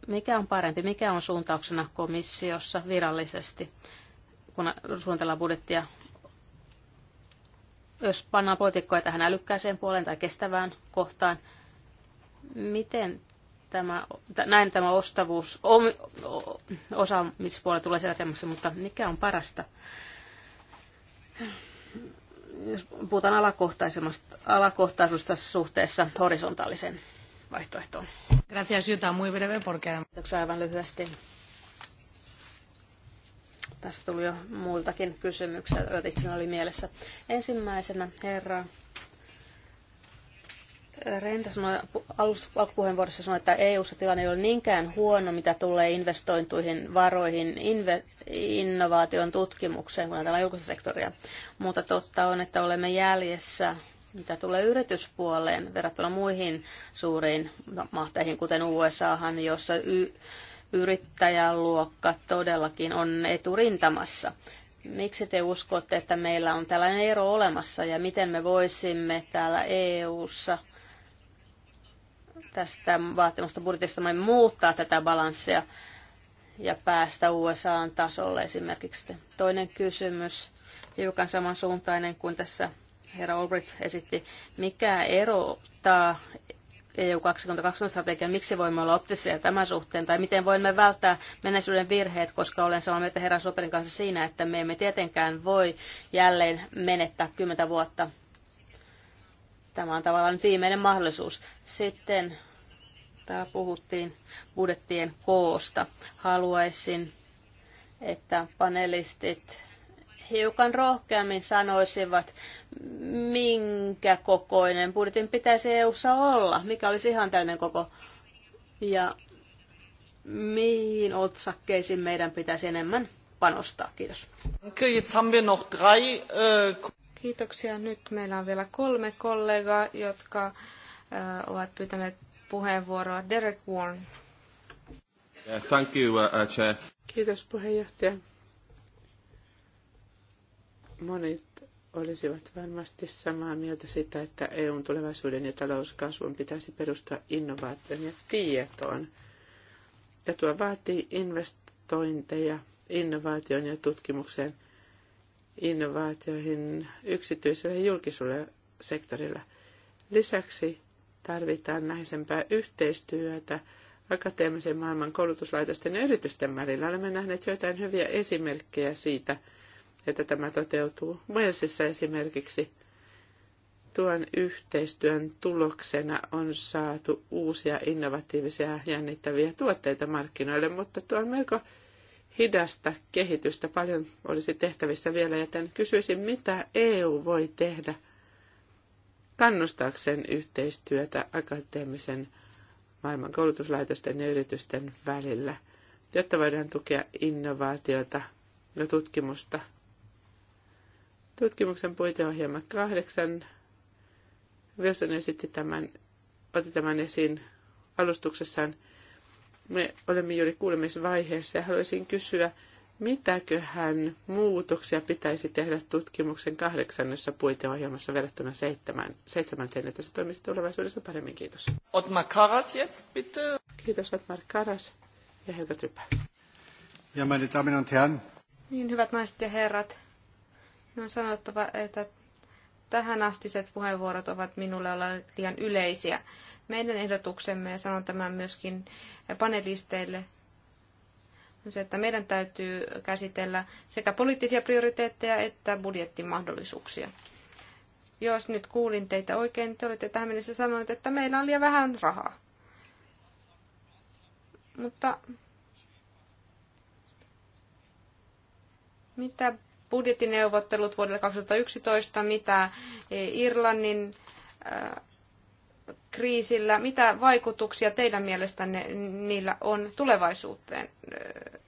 Mikä on parempi, mikä on suuntauksena komissiossa virallisesti, kun suunnitellaan budjettia? Jos pannaan politiikkoja tähän älykkääseen puoleen tai kestävään kohtaan, miten tämä, näin tämä ostavuus, osaamispuoli tulee selkeämmäksi, mutta mikä on parasta? Jos puhutaan alakohtaisemmasta, alakohtaisuudesta suhteessa horisontaaliseen vaihtoehtoon. Gracias, Jutta. Muy breve, porque... Kiitoksia aivan lyhyesti. Tästä tuli jo muiltakin kysymyksiä, joita itse oli mielessä. Ensimmäisenä herra Renta sanoi alkupuheenvuorossa sanoi, että EU-ssa tilanne ei ole niinkään huono, mitä tulee investointuihin, varoihin, inve, innovaation tutkimukseen, kun ajatellaan julkista sektoria. Mutta totta on, että olemme jäljessä, mitä tulee yrityspuoleen verrattuna muihin suuriin mahteihin, kuten USAhan, jossa y- yrittäjäluokka todellakin on eturintamassa. Miksi te uskotte, että meillä on tällainen ero olemassa ja miten me voisimme täällä EU:ssa ssa tästä vaatimasta budjetista me muuttaa tätä balanssia ja päästä USAan tasolle esimerkiksi. Toinen kysymys, hiukan samansuuntainen kuin tässä herra Albrecht esitti. Mikä erottaa EU 2020 strategia, miksi voimme olla optisia tämän suhteen, tai miten voimme välttää menneisyyden virheet, koska olen samaa mieltä herra Soperin kanssa siinä, että me emme tietenkään voi jälleen menettää kymmentä vuotta Tämä on tavallaan viimeinen mahdollisuus. Sitten täällä puhuttiin budjettien koosta. Haluaisin, että panelistit hiukan rohkeammin sanoisivat, minkä kokoinen budjetin pitäisi eu olla, mikä olisi ihan täyden koko ja mihin otsakkeisiin meidän pitäisi enemmän panostaa. Kiitos. Danke, jetzt haben wir noch drei, äh... Kiitoksia. Nyt meillä on vielä kolme kollegaa, jotka äh, ovat pyytäneet puheenvuoroa. Derek Warren. thank you, uh, uh, Chair. Kiitos puheenjohtaja. Monet olisivat varmasti samaa mieltä siitä, että EUn tulevaisuuden ja talouskasvun pitäisi perustua innovaatioon ja tietoon. Ja tuo vaatii investointeja innovaatioon ja tutkimukseen innovaatioihin yksityisellä ja julkisella sektorilla. Lisäksi tarvitaan läheisempää yhteistyötä akateemisen maailman koulutuslaitosten ja yritysten välillä. Olemme nähneet joitain hyviä esimerkkejä siitä, että tämä toteutuu. Walesissa esimerkiksi tuon yhteistyön tuloksena on saatu uusia innovatiivisia jännittäviä tuotteita markkinoille, mutta tuo on melko hidasta kehitystä. Paljon olisi tehtävissä vielä, joten kysyisin, mitä EU voi tehdä kannustaakseen yhteistyötä akateemisen maailman koulutuslaitosten ja yritysten välillä, jotta voidaan tukea innovaatiota ja tutkimusta. Tutkimuksen puiteohjelma kahdeksan. Wilson esitti tämän, otti tämän esiin alustuksessaan me olemme juuri vaiheessa ja haluaisin kysyä, mitäköhän muutoksia pitäisi tehdä tutkimuksen kahdeksannessa puiteohjelmassa verrattuna seitsemän, seitsemänteen, että se toimisi tulevaisuudessa paremmin. Kiitos. Otmar Karas jetzt, bitte. Kiitos Otmar Karas ja Helga Trypä. Ja meine Damen und Herren. Niin, hyvät naiset ja herrat. Minun on sanottava, että Tähän astiset puheenvuorot ovat minulle olleet liian yleisiä. Meidän ehdotuksemme, ja sanon tämän myöskin panelisteille, on se, että meidän täytyy käsitellä sekä poliittisia prioriteetteja että budjettimahdollisuuksia. Jos nyt kuulin teitä oikein, te olette tähän mennessä sanoneet, että meillä on liian vähän rahaa. Mutta mitä budjettineuvottelut vuodelle 2011, mitä Irlannin äh, kriisillä, mitä vaikutuksia teidän mielestänne niillä on tulevaisuuteen? Äh,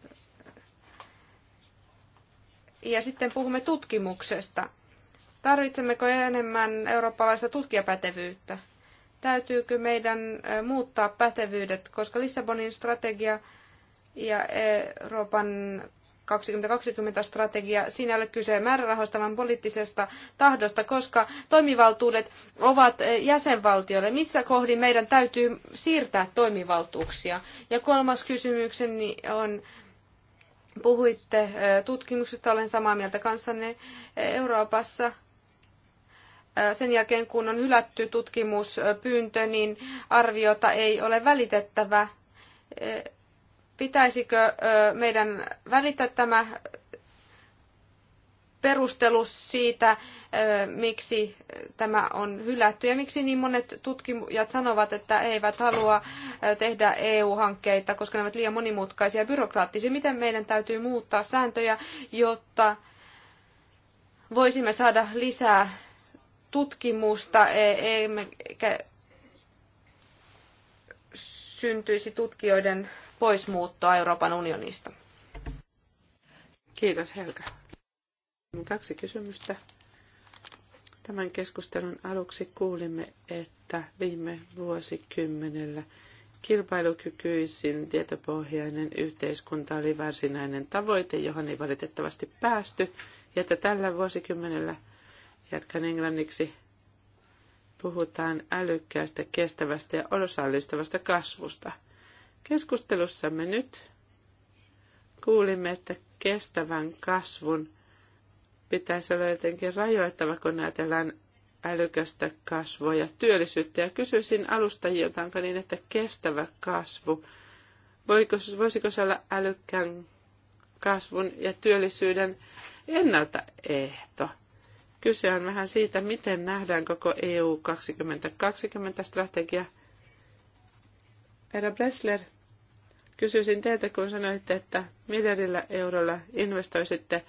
ja sitten puhumme tutkimuksesta. Tarvitsemmeko enemmän eurooppalaista tutkijapätevyyttä? Täytyykö meidän äh, muuttaa pätevyydet, koska Lissabonin strategia ja Euroopan 2020 strategia. Siinä ei ole kyse määrärahoista, vaan poliittisesta tahdosta, koska toimivaltuudet ovat eh, jäsenvaltioille. Missä kohdin meidän täytyy siirtää toimivaltuuksia? Ja kolmas kysymykseni on, puhuitte eh, tutkimuksesta, olen samaa mieltä kanssanne eh, Euroopassa sen jälkeen kun on hylätty tutkimuspyyntö, niin arviota ei ole välitettävä. Pitäisikö meidän välittää tämä perustelu siitä, miksi tämä on hylätty ja miksi niin monet tutkijat sanovat, että he eivät halua tehdä EU-hankkeita, koska ne ovat liian monimutkaisia ja byrokraattisia. Miten meidän täytyy muuttaa sääntöjä, jotta voisimme saada lisää tutkimusta, eikä syntyisi tutkijoiden poismuuttoa Euroopan unionista? Kiitos Helka. Kaksi kysymystä. Tämän keskustelun aluksi kuulimme, että viime vuosikymmenellä kilpailukykyisin tietopohjainen yhteiskunta oli varsinainen tavoite, johon ei valitettavasti päästy, ja että tällä vuosikymmenellä, jatkan englanniksi, puhutaan älykkäästä, kestävästä ja osallistavasta kasvusta – Keskustelussamme nyt kuulimme, että kestävän kasvun pitäisi olla jotenkin rajoittava, kun ajatellaan älykästä kasvua ja työllisyyttä. Ja kysyisin alustajilta, onko niin, että kestävä kasvu, voiko, voisiko se olla älykkään kasvun ja työllisyyden ennaltaehto? Kyse on vähän siitä, miten nähdään koko EU 2020-strategia. Herra Bressler, Kysyisin teiltä, kun sanoitte, että miljardilla eurolla investoisitte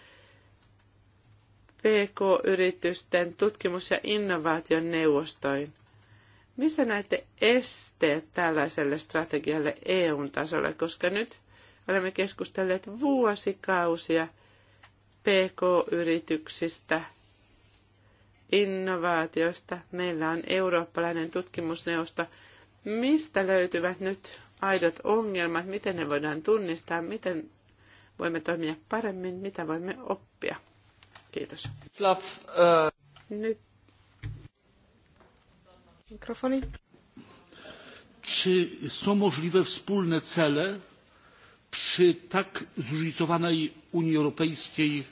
PK-yritysten tutkimus- ja innovaation neuvostoin. Missä näette esteet tällaiselle strategialle eu tasolla, koska nyt olemme keskustelleet vuosikausia PK-yrityksistä, innovaatioista. Meillä on eurooppalainen tutkimusneuvosto. Mistä löytyvät nyt aidot ongelmat, miten ne voidaan tunnistaa, miten voimme toimia paremmin, mitä voimme oppia. Kiitos. Äh. Nyt. Mikrofoni. Czy są możliwe wspólne cele przy tak zróżnicowanej Unii Europejskiej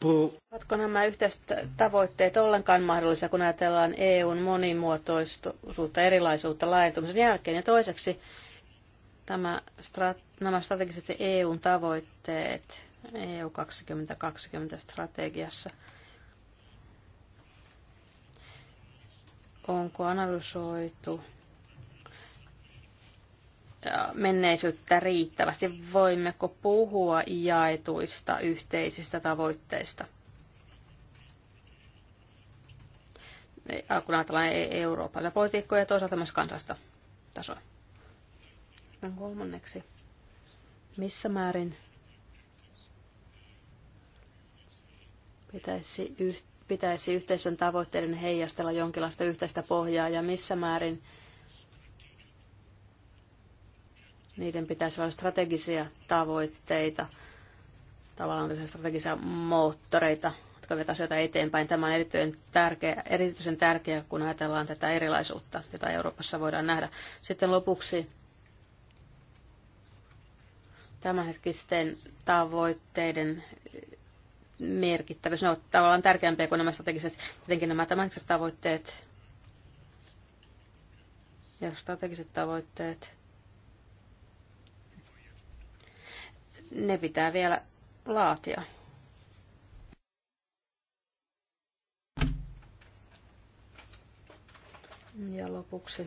po... Ovatko nämä yhteiset tavoitteet ollenkaan mahdollisia, kun ajatellaan EUn monimuotoisuutta, erilaisuutta laajentumisen jälkeen? Ja toiseksi, Tämä, nämä strategiset EUn tavoitteet EU 2020 strategiassa. Onko analysoitu menneisyyttä riittävästi? Voimmeko puhua jaetuista yhteisistä tavoitteista? kun ajatellaan e- Euroopan politiikkoja ja toisaalta myös kansallista tasoa. Sitten kolmanneksi, missä määrin pitäisi, pitäisi yhteisön tavoitteiden heijastella jonkinlaista yhteistä pohjaa ja missä määrin niiden pitäisi olla strategisia tavoitteita, tavallaan strategisia moottoreita, jotka vetävät asioita eteenpäin. Tämä on erityisen tärkeä, erityisen tärkeä, kun ajatellaan tätä erilaisuutta, jota Euroopassa voidaan nähdä. Sitten lopuksi tämänhetkisten tavoitteiden merkittävyys. Ne ovat tavallaan tärkeämpiä kuin nämä strategiset, tietenkin nämä tämänhetkiset tavoitteet ja strategiset tavoitteet. Ne pitää vielä laatia. Ja lopuksi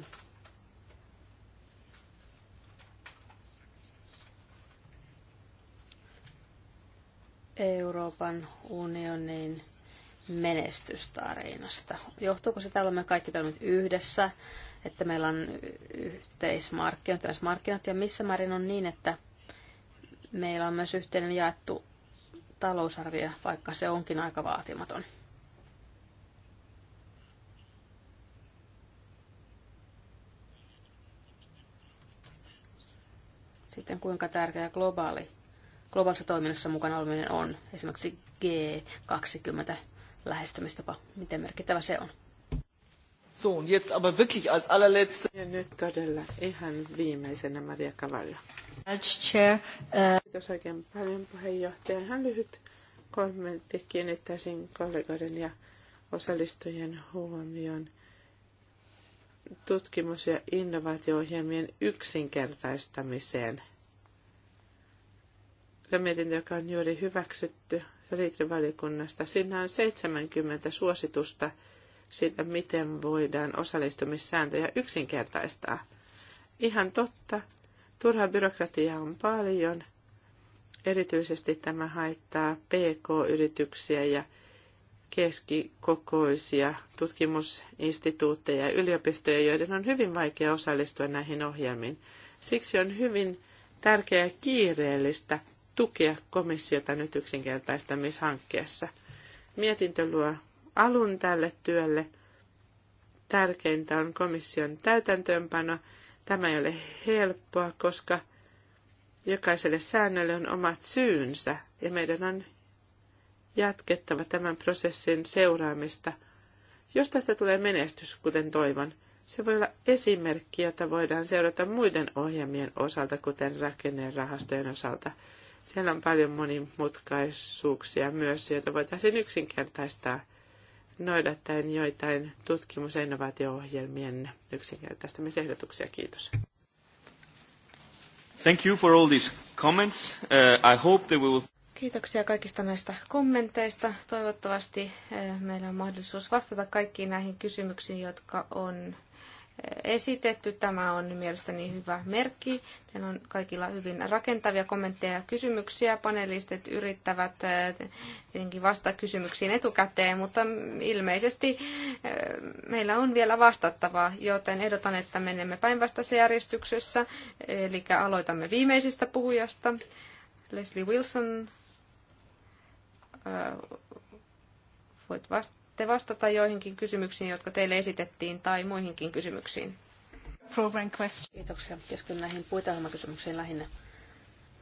Euroopan unionin menestystarinasta? Johtuuko sitä, me kaikki toimineet yhdessä, että meillä on yhteismarkkinat, yhteismarkkinat ja missä määrin on niin, että meillä on myös yhteinen jaettu talousarvio, vaikka se onkin aika vaatimaton. Sitten kuinka tärkeä globaali globaalissa toiminnassa mukana oleminen on, esimerkiksi G20 lähestymistapa, miten merkittävä se on. So, und jetzt aber wirklich als allerletzte. Ja nyt todella ihan viimeisenä Maria Cavallo. Chair, uh... Kiitos oikein paljon puheenjohtaja. Hän lyhyt kommentti kiinnittäisin kollegoiden ja osallistujien huomioon tutkimus- ja innovaatio-ohjelmien yksinkertaistamiseen – se mietintö, joka on juuri hyväksytty liittyvaliokunnasta, siinä on 70 suositusta siitä, miten voidaan osallistumissääntöjä yksinkertaistaa. Ihan totta, turha byrokratiaa on paljon. Erityisesti tämä haittaa PK-yrityksiä ja keskikokoisia tutkimusinstituutteja ja yliopistoja, joiden on hyvin vaikea osallistua näihin ohjelmiin. Siksi on hyvin tärkeää kiireellistä tukea komissiota nyt yksinkertaistamishankkeessa. Mietintö luo alun tälle työlle. Tärkeintä on komission täytäntöönpano. Tämä ei ole helppoa, koska jokaiselle säännölle on omat syynsä ja meidän on jatkettava tämän prosessin seuraamista. Jos tästä tulee menestys, kuten toivon, se voi olla esimerkki, jota voidaan seurata muiden ohjelmien osalta, kuten rakennerahastojen osalta, siellä on paljon monimutkaisuuksia myös, joita voitaisiin yksinkertaistaa noidattaen joitain tutkimus- ja innovaatio-ohjelmien yksinkertaistamisehdotuksia. Kiitos. Thank you for all these comments. Uh, I hope they will... Kiitoksia kaikista näistä kommenteista. Toivottavasti eh, meillä on mahdollisuus vastata kaikkiin näihin kysymyksiin, jotka on esitetty. Tämä on mielestäni hyvä merkki. Teillä on kaikilla hyvin rakentavia kommentteja ja kysymyksiä. Panelistit yrittävät eh, tietenkin vastata kysymyksiin etukäteen, mutta ilmeisesti eh, meillä on vielä vastattavaa, joten ehdotan, että menemme päinvastaisessa järjestyksessä. Eli aloitamme viimeisestä puhujasta. Leslie Wilson eh, voit vastata voisitte vastata joihinkin kysymyksiin, jotka teille esitettiin, tai muihinkin kysymyksiin. Kiitoksia. Keskyn näihin puiteohjelmakysymyksiin lähinnä.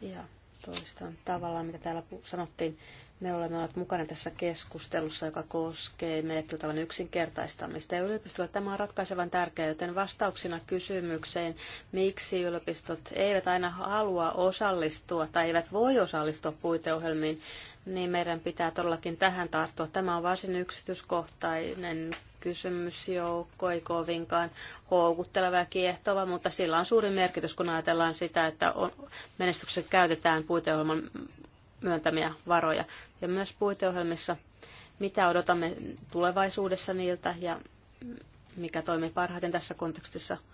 Ja toistan tavallaan, mitä täällä sanottiin. Me olemme olleet mukana tässä keskustelussa, joka koskee menettelytavan yksinkertaistamista. Ja yliopistolla tämä on ratkaisevan tärkeää, joten vastauksena kysymykseen, miksi yliopistot eivät aina halua osallistua tai eivät voi osallistua puiteohjelmiin, niin meidän pitää todellakin tähän tarttua. Tämä on varsin yksityiskohtainen kysymysjoukko, ei kovinkaan houkutteleva ja kiehtova, mutta sillä on suuri merkitys, kun ajatellaan sitä, että on, menestyksessä käytetään puiteohjelman myöntämiä varoja. Ja myös puiteohjelmissa, mitä odotamme tulevaisuudessa niiltä ja mikä toimii parhaiten tässä kontekstissa –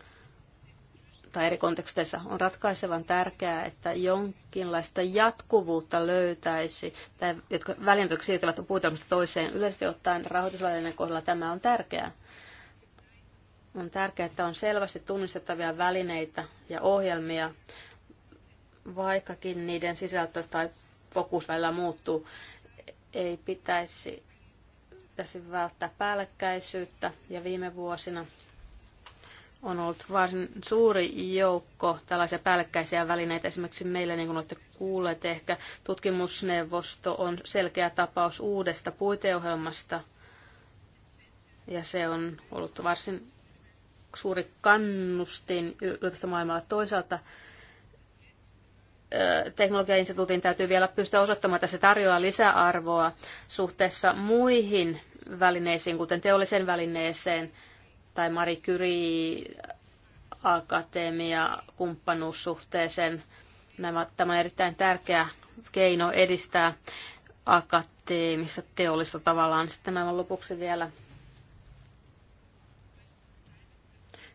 tai eri konteksteissa on ratkaisevan tärkeää, että jonkinlaista jatkuvuutta löytäisi, tai jotka välineet siirtyvät puutelmasta toiseen. Yleisesti ottaen rahoitusvälineen kohdalla tämä on tärkeää. On tärkeää, että on selvästi tunnistettavia välineitä ja ohjelmia, vaikkakin niiden sisältö tai fokus välillä muuttuu. Ei pitäisi pitäisi välttää päällekkäisyyttä ja viime vuosina on ollut varsin suuri joukko tällaisia päällekkäisiä välineitä. Esimerkiksi meillä, niin kuin olette kuulleet, ehkä tutkimusneuvosto on selkeä tapaus uudesta puiteohjelmasta. Ja se on ollut varsin suuri kannustin yliopistomaailmalla. Toisaalta teknologiainstituutin täytyy vielä pystyä osoittamaan, että se tarjoaa lisäarvoa suhteessa muihin välineisiin, kuten teolliseen välineeseen – tai Marie Curie Akatemia kumppanuussuhteeseen. Nämä, tämä on erittäin tärkeä keino edistää akateemista teollista tavallaan. Sitten aivan lopuksi vielä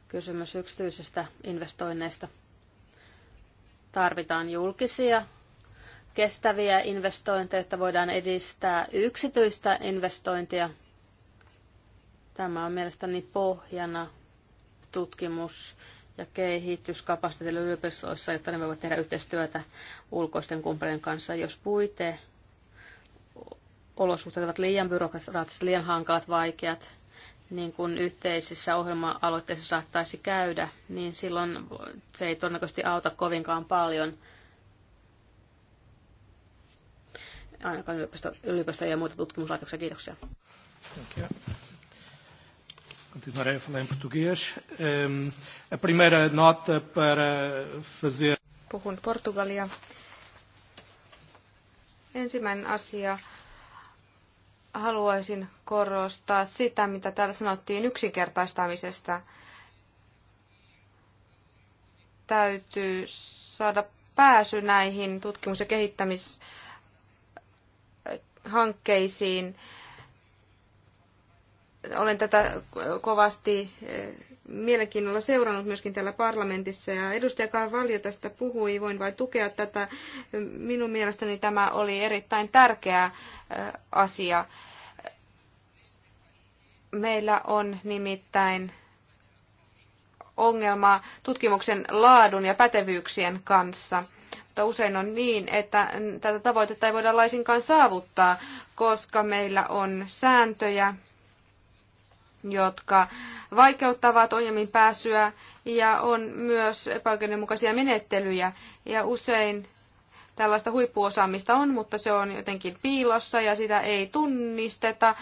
kysymys yksityisestä investoinneista. Tarvitaan julkisia kestäviä investointeja, että voidaan edistää yksityistä investointia – Tämä on mielestäni pohjana tutkimus- ja kehityskapasiteetille yliopistoissa, jotta ne voivat tehdä yhteistyötä ulkoisten kumppanien kanssa. Jos puite olosuhteet ovat liian byrokraattiset, liian hankalat, vaikeat, niin kuin yhteisissä ohjelma-aloitteissa saattaisi käydä, niin silloin se ei todennäköisesti auta kovinkaan paljon ainakaan yliopistoja ja muita tutkimuslaitoksia. Kiitoksia. Thank you. Continuarei a falar em português. Um, a primeira nota para fazer... Puhun portugalia. Ensimmäinen asia. Haluaisin korostaa sitä, mitä täällä sanottiin yksinkertaistamisesta. Täytyy saada pääsy näihin tutkimus- ja kehittämishankkeisiin olen tätä kovasti eh, mielenkiinnolla seurannut myöskin täällä parlamentissa ja edustaja Carvalho tästä puhui, voin vain tukea tätä. Minun mielestäni tämä oli erittäin tärkeä eh, asia. Meillä on nimittäin ongelma tutkimuksen laadun ja pätevyyksien kanssa mutta usein on niin, että tätä tavoitetta ei voida laisinkaan saavuttaa, koska meillä on sääntöjä, jotka vaikeuttavat ongelmiin pääsyä ja on myös epäoikeudenmukaisia menettelyjä ja usein tällaista huippuosaamista on, mutta se on jotenkin piilossa ja sitä ei tunnisteta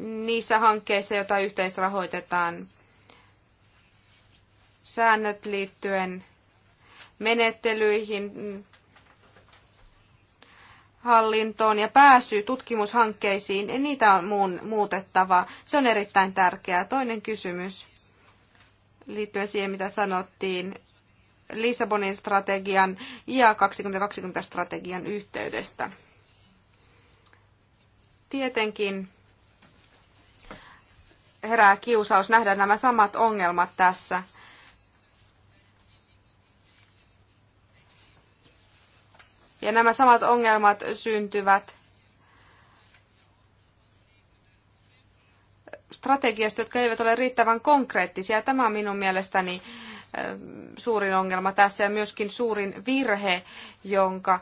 niissä hankkeissa, joita yhteisrahoitetaan. Säännöt liittyen menettelyihin hallintoon ja pääsy tutkimushankkeisiin, niin niitä on muun, muutettava. Se on erittäin tärkeää. Toinen kysymys liittyen siihen, mitä sanottiin Lissabonin strategian ja 2020-strategian yhteydestä. Tietenkin herää kiusaus nähdä nämä samat ongelmat tässä – Ja nämä samat ongelmat syntyvät strategiasta, jotka eivät ole riittävän konkreettisia. Tämä on minun mielestäni suurin ongelma tässä ja myöskin suurin virhe, jonka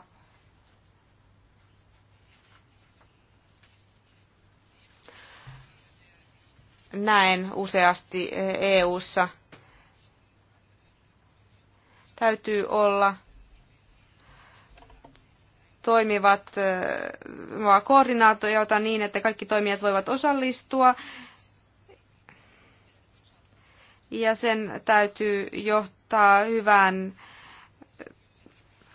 näen useasti EU:ssa. Täytyy olla toimivat koordinaatiota niin, että kaikki toimijat voivat osallistua. Ja sen täytyy johtaa hyvään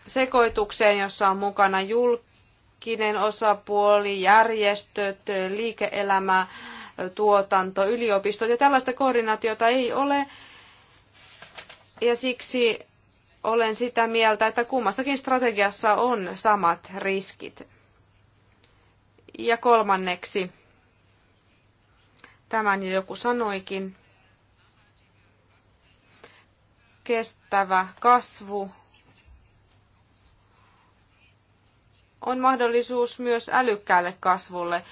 sekoitukseen, jossa on mukana julkinen osapuoli, järjestöt, liike-elämä, tuotanto, yliopistot. Ja tällaista koordinaatiota ei ole. Ja siksi olen sitä mieltä, että kummassakin strategiassa on samat riskit. Ja kolmanneksi, tämän jo joku sanoikin, kestävä kasvu on mahdollisuus myös älykkäälle kasvulle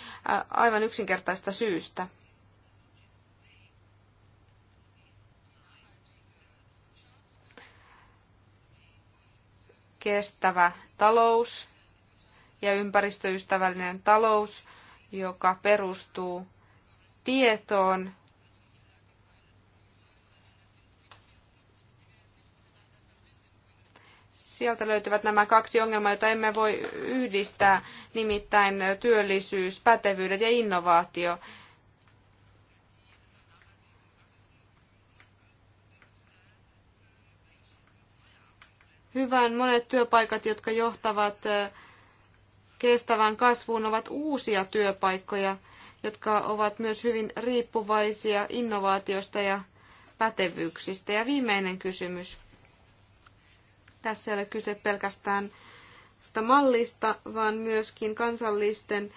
aivan yksinkertaista syystä. kestävä talous ja ympäristöystävällinen talous, joka perustuu tietoon sieltä löytyvät nämä kaksi ongelmaa, joita emme voi yhdistää, nimittäin työllisyys, pätevyydet ja innovaatio. hyvän. Monet työpaikat, jotka johtavat kestävään kasvuun, ovat uusia työpaikkoja, jotka ovat myös hyvin riippuvaisia innovaatiosta ja pätevyyksistä. Ja viimeinen kysymys. Tässä ei ole kyse pelkästään sitä mallista, vaan myöskin kansallisten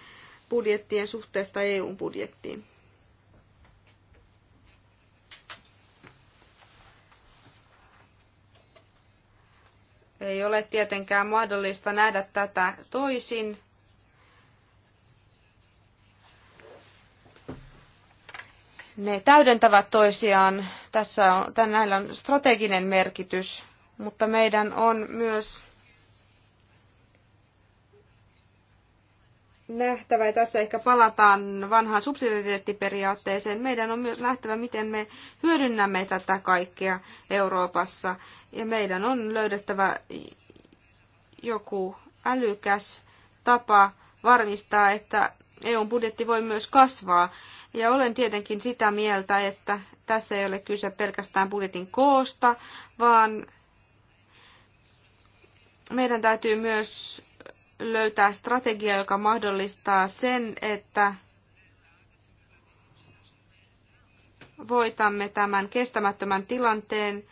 budjettien suhteesta EU-budjettiin. Ei ole tietenkään mahdollista nähdä tätä toisin. Ne täydentävät toisiaan. Tässä on, näillä on strateginen merkitys, mutta meidän on myös nähtävä, ja tässä ehkä palataan vanhaan subsidiariteettiperiaatteeseen, meidän on myös nähtävä, miten me hyödynnämme tätä kaikkea Euroopassa. Ja meidän on löydettävä joku älykäs tapa varmistaa, että EUn budjetti voi myös kasvaa. Ja olen tietenkin sitä mieltä, että tässä ei ole kyse pelkästään budjetin koosta, vaan meidän täytyy myös löytää strategia, joka mahdollistaa sen, että voitamme tämän kestämättömän tilanteen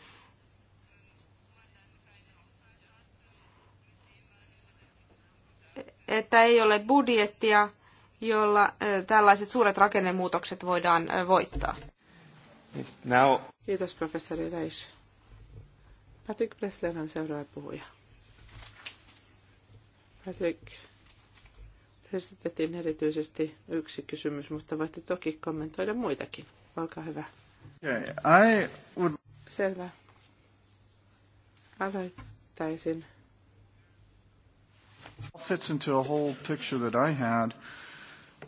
että ei ole budjettia, jolla tällaiset suuret rakennemuutokset voidaan voittaa. Now. Kiitos professori Reisch. Patrick Bresler on seuraava puhuja. Patrick, esitettiin erityisesti yksi kysymys, mutta voitte toki kommentoida muitakin. Olkaa hyvä. Okay, I would... Selvä. Aloittaisin. Fits into a whole picture that I had.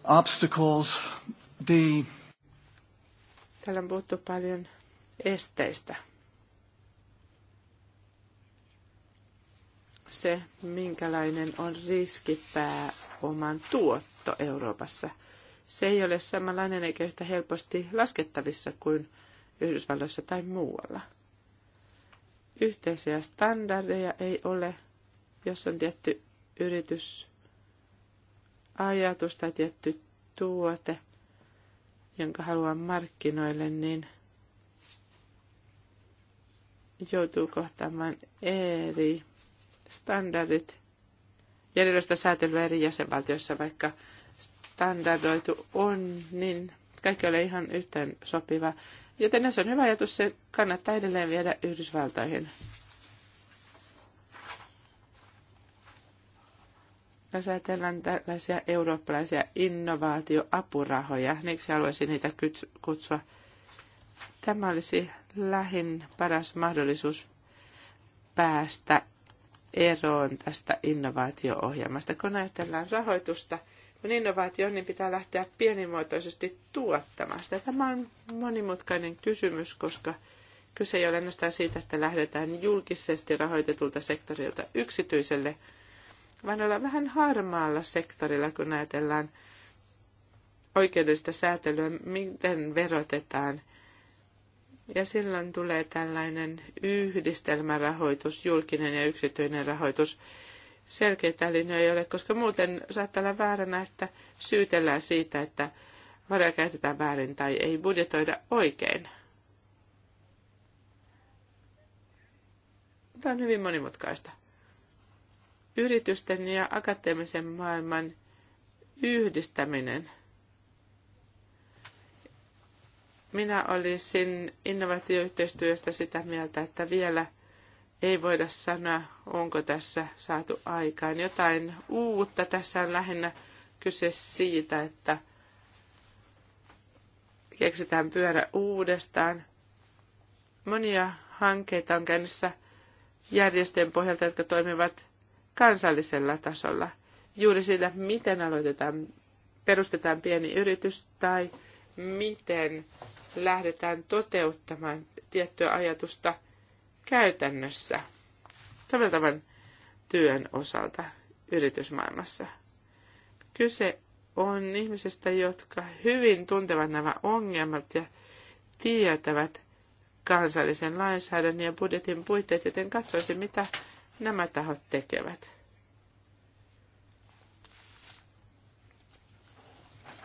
Obstacles, the... Täällä on puhuttu paljon esteistä. se, minkälainen on riskipääoman tuotto Euroopassa. Se ei ole samanlainen eikä yhtä helposti laskettavissa kuin Yhdysvalloissa tai muualla. Yhteisiä standardeja ei ole, jos on tietty yritys, ajatus tai tietty tuote, jonka haluan markkinoille, niin joutuu kohtaamaan eri standardit ja erilaista säätelyä eri jäsenvaltioissa, vaikka standardoitu on, niin kaikki ole ihan yhteen sopiva. Joten jos on hyvä ajatus, se kannattaa edelleen viedä Yhdysvaltoihin. Jos ajatellaan tällaisia eurooppalaisia innovaatioapurahoja, se haluaisin niitä kutsua. Tämä olisi lähin paras mahdollisuus päästä eroon tästä innovaatio-ohjelmasta. Kun ajatellaan rahoitusta, kun innovaatio on, niin pitää lähteä pienimuotoisesti tuottamaan sitä. Tämä on monimutkainen kysymys, koska kyse ei ole ainoastaan siitä, että lähdetään julkisesti rahoitetulta sektorilta yksityiselle, vaan ollaan vähän harmaalla sektorilla, kun ajatellaan oikeudellista säätelyä, miten verotetaan – ja silloin tulee tällainen yhdistelmärahoitus, julkinen ja yksityinen rahoitus. Selkeitä linjoja ei ole, koska muuten saattaa olla vääränä, että syytellään siitä, että varoja käytetään väärin tai ei budjetoida oikein. Tämä on hyvin monimutkaista. Yritysten ja akateemisen maailman yhdistäminen Minä olisin innovaatioyhteistyöstä sitä mieltä, että vielä ei voida sanoa, onko tässä saatu aikaan jotain uutta. Tässä on lähinnä kyse siitä, että keksitään pyörä uudestaan. Monia hankkeita on käynnissä järjestöjen pohjalta, jotka toimivat kansallisella tasolla. Juuri siitä, miten aloitetaan, perustetaan pieni yritys tai miten lähdetään toteuttamaan tiettyä ajatusta käytännössä soveltavan työn osalta yritysmaailmassa. Kyse on ihmisistä, jotka hyvin tuntevat nämä ongelmat ja tietävät kansallisen lainsäädännön ja budjetin puitteet, joten katsoisi, mitä nämä tahot tekevät.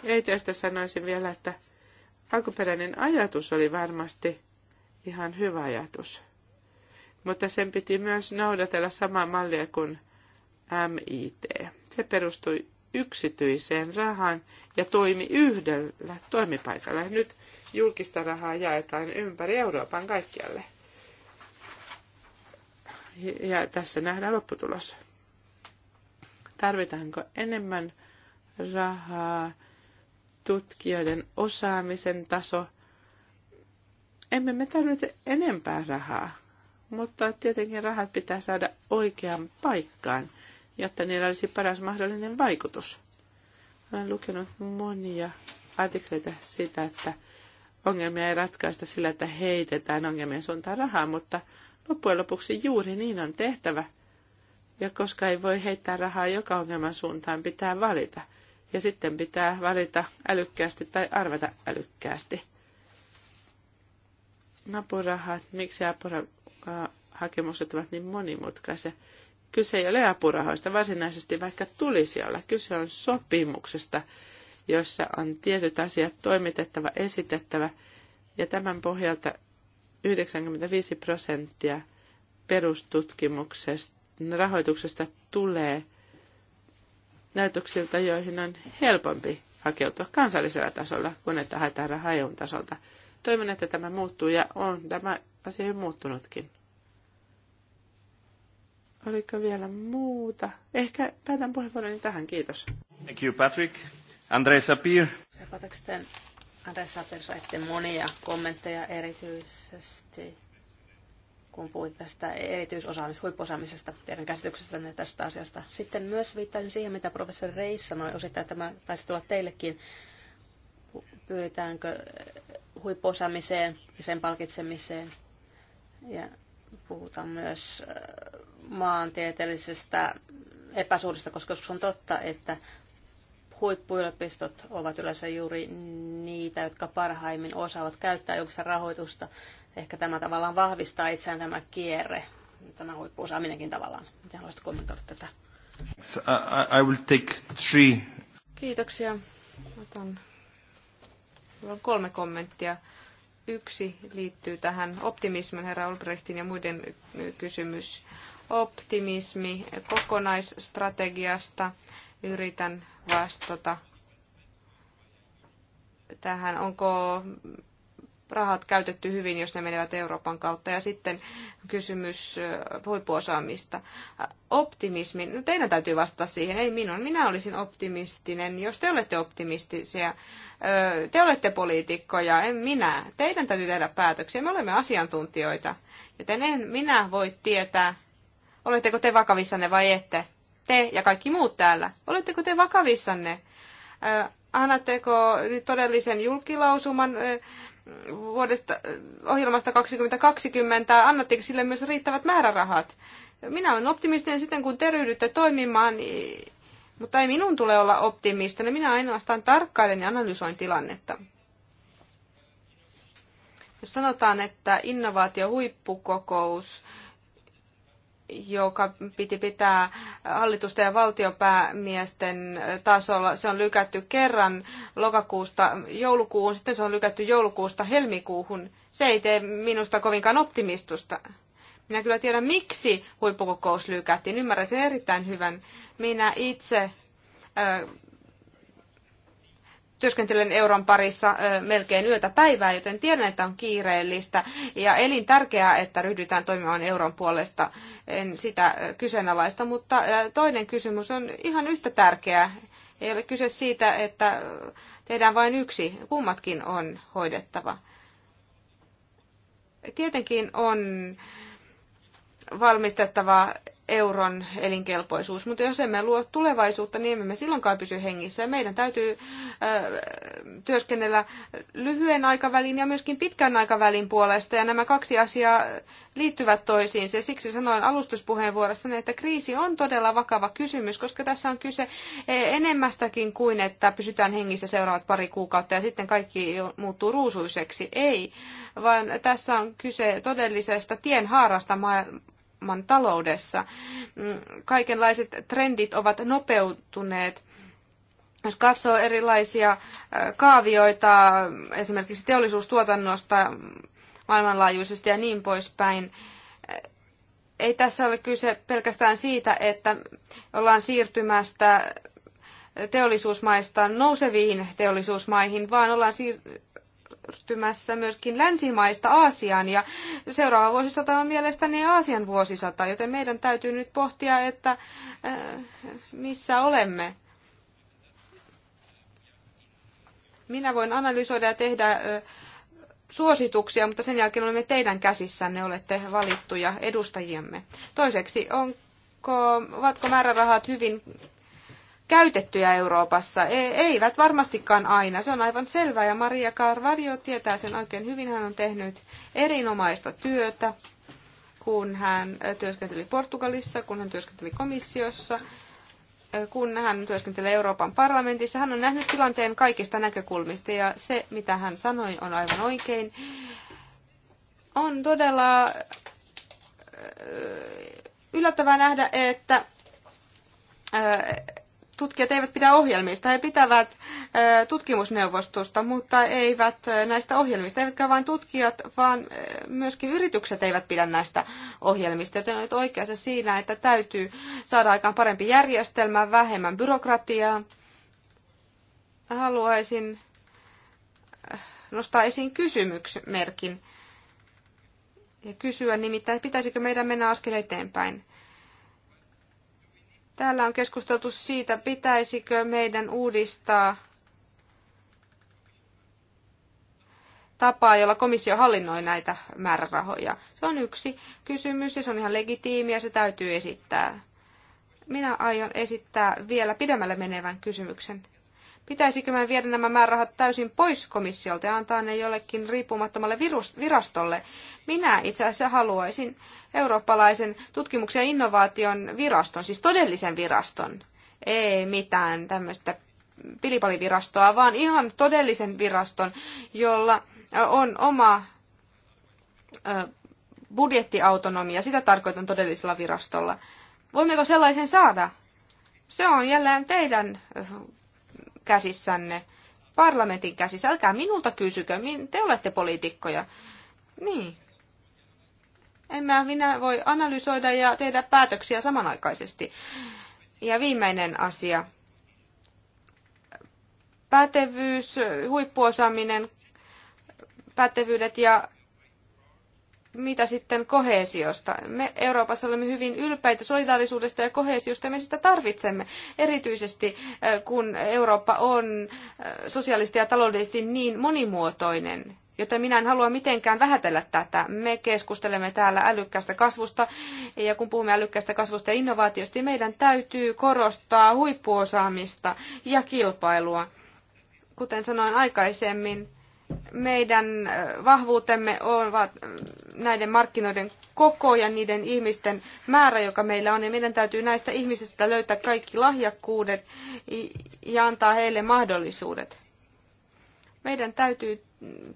Ei tästä sanoisin vielä, että alkuperäinen ajatus oli varmasti ihan hyvä ajatus. Mutta sen piti myös noudatella samaa mallia kuin MIT. Se perustui yksityiseen rahaan ja toimi yhdellä toimipaikalla. Nyt julkista rahaa jaetaan ympäri Euroopan kaikkialle. Ja tässä nähdään lopputulos. Tarvitaanko enemmän rahaa tutkijoiden osaamisen taso. Emme me tarvitse enempää rahaa, mutta tietenkin rahat pitää saada oikeaan paikkaan, jotta niillä olisi paras mahdollinen vaikutus. Olen lukenut monia artikkeleita siitä, että ongelmia ei ratkaista sillä, että heitetään ongelmien suuntaan rahaa, mutta loppujen lopuksi juuri niin on tehtävä. Ja koska ei voi heittää rahaa joka ongelman suuntaan, pitää valita – ja sitten pitää valita älykkäästi tai arvata älykkäästi. Apurahat, miksi apurahakemukset ovat niin monimutkaisia? Kyse ei ole apurahoista varsinaisesti, vaikka tulisi olla. Kyse on sopimuksesta, jossa on tietyt asiat toimitettava, esitettävä, ja tämän pohjalta 95 prosenttia perustutkimuksesta rahoituksesta tulee – näytöksiltä, joihin on helpompi hakeutua kansallisella tasolla, kun että haetaan rahaa EUn tasolta. Toivon, että tämä muuttuu ja on tämä asia jo muuttunutkin. Oliko vielä muuta? Ehkä päätän puheenvuoroni tähän, kiitos. Thank you, Patrick. Andre Sapir. Andre Sapir saitte monia kommentteja erityisesti kun puhuit tästä erityisosaamisesta, huippuosaamisesta, teidän käsityksestänne tästä asiasta. Sitten myös viittaisin siihen, mitä professori Reis sanoi, osittain tämä taisi tulla teillekin, pyritäänkö huippuosaamiseen ja sen palkitsemiseen. Ja puhutaan myös äh, maantieteellisestä epäsuudesta, koska on totta, että huippuyliopistot ovat yleensä juuri niitä, jotka parhaimmin osaavat käyttää julkista rahoitusta Ehkä tämä tavallaan vahvistaa itseään tämä kierre, tämä huippuosaaminenkin tavallaan. Miten haluaisit kommentoida tätä? I will take three. Kiitoksia. Otan on kolme kommenttia. Yksi liittyy tähän optimismin, herra Olbrechtin ja muiden kysymys. Optimismi kokonaisstrategiasta. Yritän vastata tähän. Onko rahat käytetty hyvin, jos ne menevät Euroopan kautta. Ja sitten kysymys huippuosaamista. Optimismi. No teidän täytyy vastata siihen, ei minun. Minä olisin optimistinen, jos te olette optimistisia. Te olette poliitikkoja, en minä. Teidän täytyy tehdä päätöksiä. Me olemme asiantuntijoita, joten en minä voi tietää, oletteko te vakavissanne vai ette. Te ja kaikki muut täällä. Oletteko te vakavissanne? Annatteko nyt todellisen julkilausuman vuodesta, ohjelmasta 2020, annatteko sille myös riittävät määrärahat? Minä olen optimistinen sitten, kun te ryhdytte toimimaan, mutta ei minun tule olla optimistinen. Minä ainoastaan tarkkailen ja analysoin tilannetta. Jos sanotaan, että innovaatiohuippukokous huippukokous joka piti pitää hallitusten ja valtiopäämiesten tasolla. Se on lykätty kerran lokakuusta joulukuuhun, sitten se on lykätty joulukuusta helmikuuhun. Se ei tee minusta kovinkaan optimistusta. Minä kyllä tiedän, miksi huippukokous lykättiin. Ymmärrän sen erittäin hyvän. Minä itse työskentelen euron parissa melkein yötä päivää, joten tiedän, että on kiireellistä ja elintärkeää, että ryhdytään toimimaan euron puolesta. En sitä kyseenalaista, mutta toinen kysymys on ihan yhtä tärkeä. Ei ole kyse siitä, että tehdään vain yksi, kummatkin on hoidettava. Tietenkin on valmistettava euron elinkelpoisuus, mutta jos emme luo tulevaisuutta, niin emme me silloinkaan pysy hengissä. Meidän täytyy äh, työskennellä lyhyen aikavälin ja myöskin pitkän aikavälin puolesta, ja nämä kaksi asiaa liittyvät toisiinsa. Ja siksi sanoin alustuspuheenvuorossani, että kriisi on todella vakava kysymys, koska tässä on kyse enemmästäkin kuin, että pysytään hengissä seuraavat pari kuukautta ja sitten kaikki muuttuu ruusuiseksi. Ei, vaan tässä on kyse todellisesta tienhaarasta maailman taloudessa. Mm, kaikenlaiset trendit ovat nopeutuneet. Jos katsoo erilaisia kaavioita esimerkiksi teollisuustuotannosta maailmanlaajuisesti ja niin poispäin, ei tässä ole kyse pelkästään siitä, että ollaan siirtymästä teollisuusmaista nouseviin teollisuusmaihin, vaan ollaan siir- siirtymässä myöskin länsimaista Aasiaan ja seuraava vuosisata on mielestäni Aasian vuosisata, joten meidän täytyy nyt pohtia, että eh, missä olemme. Minä voin analysoida ja tehdä eh, suosituksia, mutta sen jälkeen olemme teidän käsissänne, olette valittuja edustajiemme. Toiseksi, onko, ovatko määrärahat hyvin käytettyjä Euroopassa. E, eivät varmastikaan aina, se on aivan selvää. Ja Maria Carvalho tietää sen oikein hyvin. Hän on tehnyt erinomaista työtä, kun hän työskenteli Portugalissa, kun hän työskenteli komissiossa, kun hän työskenteli Euroopan parlamentissa. Hän on nähnyt tilanteen kaikista näkökulmista ja se, mitä hän sanoi, on aivan oikein. On todella yllättävää nähdä, että tutkijat eivät pidä ohjelmista, he pitävät tutkimusneuvostosta, mutta eivät näistä ohjelmista, eivätkä vain tutkijat, vaan myöskin yritykset eivät pidä näistä ohjelmista. Joten olet oikeassa siinä, että täytyy saada aikaan parempi järjestelmä, vähemmän byrokratiaa. Haluaisin nostaa esiin kysymyksmerkin ja kysyä nimittäin, pitäisikö meidän mennä askel eteenpäin. Täällä on keskusteltu siitä, pitäisikö meidän uudistaa tapaa, jolla komissio hallinnoi näitä määrärahoja. Se on yksi kysymys ja se on ihan legitiimi ja se täytyy esittää. Minä aion esittää vielä pidemmälle menevän kysymyksen. Pitäisikö meidän viedä nämä määrärahat täysin pois komissiolta ja antaa ne jollekin riippumattomalle virastolle? Minä itse asiassa haluaisin eurooppalaisen tutkimuksen ja innovaation viraston, siis todellisen viraston. Ei mitään tämmöistä pilipalivirastoa, vaan ihan todellisen viraston, jolla on oma budjettiautonomia. Sitä tarkoitan todellisella virastolla. Voimmeko sellaisen saada? Se on jälleen teidän käsissänne, parlamentin käsissä. Älkää minulta kysykö, te olette poliitikkoja. Niin. En mä, minä voi analysoida ja tehdä päätöksiä samanaikaisesti. Ja viimeinen asia. Pätevyys, huippuosaaminen, pätevyydet ja mitä sitten kohesiosta? Me Euroopassa olemme hyvin ylpeitä solidaarisuudesta ja kohesiosta, ja me sitä tarvitsemme, erityisesti eh, kun Eurooppa on eh, sosiaalisesti ja taloudellisesti niin monimuotoinen. Joten minä en halua mitenkään vähätellä tätä. Me keskustelemme täällä älykkäästä kasvusta, ja kun puhumme älykkäästä kasvusta ja innovaatiosta, niin meidän täytyy korostaa huippuosaamista ja kilpailua. Kuten sanoin aikaisemmin, meidän vahvuutemme ovat näiden markkinoiden koko ja niiden ihmisten määrä, joka meillä on. Ja meidän täytyy näistä ihmisistä löytää kaikki lahjakkuudet ja antaa heille mahdollisuudet. Meidän täytyy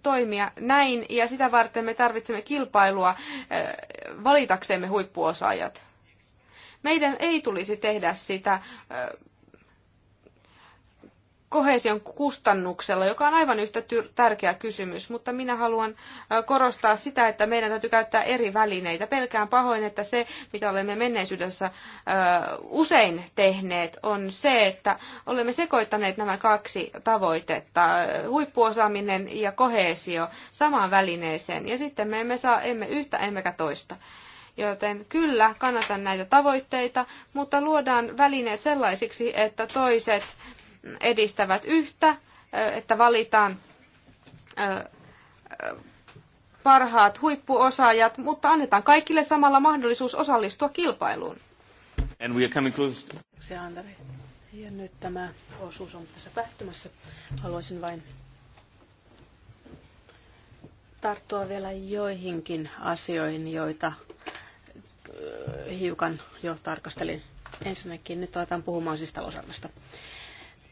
toimia näin ja sitä varten me tarvitsemme kilpailua valitaksemme huippuosaajat. Meidän ei tulisi tehdä sitä kohesion kustannuksella, joka on aivan yhtä tärkeä kysymys, mutta minä haluan äh, korostaa sitä, että meidän täytyy käyttää eri välineitä. Pelkään pahoin, että se, mitä olemme menneisyydessä äh, usein tehneet, on se, että olemme sekoittaneet nämä kaksi tavoitetta, äh, huippuosaaminen ja kohesio, samaan välineeseen, ja sitten me emme saa emme yhtä emmekä toista. Joten kyllä, kannatan näitä tavoitteita, mutta luodaan välineet sellaisiksi, että toiset edistävät yhtä, että valitaan parhaat huippuosaajat, mutta annetaan kaikille samalla mahdollisuus osallistua kilpailuun. And we are coming close. Se Andari. Ja nyt tämä osuus on tässä päättymässä. Haluaisin vain tarttua vielä joihinkin asioihin, joita hiukan jo tarkastelin. Ensinnäkin nyt aletaan puhumaan siis talousarvosta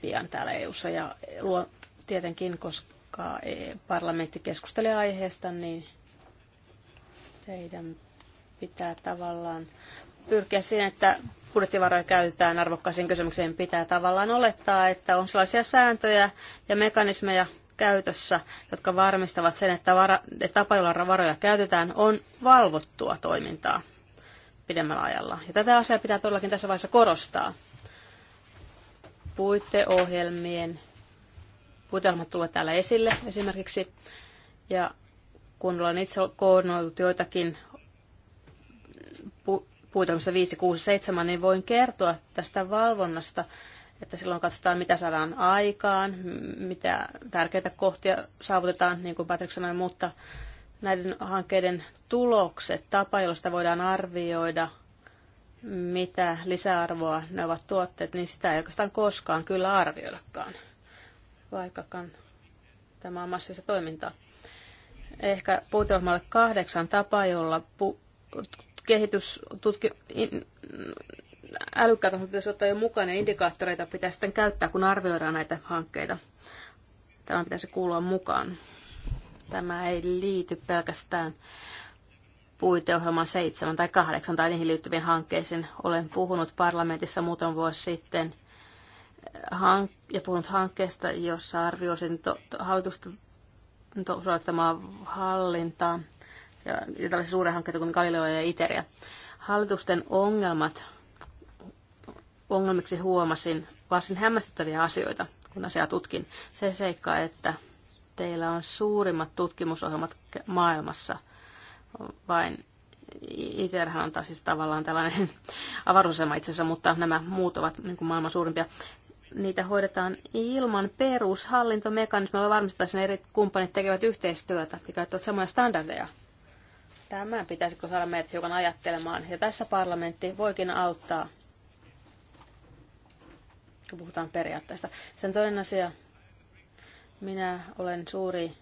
pian täällä EU-ssa. ja luo, tietenkin, koska e parlamentti keskustelee aiheesta, niin teidän pitää tavallaan pyrkiä siihen, että budjettivaroja käytetään arvokkaisiin kysymyksiin, pitää tavallaan olettaa, että on sellaisia sääntöjä ja mekanismeja käytössä, jotka varmistavat sen, että, vara, että tapa, jolla varoja käytetään, on valvottua toimintaa pidemmällä ajalla. Ja tätä asiaa pitää todellakin tässä vaiheessa korostaa puiteohjelmien puitelmat tulevat täällä esille esimerkiksi. Ja kun olen itse koonnut joitakin pu- puitelmista 5, 6, 7, niin voin kertoa tästä valvonnasta, että silloin katsotaan, mitä saadaan aikaan, mitä tärkeitä kohtia saavutetaan, niin kuin Patrick sanoi, mutta näiden hankkeiden tulokset, tapa, jolla sitä voidaan arvioida – mitä lisäarvoa ne ovat tuotteet, niin sitä ei oikeastaan koskaan kyllä arvioidakaan, vaikkakaan tämä on massiivista toimintaa. Ehkä puutelmalle kahdeksan tapa, jolla pu- kehitys, tutki, in, älykkäät pitäisi ottaa jo mukaan ja indikaattoreita pitäisi sitten käyttää, kun arvioidaan näitä hankkeita. Tämä pitäisi kuulua mukaan. Tämä ei liity pelkästään puiteohjelman 7 tai 8 tai niihin liittyviin hankkeisiin. Olen puhunut parlamentissa muutaman vuosi sitten eh, ja puhunut hankkeesta, jossa arvioisin to- to- hallitusta to- suorittamaa hallintaa ja, ja tällaisia suuria hankkeita kuin Galileo ja Iteria. Hallitusten ongelmat, ongelmiksi huomasin varsin hämmästyttäviä asioita, kun asiaa tutkin. Se seikka, että teillä on suurimmat tutkimusohjelmat maailmassa – vain itsehän on taas siis tavallaan tällainen avaruusema itsensä, mutta nämä muut ovat niin kuin maailman suurimpia. Niitä hoidetaan ilman perushallintomekanismia, varmistetaan sen eri kumppanit tekevät yhteistyötä ja käyttävät samoja standardeja. Tämä pitäisikö saada meidät hiukan ajattelemaan. Ja tässä parlamentti voikin auttaa, kun puhutaan periaatteesta. Sen toinen asia, minä olen suuri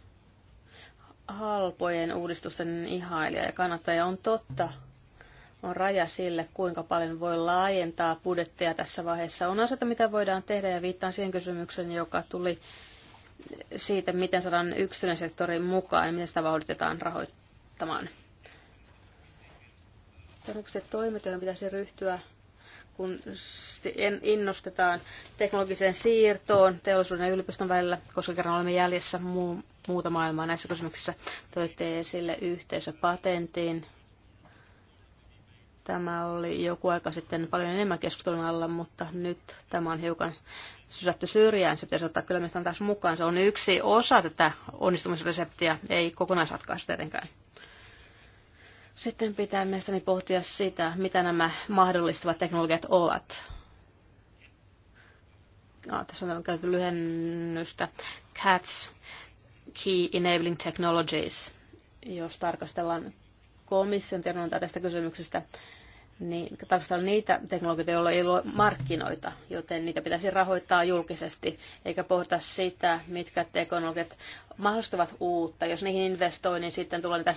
halpojen uudistusten ihailija ja kannattaja on totta. On raja sille, kuinka paljon voi laajentaa budjetteja tässä vaiheessa. On asioita, mitä voidaan tehdä ja viittaan siihen kysymykseen, joka tuli siitä, miten saadaan yksityinen sektori mukaan ja miten sitä vauhditetaan rahoittamaan. se toimet, joihin pitäisi ryhtyä, kun innostetaan teknologiseen siirtoon teollisuuden ja yliopiston välillä, koska kerran olemme jäljessä muun muuta maailmaa näissä kysymyksissä. Toitte esille yhteisöpatentin. Tämä oli joku aika sitten paljon enemmän keskustelun alla, mutta nyt tämä on hiukan sysätty syrjään. Se pitäisi ottaa kyllä mistä taas mukaan. Se on yksi osa tätä onnistumisreseptiä, ei kokonaisratkaisu tietenkään. Sitten pitää mielestäni pohtia sitä, mitä nämä mahdollistavat teknologiat ovat. No, tässä on käytetty lyhennystä CATS, Key Enabling Technologies. Jos tarkastellaan komission tiedonantaa tästä kysymyksestä, niin tarkastellaan niitä teknologioita, joilla ei ole markkinoita, joten niitä pitäisi rahoittaa julkisesti, eikä pohdita sitä, mitkä teknologiat mahdollistavat uutta. Jos niihin investoi, niin sitten tulee niitä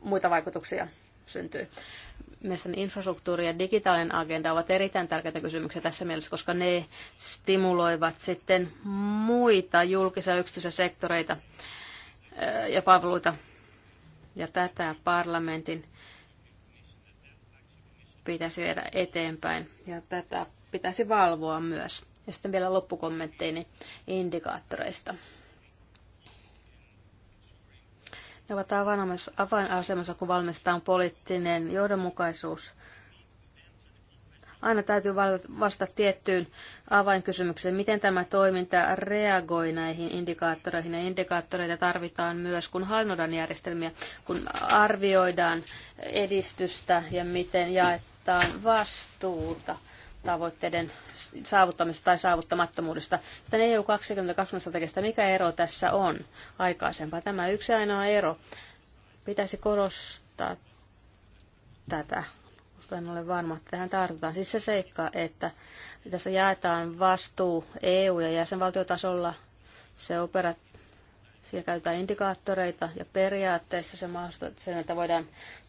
muita vaikutuksia syntyy mielestäni infrastruktuuri ja digitaalinen agenda ovat erittäin tärkeitä kysymyksiä tässä mielessä, koska ne stimuloivat sitten muita julkisia yksityisiä sektoreita ja palveluita. Ja tätä parlamentin pitäisi viedä eteenpäin ja tätä pitäisi valvoa myös. Ja sitten vielä loppukommentteini indikaattoreista. Ne ovat avainasemassa, kun valmistetaan poliittinen johdonmukaisuus. Aina täytyy vastata tiettyyn avainkysymykseen, miten tämä toiminta reagoi näihin indikaattoreihin. Ja indikaattoreita tarvitaan myös, kun hallinnoidaan järjestelmiä, kun arvioidaan edistystä ja miten jaetaan vastuuta tavoitteiden saavuttamisesta tai saavuttamattomuudesta. Sitä EU 2020 strategiasta, mikä ero tässä on aikaisempaa? Tämä yksi ainoa ero. Pitäisi korostaa tätä, koska en ole varma, että tähän tartutaan. Siis se seikka, että tässä jaetaan vastuu EU- ja jäsenvaltiotasolla, se opera, siellä käytetään indikaattoreita ja periaatteessa se mahdollistaa sen, että voidaan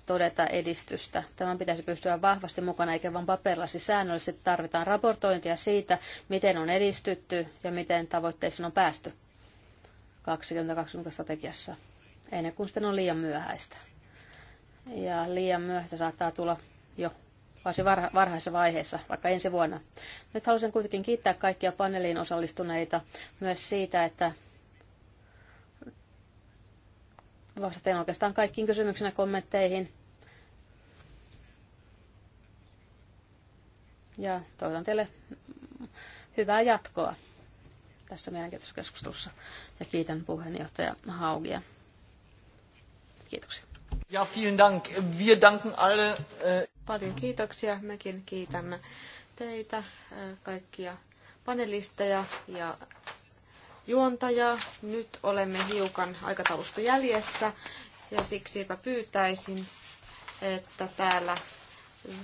todeta edistystä. Tämän pitäisi pystyä vahvasti mukana, eikä vain paperilla. Siis säännöllisesti tarvitaan raportointia siitä, miten on edistytty ja miten tavoitteisiin on päästy 2020 strategiassa, ennen kuin sitten on liian myöhäistä. Ja liian myöhäistä saattaa tulla jo varsin varha- varhaisessa vaiheessa, vaikka ensi vuonna. Nyt haluaisin kuitenkin kiittää kaikkia paneeliin osallistuneita myös siitä, että vastaten oikeastaan kaikkiin kysymyksiin ja kommentteihin. ja toivotan teille hyvää jatkoa tässä mielenkiintoisessa keskustelussa ja kiitän puheenjohtaja Haugia. Kiitoksia. Ja, vielen dank. Wir danken alle. Äh, Paljon kiitoksia. Mekin kiitämme teitä, äh, kaikkia panelisteja ja juontaja. Nyt olemme hiukan aikataulusta jäljessä ja siksipä pyytäisin, että täällä äh,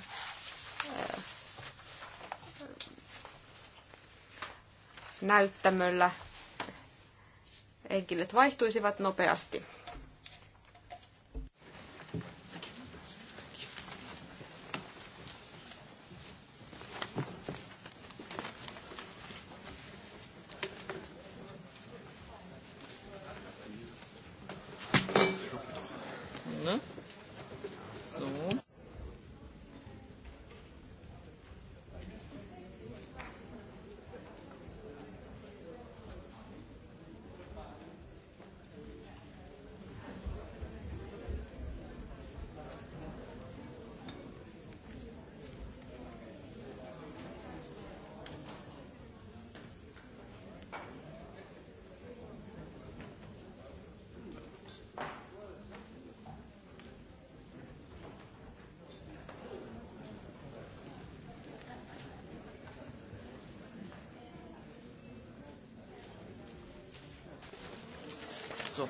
näyttämöllä henkilöt vaihtuisivat nopeasti. So.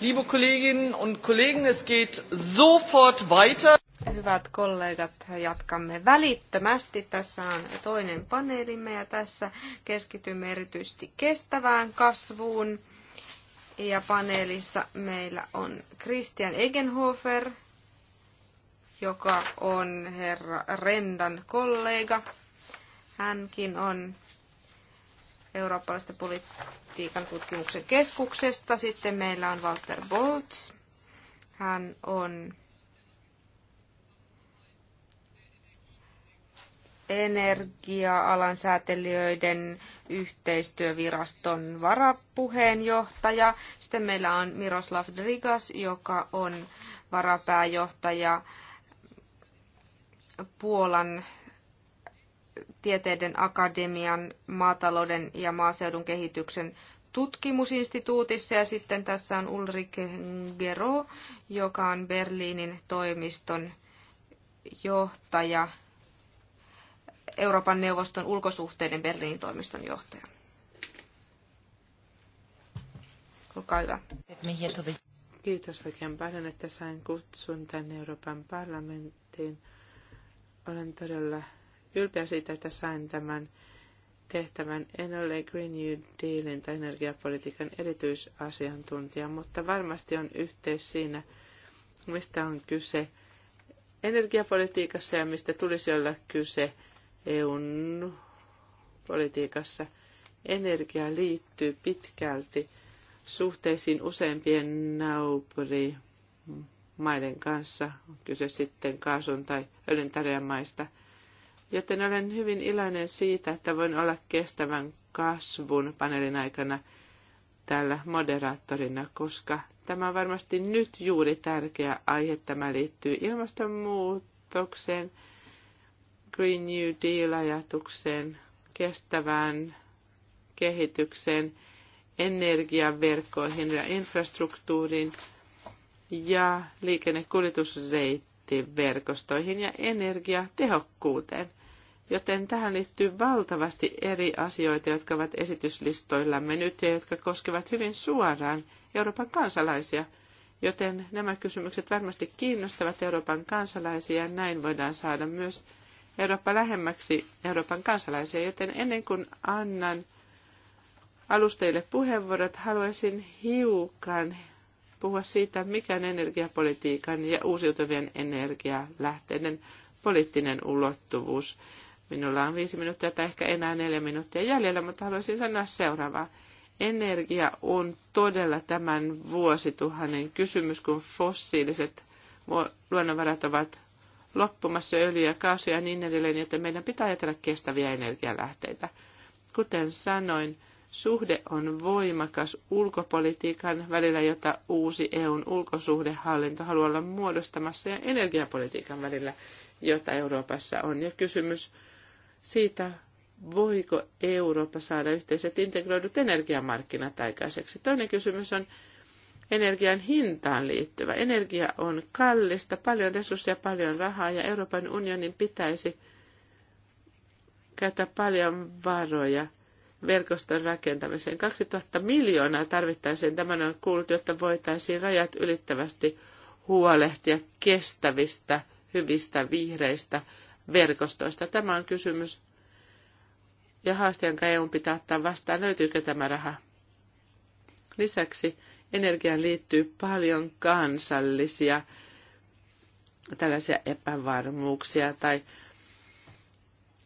Liebe Kolleginnen und Kollegen, es geht sofort weiter. Hyvät kollegat, jatkamme välittömästi. Tässä on toinen paneelimme ja tässä keskitymme erityisesti kestävään kasvuun. Ja paneelissa meillä on Christian Egenhofer, joka on herra Rendan kollega. Hänkin on eurooppalaisesta politiikan tutkimuksen keskuksesta. Sitten meillä on Walter Boltz. Hän on energia-alan säätelijöiden yhteistyöviraston varapuheenjohtaja. Sitten meillä on Miroslav Drigas, joka on varapääjohtaja Puolan tieteiden akademian, maatalouden ja maaseudun kehityksen tutkimusinstituutissa ja sitten tässä on Ulrike Gero, joka on Berliinin toimiston johtaja, Euroopan neuvoston ulkosuhteiden Berliinin toimiston johtaja. Olkaa hyvä. Kiitos oikein paljon, että sain kutsun tänne Euroopan parlamenttiin. Olen todella ylpeä siitä, että sain tämän tehtävän. En ole Green New Dealin tai energiapolitiikan erityisasiantuntija, mutta varmasti on yhteys siinä, mistä on kyse energiapolitiikassa ja mistä tulisi olla kyse EUn politiikassa. Energia liittyy pitkälti suhteisiin useimpien naapurimaiden kanssa, on kyse sitten kaasun tai öljyntarjamaista – Joten olen hyvin iloinen siitä, että voin olla kestävän kasvun paneelin aikana täällä moderaattorina, koska tämä on varmasti nyt juuri tärkeä aihe. Tämä liittyy ilmastonmuutokseen, Green New Deal-ajatukseen, kestävään kehitykseen, energiaverkkoihin ja infrastruktuuriin ja liikennekuljetusreittiverkostoihin ja energiatehokkuuteen. Joten tähän liittyy valtavasti eri asioita, jotka ovat esityslistoillamme nyt ja jotka koskevat hyvin suoraan Euroopan kansalaisia. Joten nämä kysymykset varmasti kiinnostavat Euroopan kansalaisia ja näin voidaan saada myös Eurooppa lähemmäksi Euroopan kansalaisia. Joten ennen kuin annan alustajille puheenvuorot, haluaisin hiukan puhua siitä, mikä on energiapolitiikan ja uusiutuvien energialähteiden poliittinen ulottuvuus. Minulla on viisi minuuttia tai ehkä enää neljä minuuttia jäljellä, mutta haluaisin sanoa seuraavaa. Energia on todella tämän vuosituhannen kysymys, kun fossiiliset luonnonvarat ovat loppumassa, öljyä, kaasuja ja niin edelleen, joten meidän pitää ajatella kestäviä energialähteitä. Kuten sanoin, suhde on voimakas ulkopolitiikan välillä, jota uusi EUn ulkosuhdehallinto haluaa olla muodostamassa, ja energiapolitiikan välillä, jota Euroopassa on. Ja kysymys siitä, voiko Eurooppa saada yhteiset integroidut energiamarkkinat aikaiseksi. Toinen kysymys on energian hintaan liittyvä. Energia on kallista, paljon resursseja, paljon rahaa ja Euroopan unionin pitäisi käyttää paljon varoja verkoston rakentamiseen. 2000 miljoonaa tarvittaisiin, tämän on kuultu, jotta voitaisiin rajat ylittävästi huolehtia kestävistä, hyvistä, vihreistä verkostoista. Tämä on kysymys ja haaste, jonka EU pitää ottaa vastaan. Löytyykö tämä raha? Lisäksi energiaan liittyy paljon kansallisia tällaisia epävarmuuksia tai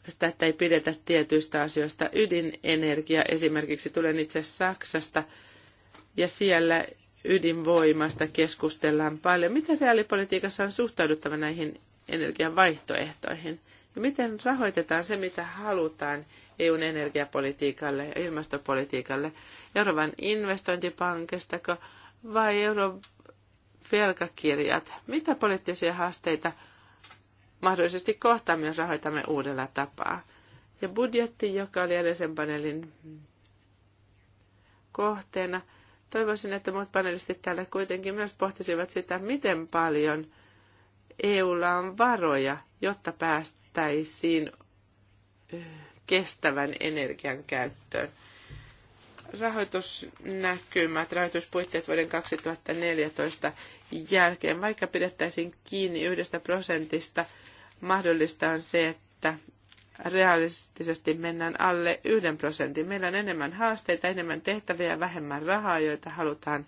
sitä, että ei pidetä tietyistä asioista. Ydinenergia esimerkiksi tulee itse Saksasta ja siellä ydinvoimasta keskustellaan paljon. Miten reaalipolitiikassa on suhtauduttava näihin energian vaihtoehtoihin. Ja miten rahoitetaan se, mitä halutaan EUn energiapolitiikalle ja ilmastopolitiikalle? Euroopan investointipankistako vai Eurovelkakirjat? velkakirjat? Mitä poliittisia haasteita mahdollisesti kohtaamme, jos rahoitamme uudella tapaa? Ja budjetti, joka oli edellisen paneelin kohteena, toivoisin, että muut panelistit täällä kuitenkin myös pohtisivat sitä, miten paljon – EUlla on varoja, jotta päästäisiin kestävän energian käyttöön. Rahoitusnäkymät, rahoituspuitteet vuoden 2014 jälkeen, vaikka pidettäisiin kiinni yhdestä prosentista, mahdollista on se, että realistisesti mennään alle yhden prosentin. Meillä on enemmän haasteita, enemmän tehtäviä ja vähemmän rahaa, joita halutaan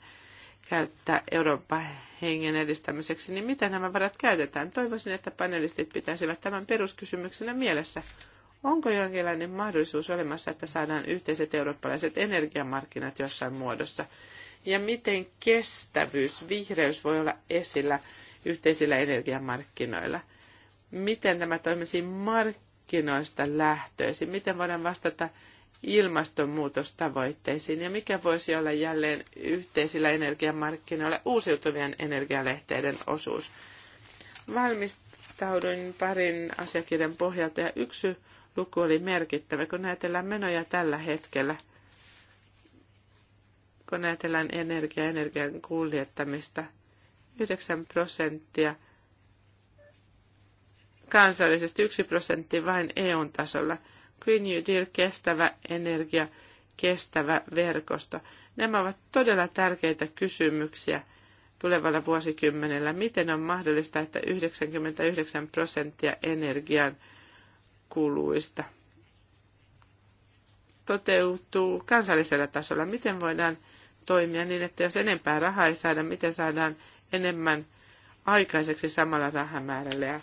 käyttää Euroopan hengen edistämiseksi, niin miten nämä varat käytetään? Toivoisin, että panelistit pitäisivät tämän peruskysymyksenä mielessä. Onko jonkinlainen mahdollisuus olemassa, että saadaan yhteiset eurooppalaiset energiamarkkinat jossain muodossa? Ja miten kestävyys, vihreys voi olla esillä yhteisillä energiamarkkinoilla? Miten tämä toimisi markkinoista lähtöisin? Miten voidaan vastata ilmastonmuutostavoitteisiin ja mikä voisi olla jälleen yhteisillä energiamarkkinoilla uusiutuvien energialehteiden osuus. Valmistauduin parin asiakirjan pohjalta ja yksi luku oli merkittävä, kun ajatellaan menoja tällä hetkellä. Kun ajatellaan energiaa, energian kuljettamista, 9 prosenttia kansallisesti, 1 prosentti vain EUn tasolla – Green New Deal, kestävä energia, kestävä verkosto. Nämä ovat todella tärkeitä kysymyksiä tulevalla vuosikymmenellä. Miten on mahdollista, että 99 prosenttia energian kuluista toteutuu kansallisella tasolla? Miten voidaan toimia niin, että jos enempää rahaa ei saada, miten saadaan enemmän aikaiseksi samalla rahamäärällä? Ja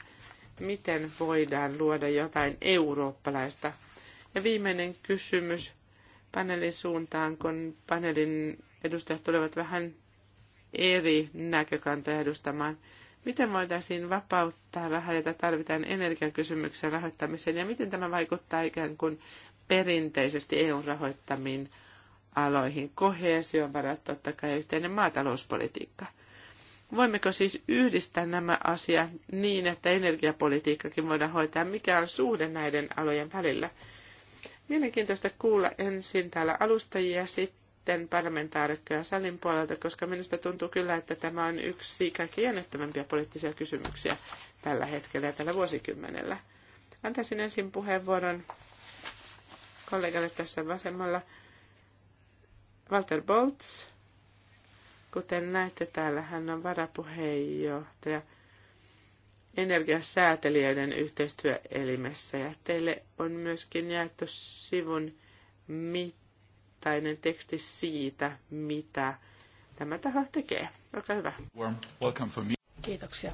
miten voidaan luoda jotain eurooppalaista. Ja viimeinen kysymys paneelin suuntaan, kun paneelin edustajat tulevat vähän eri näkökantoja edustamaan. Miten voitaisiin vapauttaa rahaa, jota tarvitaan energiakysymyksen rahoittamiseen, ja miten tämä vaikuttaa ikään kuin perinteisesti eu rahoittamiin aloihin? Koheesiovarat, totta kai yhteinen maatalouspolitiikka – Voimmeko siis yhdistää nämä asiat niin, että energiapolitiikkakin voidaan hoitaa? Mikä on suhde näiden alojen välillä? Mielenkiintoista kuulla ensin täällä alustajia ja sitten parlamentaarikkoja salin puolelta, koska minusta tuntuu kyllä, että tämä on yksi kaikkein jännittävämpiä poliittisia kysymyksiä tällä hetkellä ja tällä vuosikymmenellä. Antaisin ensin puheenvuoron kollegalle tässä vasemmalla, Walter Boltz, Kuten näette, täällä hän on varapuheenjohtaja energiasäätelijöiden yhteistyöelimessä ja teille on myöskin jaettu sivun mittainen teksti siitä, mitä tämä taho tekee. Olkaa hyvä. Kiitoksia.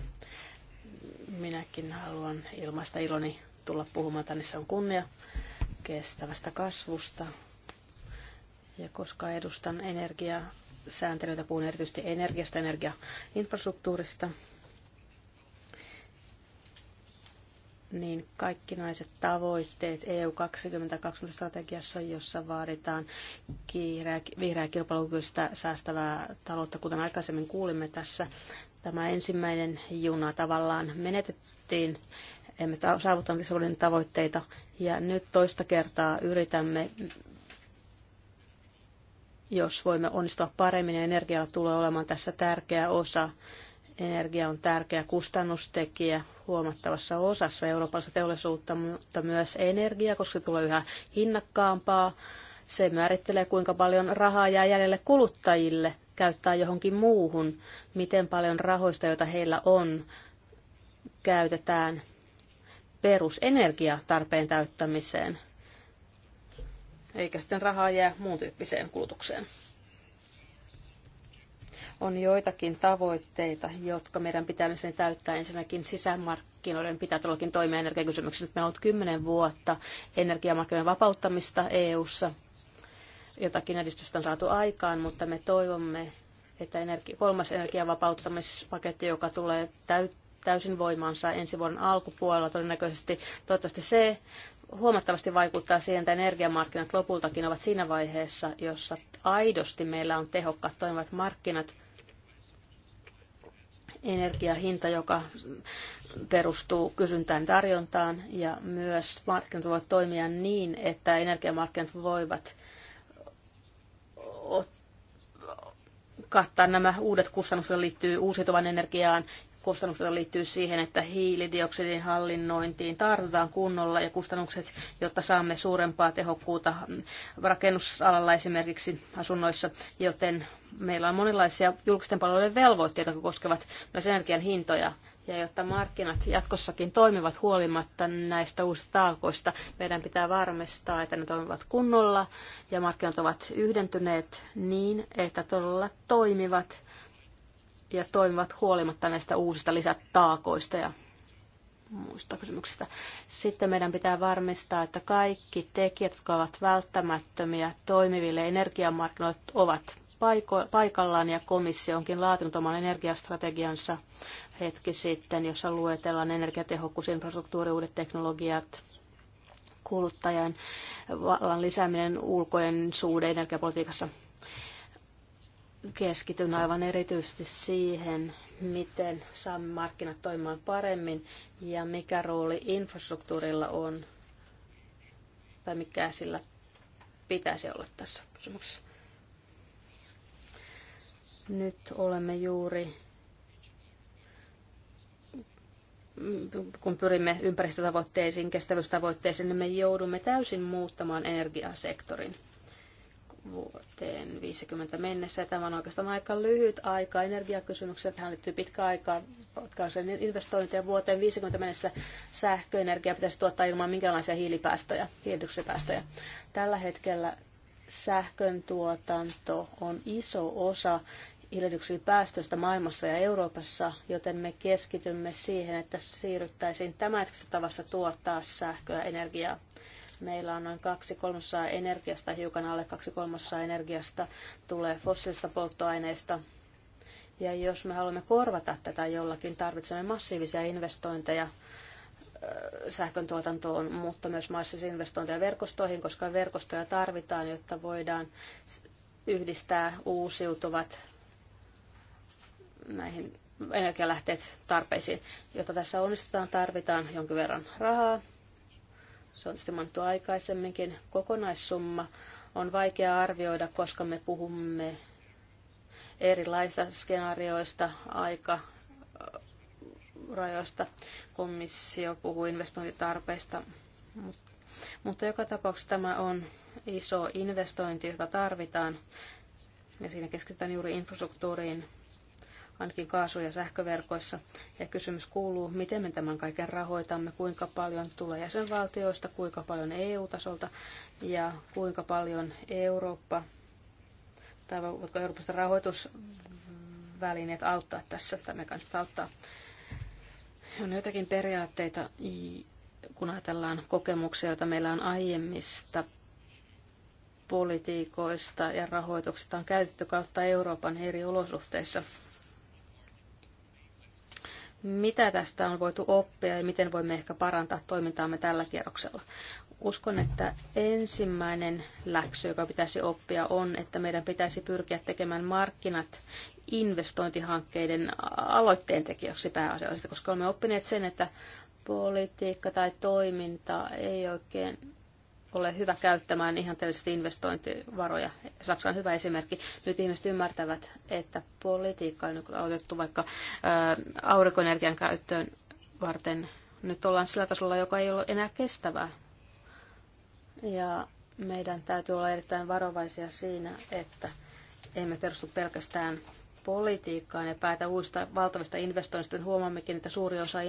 Minäkin haluan ilmaista iloni tulla puhumaan tänne. Se on kunnia kestävästä kasvusta. Ja koska edustan energiaa sääntelyitä, puhun erityisesti energiasta, energiainfrastruktuurista, niin kaikki naiset tavoitteet EU 2020 strategiassa, jossa vaaditaan kiireä, vihreää kilpailukykyistä säästävää taloutta, kuten aikaisemmin kuulimme tässä. Tämä ensimmäinen juna tavallaan menetettiin, emme saavuttaneet tavoitteita ja nyt toista kertaa yritämme jos voimme onnistua paremmin, energia tulee olemaan tässä tärkeä osa. Energia on tärkeä kustannustekijä huomattavassa osassa Euroopassa teollisuutta, mutta myös energia, koska se tulee yhä hinnakkaampaa. Se määrittelee, kuinka paljon rahaa jää jäljelle kuluttajille käyttää johonkin muuhun, miten paljon rahoista, joita heillä on, käytetään perusenergiatarpeen täyttämiseen eikä sitten rahaa jää muun tyyppiseen kulutukseen. On joitakin tavoitteita, jotka meidän pitää sen täyttää. Ensinnäkin sisämarkkinoiden pitää todellakin toimia energiakysymyksissä. Nyt meillä on ollut kymmenen vuotta energiamarkkinoiden vapauttamista EU-ssa. Jotakin edistystä on saatu aikaan, mutta me toivomme, että energi- kolmas energiavapauttamispaketti, joka tulee täyttää täysin voimaansa ensi vuoden alkupuolella todennäköisesti. Toivottavasti se huomattavasti vaikuttaa siihen, että energiamarkkinat lopultakin ovat siinä vaiheessa, jossa aidosti meillä on tehokkaat toimivat markkinat, energiahinta, joka perustuu kysyntään tarjontaan, ja myös markkinat voivat toimia niin, että energiamarkkinat voivat ottaa kattaa nämä uudet kustannukset, liittyy uusiutuvan energiaan kustannukset liittyy siihen, että hiilidioksidin hallinnointiin tartutaan kunnolla ja kustannukset, jotta saamme suurempaa tehokkuutta rakennusalalla esimerkiksi asunnoissa, joten meillä on monenlaisia julkisten palveluiden velvoitteita, jotka koskevat myös energian hintoja. Ja jotta markkinat jatkossakin toimivat huolimatta näistä uusista taakoista, meidän pitää varmistaa, että ne toimivat kunnolla ja markkinat ovat yhdentyneet niin, että todella toimivat ja toimivat huolimatta näistä uusista lisätaakoista ja muista kysymyksistä. Sitten meidän pitää varmistaa, että kaikki tekijät, jotka ovat välttämättömiä toimiville energiamarkkinoille, ovat paiko- paikallaan ja komissio onkin laatinut oman energiastrategiansa hetki sitten, jossa luetellaan energiatehokkuus, infrastruktuuri, uudet teknologiat, kuluttajan vallan lisääminen ulkoinen suhde energiapolitiikassa keskityn aivan erityisesti siihen, miten saamme markkinat toimimaan paremmin ja mikä rooli infrastruktuurilla on tai mikä sillä pitäisi olla tässä kysymyksessä. Nyt olemme juuri, kun pyrimme ympäristötavoitteisiin, kestävyystavoitteisiin, niin me joudumme täysin muuttamaan energiasektorin vuoteen 50 mennessä. Tämä on oikeastaan aika lyhyt aika energiakysymyksiä. Tähän liittyy pitkä aika sen investointeja vuoteen 50 mennessä. Sähköenergia pitäisi tuottaa ilman minkäänlaisia hiilipäästöjä, hiilidioksidipäästöjä. Tällä hetkellä sähkön tuotanto on iso osa hiilidioksidipäästöistä maailmassa ja Euroopassa, joten me keskitymme siihen, että siirryttäisiin tämänhetkisestä tavassa tuottaa sähköä energiaa Meillä on noin kaksi kolmasosaa energiasta, hiukan alle kaksi kolmasosaa energiasta tulee fossiilista polttoaineista. Ja jos me haluamme korvata tätä jollakin, tarvitsemme massiivisia investointeja sähkön tuotantoon, mutta myös massiivisia investointeja verkostoihin, koska verkostoja tarvitaan, jotta voidaan yhdistää uusiutuvat näihin energialähteet tarpeisiin. Jotta tässä onnistutaan, tarvitaan jonkin verran rahaa, se on sitten mainittu aikaisemminkin, kokonaissumma on vaikea arvioida, koska me puhumme erilaisista skenaarioista, aika rajoista. Komissio puhuu investointitarpeista, mutta joka tapauksessa tämä on iso investointi, jota tarvitaan. Ja siinä keskitytään juuri infrastruktuuriin, ainakin kaasu- ja sähköverkoissa. Ja kysymys kuuluu, miten me tämän kaiken rahoitamme, kuinka paljon tulee jäsenvaltioista, kuinka paljon EU-tasolta ja kuinka paljon Eurooppa tai voitko Euroopasta rahoitusvälineet auttaa tässä, tai mekanismit auttaa. On joitakin periaatteita, kun ajatellaan kokemuksia, joita meillä on aiemmista politiikoista ja rahoituksista on käytetty kautta Euroopan eri olosuhteissa mitä tästä on voitu oppia ja miten voimme ehkä parantaa toimintaamme tällä kierroksella. Uskon, että ensimmäinen läksy, joka pitäisi oppia, on, että meidän pitäisi pyrkiä tekemään markkinat investointihankkeiden aloitteen tekijöksi pääasiallisesti, koska olemme oppineet sen, että politiikka tai toiminta ei oikein ole hyvä käyttämään ihan tietysti investointivaroja. Saksa on hyvä esimerkki. Nyt ihmiset ymmärtävät, että politiikka on otettu vaikka aurinkoenergian käyttöön varten. Nyt ollaan sillä tasolla, joka ei ole enää kestävää. Ja meidän täytyy olla erittäin varovaisia siinä, että emme perustu pelkästään politiikkaan ja päätä uusista valtavista investoinnista, niin huomaammekin, että suuri osa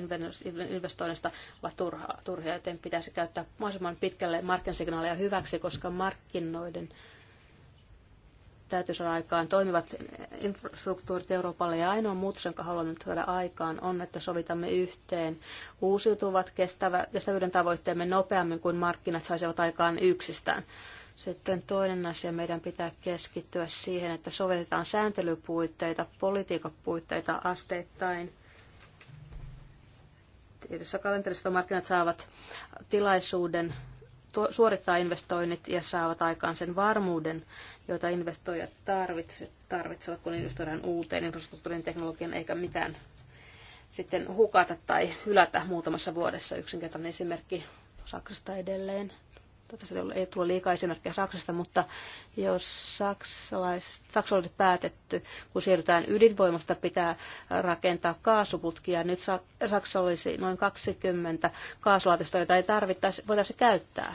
investoinnista ovat turhaa, turhia, joten pitäisi käyttää mahdollisimman pitkälle markkinsignaaleja hyväksi, koska markkinoiden täytyy saada aikaan toimivat infrastruktuurit Euroopalle. Ja ainoa muutos, jonka haluan nyt saada aikaan, on, että sovitamme yhteen uusiutuvat kestävä, kestävyyden tavoitteemme nopeammin kuin markkinat saisivat aikaan yksistään. Sitten toinen asia, meidän pitää keskittyä siihen, että sovitetaan sääntelypuitteita, politiikapuitteita asteittain. Tietyssä kalenterissa markkinat saavat tilaisuuden suorittaa investoinnit ja saavat aikaan sen varmuuden, jota investoijat tarvitsevat, kun investoidaan uuteen infrastruktuurin teknologian eikä mitään sitten hukata tai hylätä muutamassa vuodessa. Yksinkertainen esimerkki Saksasta edelleen se ei tule liikaa esimerkkejä Saksasta, mutta jos Saksa Saksalla oli päätetty, kun siirrytään ydinvoimasta, pitää rakentaa kaasuputkia. Nyt Saksa olisi noin 20 kaasulaatista, joita ei tarvittaisi, voitaisiin käyttää.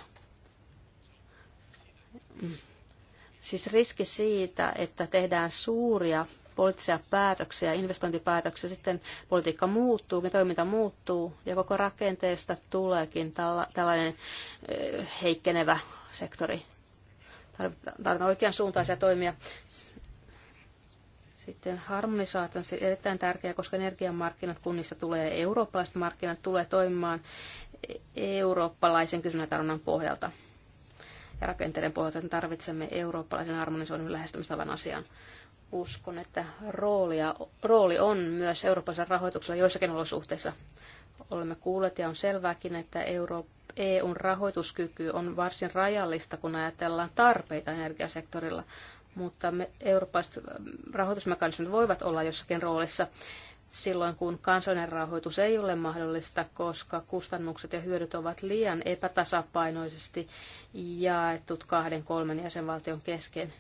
Mm. Siis riski siitä, että tehdään suuria poliittisia päätöksiä, investointipäätöksiä, sitten politiikka muuttuu, ja toiminta muuttuu ja koko rakenteesta tuleekin tällainen eh, heikkenevä sektori. Tarvitaan oikean suuntaisia toimia. Sitten harmonisaatio on erittäin tärkeää, koska energiamarkkinat kunnissa tulee, eurooppalaiset markkinat tulee toimimaan eurooppalaisen kysynnätarjonnan pohjalta ja rakenteiden pohjalta, että tarvitsemme eurooppalaisen harmonisoinnin lähestymistavan asiaan uskon, että roolia, rooli on myös Euroopan rahoituksella joissakin olosuhteissa. Olemme kuulleet ja on selvääkin, että Euro, EUn rahoituskyky on varsin rajallista, kun ajatellaan tarpeita energiasektorilla, mutta me, eurooppalaiset rahoitusmekanismit voivat olla jossakin roolissa silloin, kun kansallinen rahoitus ei ole mahdollista, koska kustannukset ja hyödyt ovat liian epätasapainoisesti jaetut kahden, kolmen jäsenvaltion kesken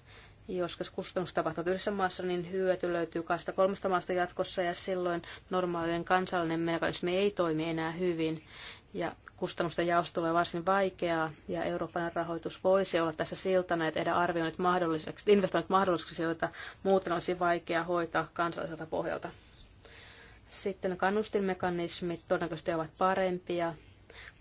joskus kustannus tapahtuu yhdessä maassa, niin hyöty löytyy kahdesta kolmesta maasta jatkossa ja silloin normaalinen kansallinen mekanismi ei toimi enää hyvin ja kustannusten jaosto tulee varsin vaikeaa ja Euroopan rahoitus voisi olla tässä siltana että tehdä arvioinnit mahdolliseksi, investoinnit mahdolliseksi, joita muuten olisi vaikea hoitaa kansalliselta pohjalta. Sitten kannustinmekanismit todennäköisesti ovat parempia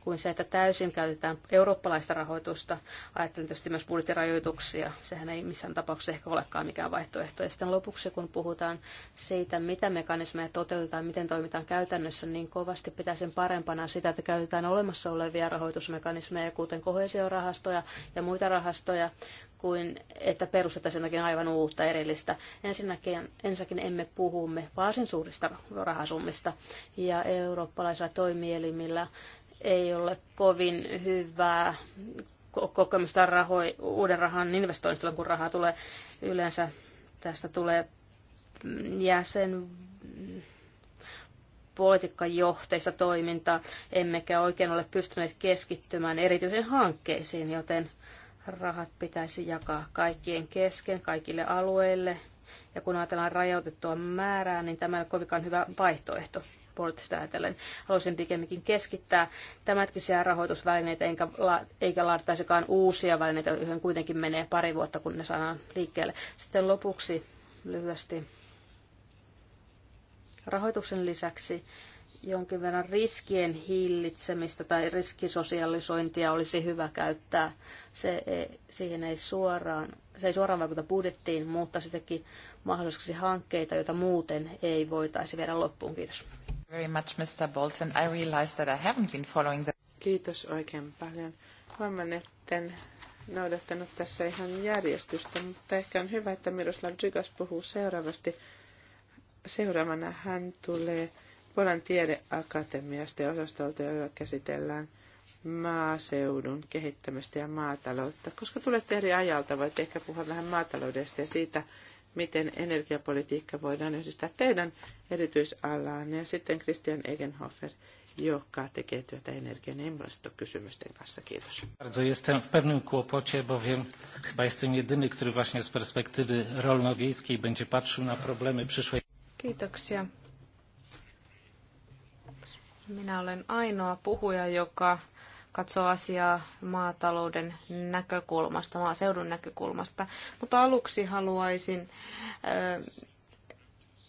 kuin se, että täysin käytetään eurooppalaista rahoitusta. Ajattelen tietysti myös budjettirajoituksia. Sehän ei missään tapauksessa ehkä olekaan mikään vaihtoehto. Ja sitten lopuksi, kun puhutaan siitä, mitä mekanismeja toteutetaan, miten toimitaan käytännössä, niin kovasti pitäisin parempana sitä, että käytetään olemassa olevia rahoitusmekanismeja, kuten kohesiorahastoja ja muita rahastoja, kuin että perustettaisiin aivan uutta erillistä. Ensinnäkin, ensinnäkin emme puhumme varsin suurista rahasummista ja eurooppalaisilla toimielimillä ei ole kovin hyvää kokemusta rahoi, uuden rahan investoinnista, kun rahaa tulee yleensä tästä tulee jäsen politiikkajohteista toimintaa, emmekä oikein ole pystyneet keskittymään erityisen hankkeisiin, joten rahat pitäisi jakaa kaikkien kesken, kaikille alueille. Ja kun ajatellaan rajoitettua määrää, niin tämä ei ole kovinkaan hyvä vaihtoehto poliittista ajatellen. Haluaisin pikemminkin keskittää tämänhetkisiä rahoitusvälineitä, enkä, eikä laadittaisikaan uusia välineitä, joihin kuitenkin menee pari vuotta, kun ne saadaan liikkeelle. Sitten lopuksi lyhyesti rahoituksen lisäksi jonkin verran riskien hillitsemistä tai riskisosialisointia olisi hyvä käyttää. Se ei, siihen ei suoraan, se ei suoraan vaikuta budjettiin, mutta se teki hankkeita, joita muuten ei voitaisi viedä loppuun. Kiitos. Very much, Mr. I that I haven't been following the... Kiitos oikein paljon. Huomaan, en noudattanut tässä ihan järjestystä, mutta ehkä on hyvä, että Miroslav Dzygas puhuu seuraavasti. Seuraavana hän tulee Polan tiedeakatemiasta ja osastolta, jolla käsitellään maaseudun kehittämistä ja maataloutta. Koska tulette eri ajalta, voit ehkä puhua vähän maataloudesta ja siitä, miten energiapolitiikka voidaan yhdistää teidän erityisalaan. Ja sitten Christian Egenhofer, joka tekee työtä energian ja ilmastokysymysten kanssa. Kiitos. jestem w pewnym kłopocie, bowiem chyba jestem jedyny, który właśnie z perspektywy będzie patrzył na problemy przyszłej... Kiitoksia. Minä olen ainoa puhuja, joka katsoa asiaa maatalouden näkökulmasta, maaseudun näkökulmasta. Mutta aluksi haluaisin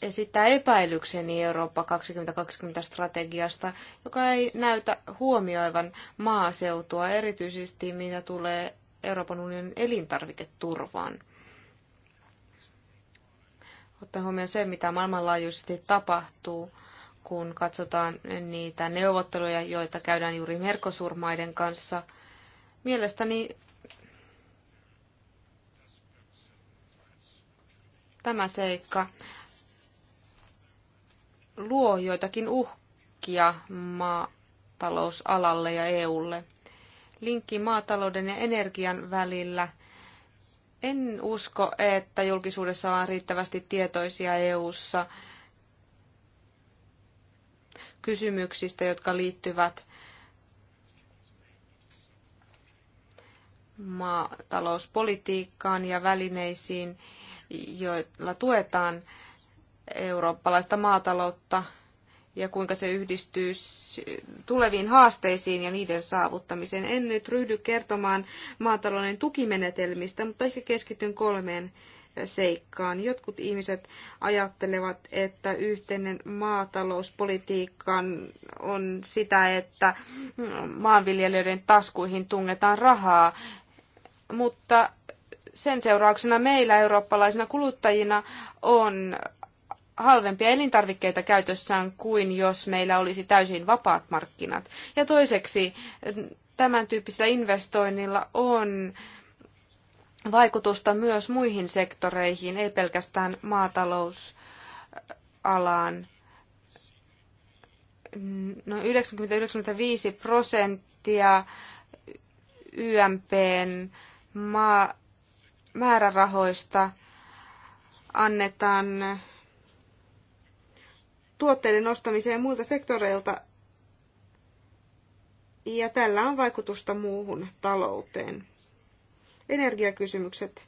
esittää epäilykseni Eurooppa 2020 strategiasta, joka ei näytä huomioivan maaseutua, erityisesti mitä tulee Euroopan unionin elintarviketurvaan. Ottaen huomioon se, mitä maailmanlaajuisesti tapahtuu – kun katsotaan niitä neuvotteluja, joita käydään juuri merkosurmaiden kanssa. Mielestäni tämä seikka luo joitakin uhkia maatalousalalle ja EUlle. Linkki maatalouden ja energian välillä. En usko, että julkisuudessa ollaan riittävästi tietoisia EUssa ssa kysymyksistä, jotka liittyvät maatalouspolitiikkaan ja välineisiin, joilla tuetaan eurooppalaista maataloutta ja kuinka se yhdistyy tuleviin haasteisiin ja niiden saavuttamiseen. En nyt ryhdy kertomaan maatalouden tukimenetelmistä, mutta ehkä keskityn kolmeen seikkaan. Jotkut ihmiset ajattelevat, että yhteinen maatalouspolitiikka on sitä, että maanviljelijöiden taskuihin tungetaan rahaa, mutta sen seurauksena meillä eurooppalaisina kuluttajina on halvempia elintarvikkeita käytössään kuin jos meillä olisi täysin vapaat markkinat. Ja toiseksi tämän tyyppisellä investoinnilla on vaikutusta myös muihin sektoreihin, ei pelkästään maatalousalaan. Noin 90-95 prosenttia YMPn maa- määrärahoista annetaan tuotteiden nostamiseen muilta sektoreilta, ja tällä on vaikutusta muuhun talouteen energiakysymykset.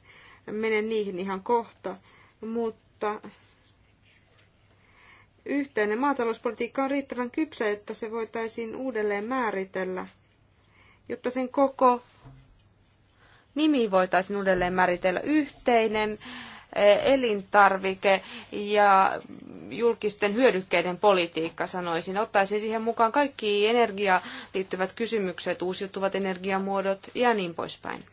Menen niihin ihan kohta, mutta yhteinen maatalouspolitiikka on riittävän kypsä, jotta se voitaisiin uudelleen määritellä, jotta sen koko nimi voitaisiin uudelleen määritellä yhteinen eh, elintarvike ja julkisten hyödykkeiden politiikka, sanoisin. Ottaisin siihen mukaan kaikki energiaan liittyvät kysymykset, uusiutuvat energiamuodot ja niin poispäin.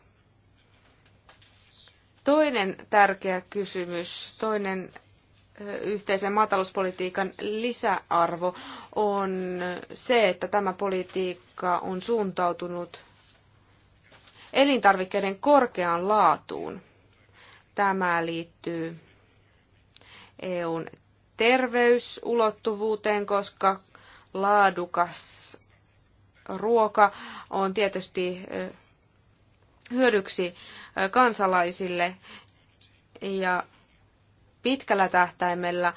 Toinen tärkeä kysymys, toinen yhteisen maatalouspolitiikan lisäarvo on se, että tämä politiikka on suuntautunut elintarvikkeiden korkeaan laatuun. Tämä liittyy EUn terveysulottuvuuteen, koska laadukas ruoka on tietysti hyödyksi kansalaisille ja pitkällä tähtäimellä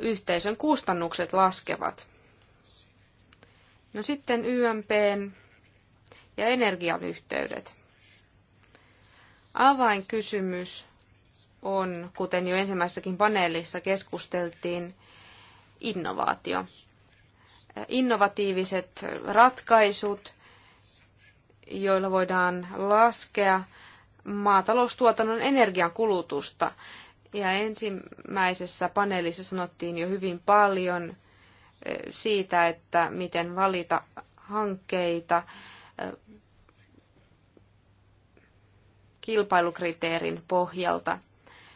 yhteisön kustannukset laskevat. No sitten YMPn ja energian yhteydet. Avainkysymys on, kuten jo ensimmäisessäkin paneelissa keskusteltiin, innovaatio. Innovatiiviset ratkaisut, joilla voidaan laskea maataloustuotannon energiankulutusta. Ja ensimmäisessä paneelissa sanottiin jo hyvin paljon eh, siitä, että miten valita hankkeita eh, kilpailukriteerin pohjalta.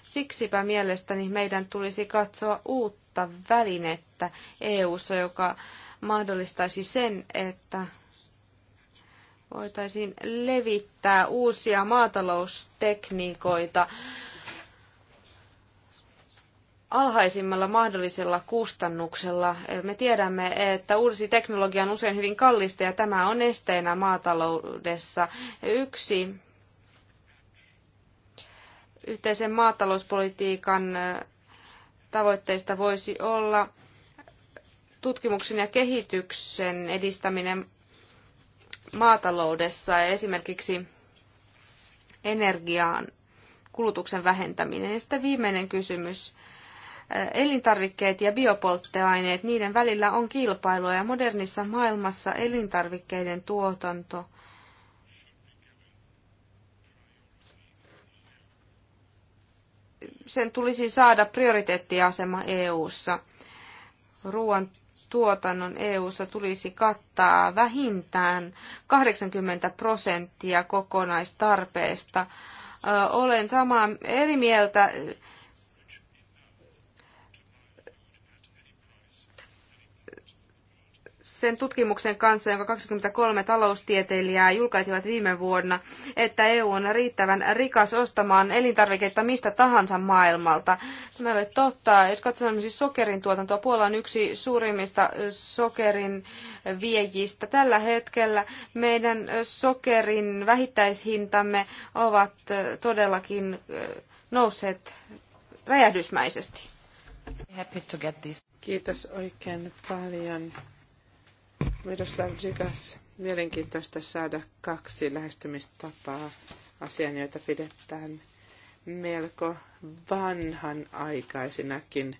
Siksipä mielestäni meidän tulisi katsoa uutta välinettä EU:ssa, joka mahdollistaisi sen, että voitaisiin levittää uusia maataloustekniikoita alhaisimmalla mahdollisella kustannuksella. Me tiedämme, että uusi teknologia on usein hyvin kallista ja tämä on esteenä maataloudessa. Yksi yhteisen maatalouspolitiikan tavoitteista voisi olla tutkimuksen ja kehityksen edistäminen maataloudessa ja esimerkiksi energiaan kulutuksen vähentäminen. Ja sitten viimeinen kysymys. Elintarvikkeet ja biopolttoaineet, niiden välillä on kilpailua ja modernissa maailmassa elintarvikkeiden tuotanto sen tulisi saada prioriteettiasema EU:ssa. Ruoan tuotannon EU-ssa tulisi kattaa vähintään 80 prosenttia kokonaistarpeesta. Olen samaa eri mieltä sen tutkimuksen kanssa, jonka 23 taloustieteilijää julkaisivat viime vuonna, että EU on riittävän rikas ostamaan elintarvikkeita mistä tahansa maailmalta. Tämä ei ole totta. Jos katsotaan siis sokerin tuotantoa, Puola on yksi suurimmista sokerin viejistä. Tällä hetkellä meidän sokerin vähittäishintamme ovat todellakin nousseet räjähdysmäisesti. Kiitos oikein paljon Miroslav Gigas, mielenkiintoista saada kaksi lähestymistapaa asian, joita pidetään melko vanhanaikaisinakin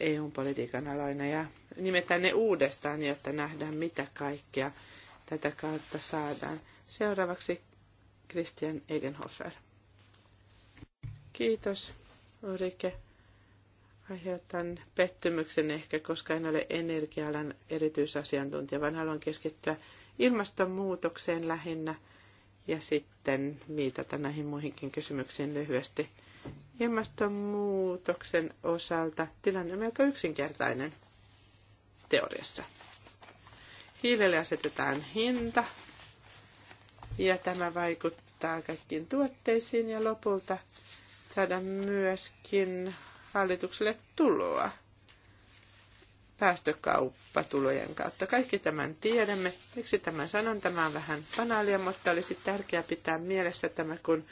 EU-politiikan aloina ja nimetään ne uudestaan, jotta nähdään mitä kaikkea tätä kautta saadaan. Seuraavaksi Christian Egenhofer. Kiitos Ulrike aiheutan pettymyksen ehkä, koska en ole energialan erityisasiantuntija, vaan haluan keskittyä ilmastonmuutokseen lähinnä ja sitten viitata näihin muihinkin kysymyksiin lyhyesti. Ilmastonmuutoksen osalta tilanne on melko yksinkertainen teoriassa. Hiilelle asetetaan hinta ja tämä vaikuttaa kaikkiin tuotteisiin ja lopulta saada myöskin hallitukselle tuloa päästökauppatulojen kautta. Kaikki tämän tiedämme. Miksi tämän sanon? Tämä on vähän banaalia, mutta olisi tärkeää pitää mielessä tämä, kun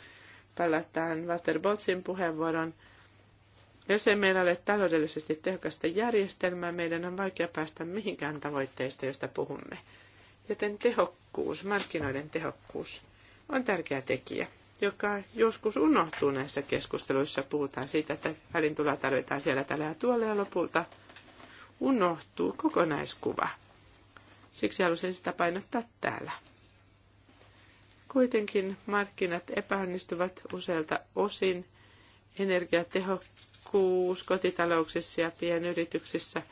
palataan Walter Botsin puheenvuoron. Jos ei meillä ole taloudellisesti tehokasta järjestelmää, meidän on vaikea päästä mihinkään tavoitteista, joista puhumme. Joten tehokkuus, markkinoiden tehokkuus, on tärkeä tekijä joka joskus unohtuu näissä keskusteluissa. Puhutaan siitä, että välintuloa tarvitaan siellä tällä ja tuolla ja lopulta unohtuu kokonaiskuva. Siksi halusin sitä painottaa täällä. Kuitenkin markkinat epäonnistuvat useilta osin. Energiatehokkuus kotitalouksissa ja pienyrityksissä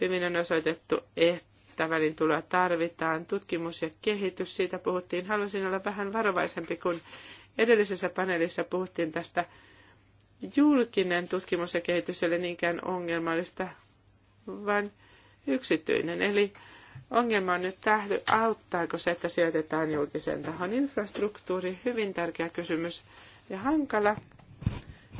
hyvin on osoitettu, että välintuloa tarvitaan. Tutkimus ja kehitys, siitä puhuttiin. Halusin olla vähän varovaisempi, kun Edellisessä paneelissa puhuttiin tästä julkinen tutkimus ja kehitys ei ole niinkään ongelmallista, vaan yksityinen. Eli ongelma on nyt tähdy, auttaako se, että sijoitetaan julkisen tahon infrastruktuuri. Hyvin tärkeä kysymys ja hankala,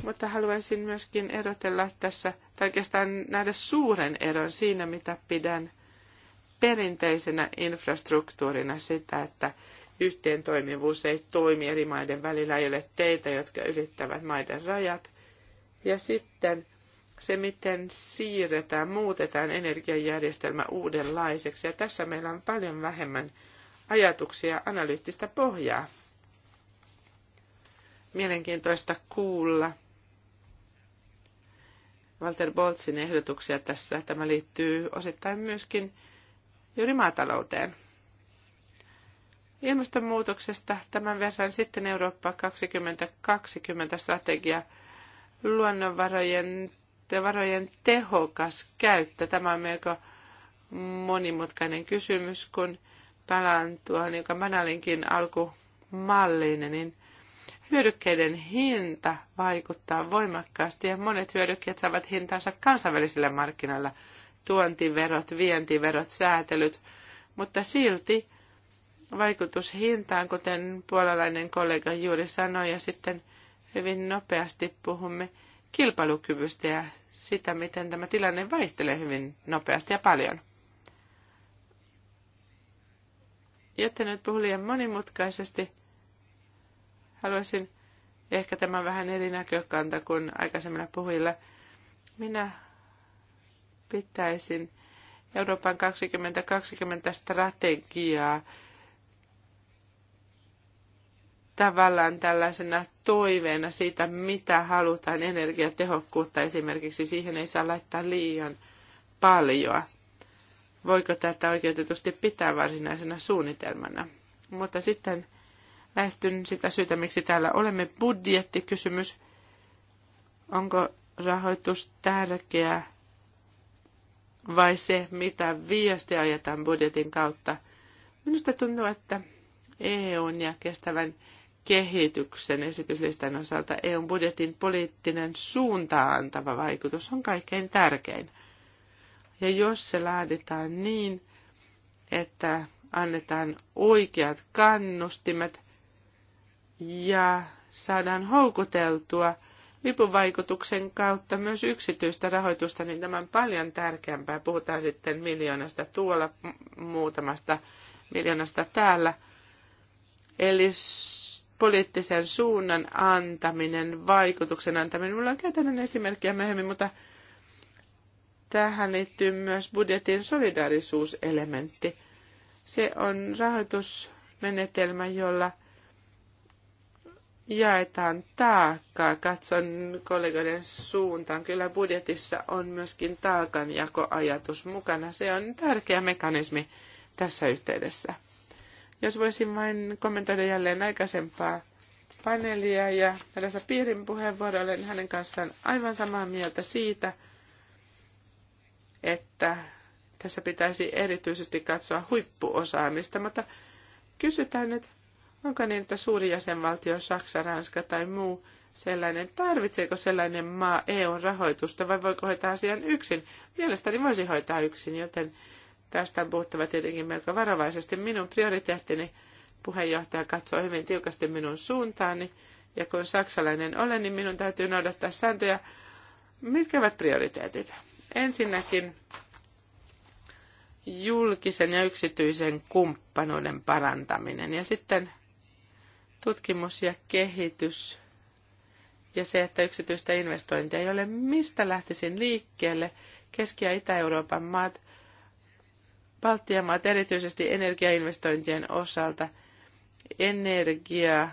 mutta haluaisin myöskin erotella tässä, tai oikeastaan nähdä suuren eron siinä, mitä pidän perinteisenä infrastruktuurina sitä, että yhteen ei toimi eri maiden välillä, ei ole teitä, jotka ylittävät maiden rajat. Ja sitten se, miten siirretään, muutetaan energiajärjestelmä uudenlaiseksi. Ja tässä meillä on paljon vähemmän ajatuksia ja analyyttistä pohjaa. Mielenkiintoista kuulla Walter Boltzin ehdotuksia tässä. Tämä liittyy osittain myöskin juuri maatalouteen. Ilmastonmuutoksesta tämän verran sitten Eurooppa 2020 strategia luonnonvarojen te varojen tehokas käyttö. Tämä on melko monimutkainen kysymys, kun palaan tuohon, joka Manalinkin alkumalliin, niin hyödykkeiden hinta vaikuttaa voimakkaasti ja monet hyödykkeet saavat hintansa kansainvälisillä markkinoilla. Tuontiverot, vientiverot, säätelyt, mutta silti vaikutus hintaan, kuten puolalainen kollega juuri sanoi, ja sitten hyvin nopeasti puhumme kilpailukyvystä ja sitä, miten tämä tilanne vaihtelee hyvin nopeasti ja paljon. Jotta nyt puhun liian monimutkaisesti, haluaisin ehkä tämän vähän eri näkökanta kuin aikaisemmilla puhujilla. Minä pitäisin Euroopan 2020 strategiaa tavallaan tällaisena toiveena siitä, mitä halutaan energiatehokkuutta esimerkiksi. Siihen ei saa laittaa liian paljon. Voiko tätä oikeutetusti pitää varsinaisena suunnitelmana? Mutta sitten lähestyn sitä syytä, miksi täällä olemme. Budjettikysymys. Onko rahoitus tärkeä vai se, mitä viesti ajetaan budjetin kautta? Minusta tuntuu, että EUn ja kestävän kehityksen esityslistan osalta EUn budjetin poliittinen suuntaan antava vaikutus on kaikkein tärkein. Ja jos se laaditaan niin, että annetaan oikeat kannustimet ja saadaan houkuteltua vipuvaikutuksen kautta myös yksityistä rahoitusta, niin tämä on paljon tärkeämpää. Puhutaan sitten miljoonasta tuolla, muutamasta miljoonasta täällä. Eli poliittisen suunnan antaminen, vaikutuksen antaminen. Minulla on käytännön esimerkkiä myöhemmin, mutta tähän liittyy myös budjetin solidaarisuuselementti. Se on rahoitusmenetelmä, jolla jaetaan taakkaa. Katson kollegoiden suuntaan. Kyllä budjetissa on myöskin taakanjakoajatus mukana. Se on tärkeä mekanismi tässä yhteydessä. Jos voisin vain kommentoida jälleen aikaisempaa paneelia ja tässä Piirin puheenvuoro, olen hänen kanssaan aivan samaa mieltä siitä, että tässä pitäisi erityisesti katsoa huippuosaamista, mutta kysytään nyt, onko niin, että suuri jäsenvaltio, Saksa, Ranska tai muu sellainen, tarvitseeko sellainen maa EUn rahoitusta vai voiko hoitaa asian yksin? Mielestäni voisi hoitaa yksin, joten Tästä on puhuttava tietenkin melko varovaisesti. Minun prioriteettini puheenjohtaja katsoo hyvin tiukasti minun suuntaani. Ja kun saksalainen olen, niin minun täytyy noudattaa sääntöjä. Mitkä ovat prioriteetit? Ensinnäkin julkisen ja yksityisen kumppanuuden parantaminen ja sitten tutkimus ja kehitys ja se, että yksityistä investointia ei ole mistä lähtisin liikkeelle. Keski- ja Itä-Euroopan maat Baltian maat erityisesti energiainvestointien osalta energia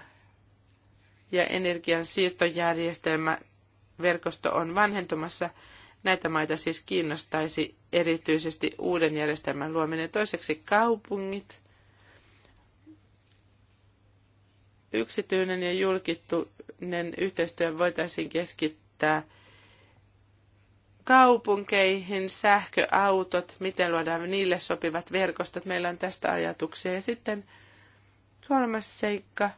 ja energian siirtojärjestelmä verkosto on vanhentumassa. Näitä maita siis kiinnostaisi erityisesti uuden järjestelmän luominen. Toiseksi kaupungit, yksityinen ja julkinen yhteistyö voitaisiin keskittää – kaupunkeihin sähköautot, miten luodaan niille sopivat verkostot. Meillä on tästä ajatuksia. Ja sitten kolmas seikka.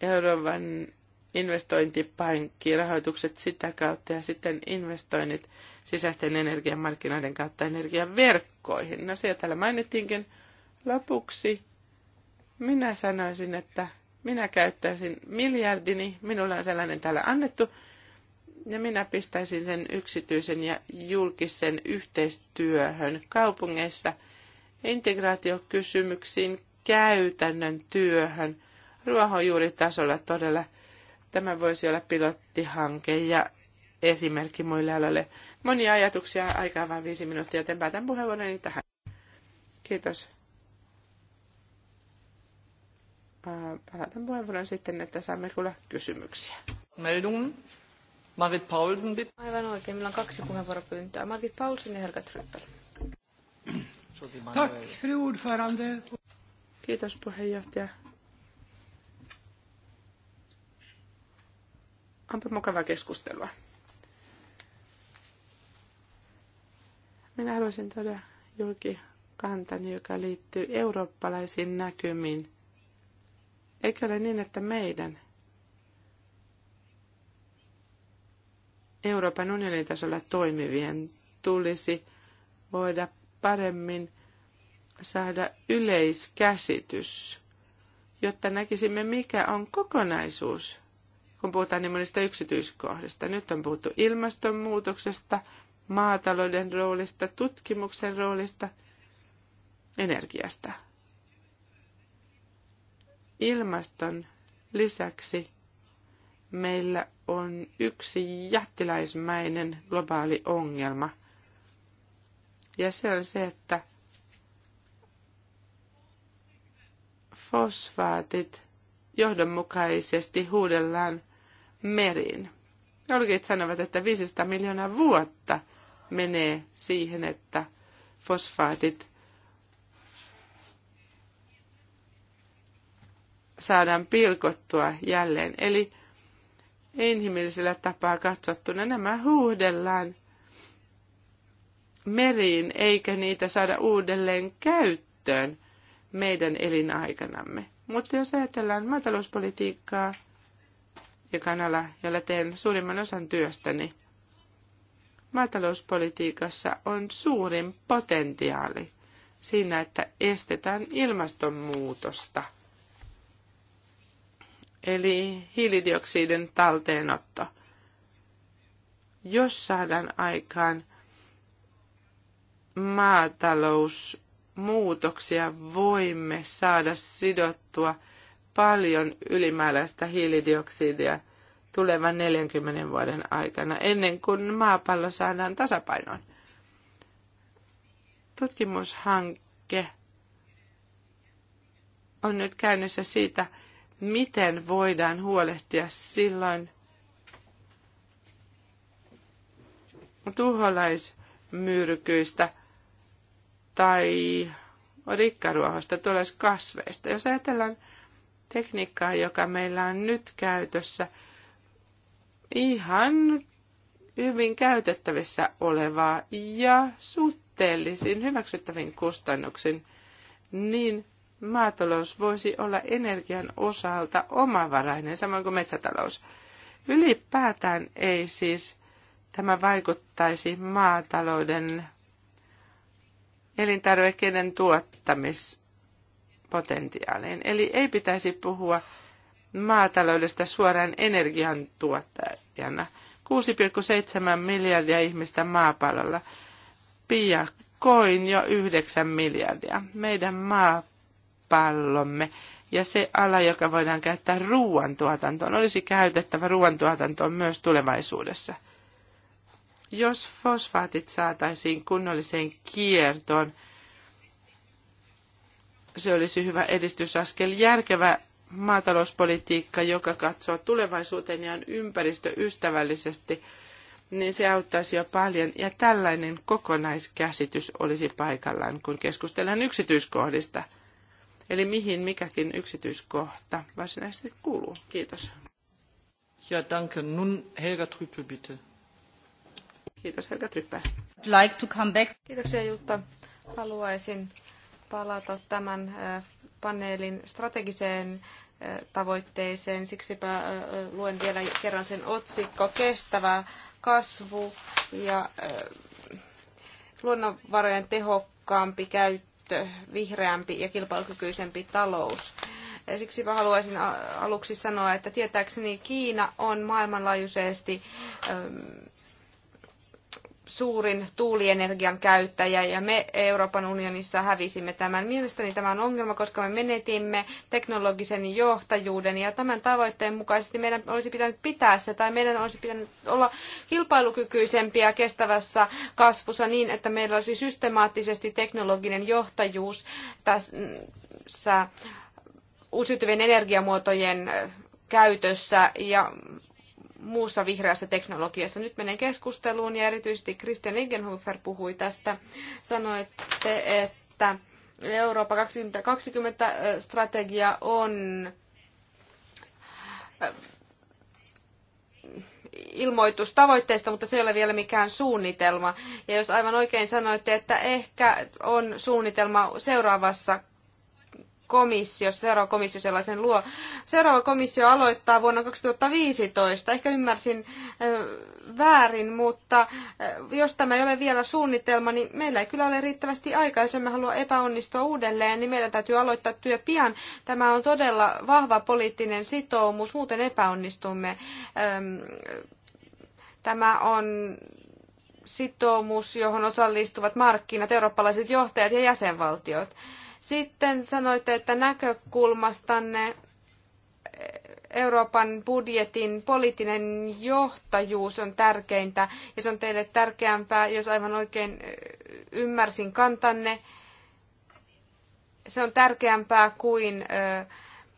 Euroopan investointipankki, rahoitukset sitä kautta ja sitten investoinnit sisäisten energiamarkkinoiden kautta energiaverkkoihin. No se täällä mainittiinkin lopuksi. Minä sanoisin, että minä käyttäisin miljardini, minulla on sellainen täällä annettu, ja minä pistäisin sen yksityisen ja julkisen yhteistyöhön kaupungeissa, integraatiokysymyksiin, käytännön työhön, ruohonjuuritasolla todella. Tämä voisi olla pilottihanke ja esimerkki muille aloille. Monia ajatuksia, aikaa vain viisi minuuttia, joten päätän puheenvuoroni tähän. Kiitos. Palataan puheenvuoron sitten, että saamme kuulla kysymyksiä. Meldungen. Marit Paulsen, bitte. Aivan oikein. Meillä on kaksi puheenvuoropyyntöä. Marit Paulsen ja Helga Tryppel. Tack, fru ordförande. Kiitos puheenjohtaja. Onpa mukavaa keskustelua. Minä haluaisin tuoda julki kantani, joka liittyy eurooppalaisiin näkymiin Eikö ole niin, että meidän Euroopan unionin tasolla toimivien tulisi voida paremmin saada yleiskäsitys, jotta näkisimme, mikä on kokonaisuus, kun puhutaan niin monista yksityiskohdista. Nyt on puhuttu ilmastonmuutoksesta, maatalouden roolista, tutkimuksen roolista, energiasta – Ilmaston lisäksi meillä on yksi jättiläismäinen globaali ongelma. Ja se on se, että fosfaatit johdonmukaisesti huudellaan meriin. Jolkit sanovat, että 500 miljoonaa vuotta menee siihen, että fosfaatit saadaan pilkottua jälleen. Eli inhimillisellä tapaa katsottuna nämä huuhdellaan meriin, eikä niitä saada uudelleen käyttöön meidän elinaikanamme. Mutta jos ajatellaan maatalouspolitiikkaa, joka kanala, jolla teen suurimman osan työstäni, maatalouspolitiikassa on suurin potentiaali siinä, että estetään ilmastonmuutosta – eli hiilidioksidin talteenotto. Jos saadaan aikaan maatalousmuutoksia, voimme saada sidottua paljon ylimääräistä hiilidioksidia tulevan 40 vuoden aikana, ennen kuin maapallo saadaan tasapainoon. Tutkimushanke on nyt käynnissä siitä, miten voidaan huolehtia silloin tuholaismyrkyistä tai rikkaruohosta, kasveista, Jos ajatellaan tekniikkaa, joka meillä on nyt käytössä, ihan hyvin käytettävissä olevaa ja suhteellisin hyväksyttävin kustannuksin, niin maatalous voisi olla energian osalta omavarainen, samoin kuin metsätalous. Ylipäätään ei siis tämä vaikuttaisi maatalouden elintarvikkeiden tuottamispotentiaaliin. Eli ei pitäisi puhua maataloudesta suoraan energian tuottajana. 6,7 miljardia ihmistä maapallolla. Pia koin jo 9 miljardia. Meidän maa pallomme. Ja se ala, joka voidaan käyttää ruoantuotantoon, olisi käytettävä ruoantuotantoon myös tulevaisuudessa. Jos fosfaatit saataisiin kunnolliseen kiertoon, se olisi hyvä edistysaskel. Järkevä maatalouspolitiikka, joka katsoo tulevaisuuteen ja on ympäristöystävällisesti, niin se auttaisi jo paljon. Ja tällainen kokonaiskäsitys olisi paikallaan, kun keskustellaan yksityiskohdista – Eli mihin mikäkin yksityiskohta varsinaisesti kuuluu. Kiitos. Ja danke. Nun Helga Trüppel bitte. Kiitos Helga Tryppel. Like to come back. Kiitoksia Jutta. Haluaisin palata tämän äh, paneelin strategiseen äh, tavoitteeseen. Siksipä äh, luen vielä kerran sen otsikko Kestävä kasvu ja luonnonvarojen tehokkaampi käyttö vihreämpi ja kilpailukykyisempi talous. Siksi haluaisin aluksi sanoa, että tietääkseni Kiina on maailmanlaajuisesti suurin tuulienergian käyttäjä ja me Euroopan unionissa hävisimme tämän. Mielestäni tämä on ongelma, koska me menetimme teknologisen johtajuuden ja tämän tavoitteen mukaisesti meidän olisi pitänyt pitää se tai meidän olisi pitänyt olla kilpailukykyisempiä kestävässä kasvussa niin, että meillä olisi systemaattisesti teknologinen johtajuus tässä uusiutuvien energiamuotojen käytössä ja muussa vihreässä teknologiassa. Nyt menen keskusteluun ja erityisesti Christian Ingenhofer puhui tästä. Sanoitte, että Eurooppa 2020 strategia on ilmoitus tavoitteista, mutta se ei ole vielä mikään suunnitelma. Ja jos aivan oikein sanoitte, että ehkä on suunnitelma seuraavassa komissio, seuraava komissio sellaisen luo. Seuraava komissio aloittaa vuonna 2015. Ehkä ymmärsin väärin, mutta jos tämä ei ole vielä suunnitelma, niin meillä ei kyllä ole riittävästi aikaa. Jos emme halua epäonnistua uudelleen, niin meidän täytyy aloittaa työ pian. Tämä on todella vahva poliittinen sitoumus, muuten epäonnistumme. Tämä on sitoumus, johon osallistuvat markkinat, eurooppalaiset johtajat ja jäsenvaltiot. Sitten sanoitte, että näkökulmastanne Euroopan budjetin poliittinen johtajuus on tärkeintä ja se on teille tärkeämpää, jos aivan oikein ymmärsin kantanne. Se on tärkeämpää kuin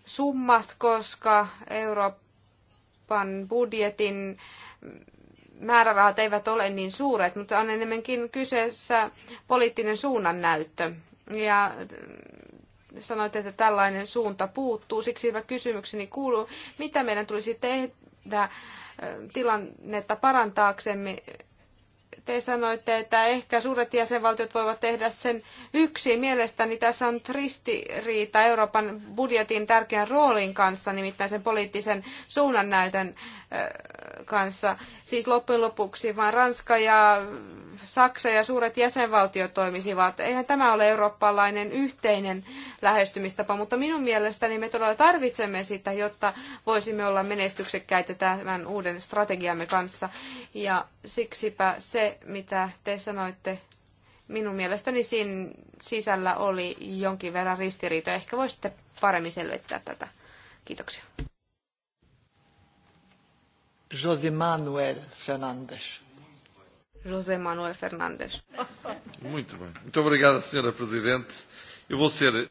summat, koska Euroopan budjetin määrärahat eivät ole niin suuret, mutta on enemmänkin kyseessä poliittinen suunnannäyttö ja äh, sanoit, että tällainen suunta puuttuu. Siksi hyvä kysymykseni kuuluu, mitä meidän tulisi tehdä äh, tilannetta parantaaksemme te sanoitte, että ehkä suuret jäsenvaltiot voivat tehdä sen yksi Mielestäni tässä on ristiriita Euroopan budjetin tärkeän roolin kanssa, nimittäin sen poliittisen suunnannäytön äh, kanssa. Siis loppujen lopuksi vain Ranska ja Saksa ja suuret jäsenvaltiot toimisivat. Eihän tämä ole eurooppalainen yhteinen lähestymistapa, mutta minun mielestäni me todella tarvitsemme sitä, jotta voisimme olla menestyksekkäitä tämän uuden strategiamme kanssa. Ja siksipä se, mitä te sanoitte minun mielestäni siinä sisällä oli jonkin verran ristiriitoja. Ehkä voisitte paremmin selvittää tätä. Kiitoksia. José Manuel Fernandes. José Manuel Fernandes. Muito bem. Muito obrigado, senhora presidente. Eu vou ser...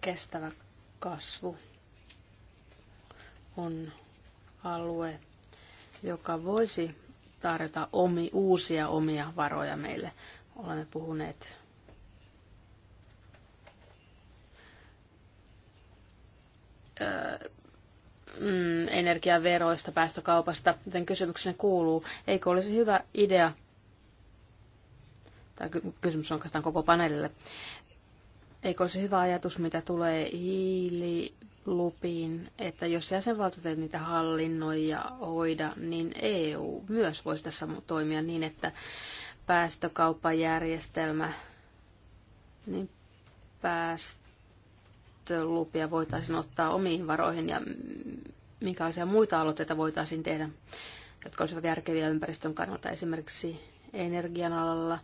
Kestävä kasvu on alue, joka voisi tarjota omi, uusia omia varoja meille. Olemme puhuneet mm, energiaveroista, päästökaupasta, joten kysymyksenne kuuluu, eikö olisi hyvä idea, tämä kysymys on oikeastaan koko paneelille, eikö olisi hyvä ajatus, mitä tulee hiili lupiin, että jos jäsenvaltiot eivät niitä hallinnoi ja hoida, niin EU myös voisi tässä toimia niin, että päästökauppajärjestelmä, niin pääst ympäristölupia voitaisiin ottaa omiin varoihin ja minkälaisia muita aloitteita voitaisiin tehdä, jotka olisivat järkeviä ympäristön kannalta esimerkiksi energian alalla.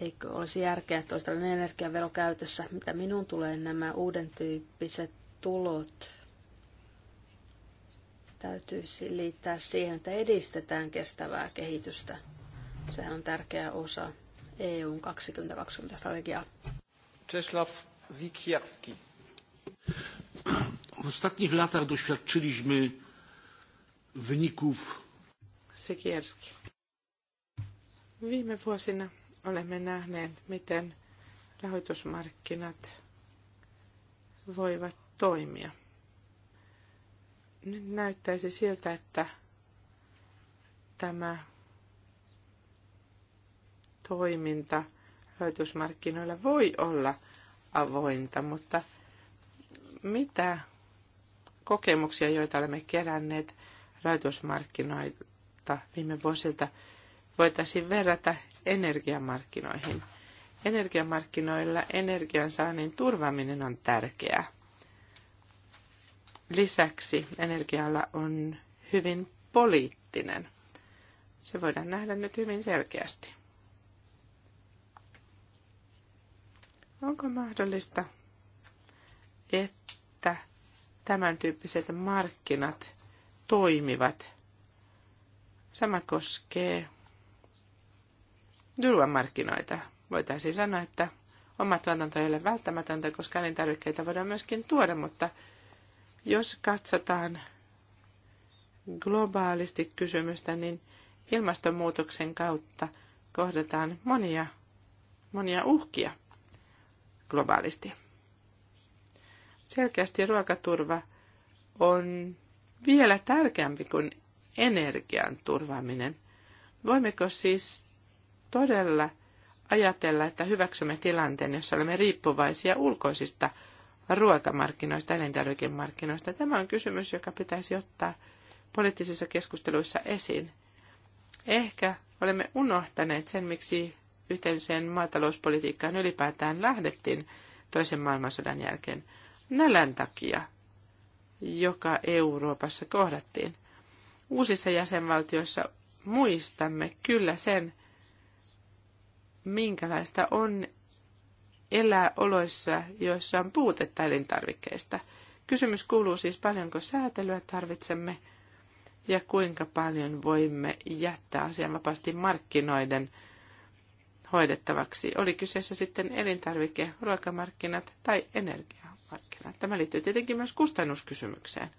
Eikö olisi järkeä, että olisi tällainen energiavero käytössä, mitä minun tulee nämä uuden tyyppiset tulot täytyisi liittää siihen, että edistetään kestävää kehitystä. Sehän on tärkeä osa EUn 2020 strategiaa. Czeslaw Zikierski. W ostatnich latach doświadczyliśmy wyników. Sikierski. Viime vuosina olemme nähneet, miten rahoitusmarkkinat voivat toimia. Nyt näyttäisi siltä, että tämä toiminta rahoitusmarkkinoilla voi olla avointa, mutta – mitä kokemuksia, joita olemme keränneet rahoitusmarkkinoilta viime vuosilta, voitaisiin verrata energiamarkkinoihin. Energiamarkkinoilla energiansaannin turvaaminen on tärkeää. Lisäksi energialla on hyvin poliittinen. Se voidaan nähdä nyt hyvin selkeästi. Onko mahdollista että tämän tyyppiset markkinat toimivat. Sama koskee markkinoita. Voitaisiin sanoa, että oma tuotanto ei ole välttämätöntä, koska elintarvikkeita voidaan myöskin tuoda, mutta jos katsotaan globaalisti kysymystä, niin ilmastonmuutoksen kautta kohdataan monia, monia uhkia globaalisti. Selkeästi ruokaturva on vielä tärkeämpi kuin energian turvaaminen. Voimmeko siis todella ajatella, että hyväksymme tilanteen, jossa olemme riippuvaisia ulkoisista ruokamarkkinoista, elintarvikemarkkinoista? Tämä on kysymys, joka pitäisi ottaa poliittisissa keskusteluissa esiin. Ehkä olemme unohtaneet sen, miksi yhteiseen maatalouspolitiikkaan ylipäätään lähdettiin toisen maailmansodan jälkeen nälän takia, joka Euroopassa kohdattiin. Uusissa jäsenvaltioissa muistamme kyllä sen, minkälaista on elää oloissa, joissa on puutetta elintarvikkeista. Kysymys kuuluu siis, paljonko säätelyä tarvitsemme ja kuinka paljon voimme jättää asian vapaasti markkinoiden hoidettavaksi, oli kyseessä sitten elintarvike, ruokamarkkinat tai energia markkinat. Tämä liittyy tietenkin myös kustannuskysymykseen.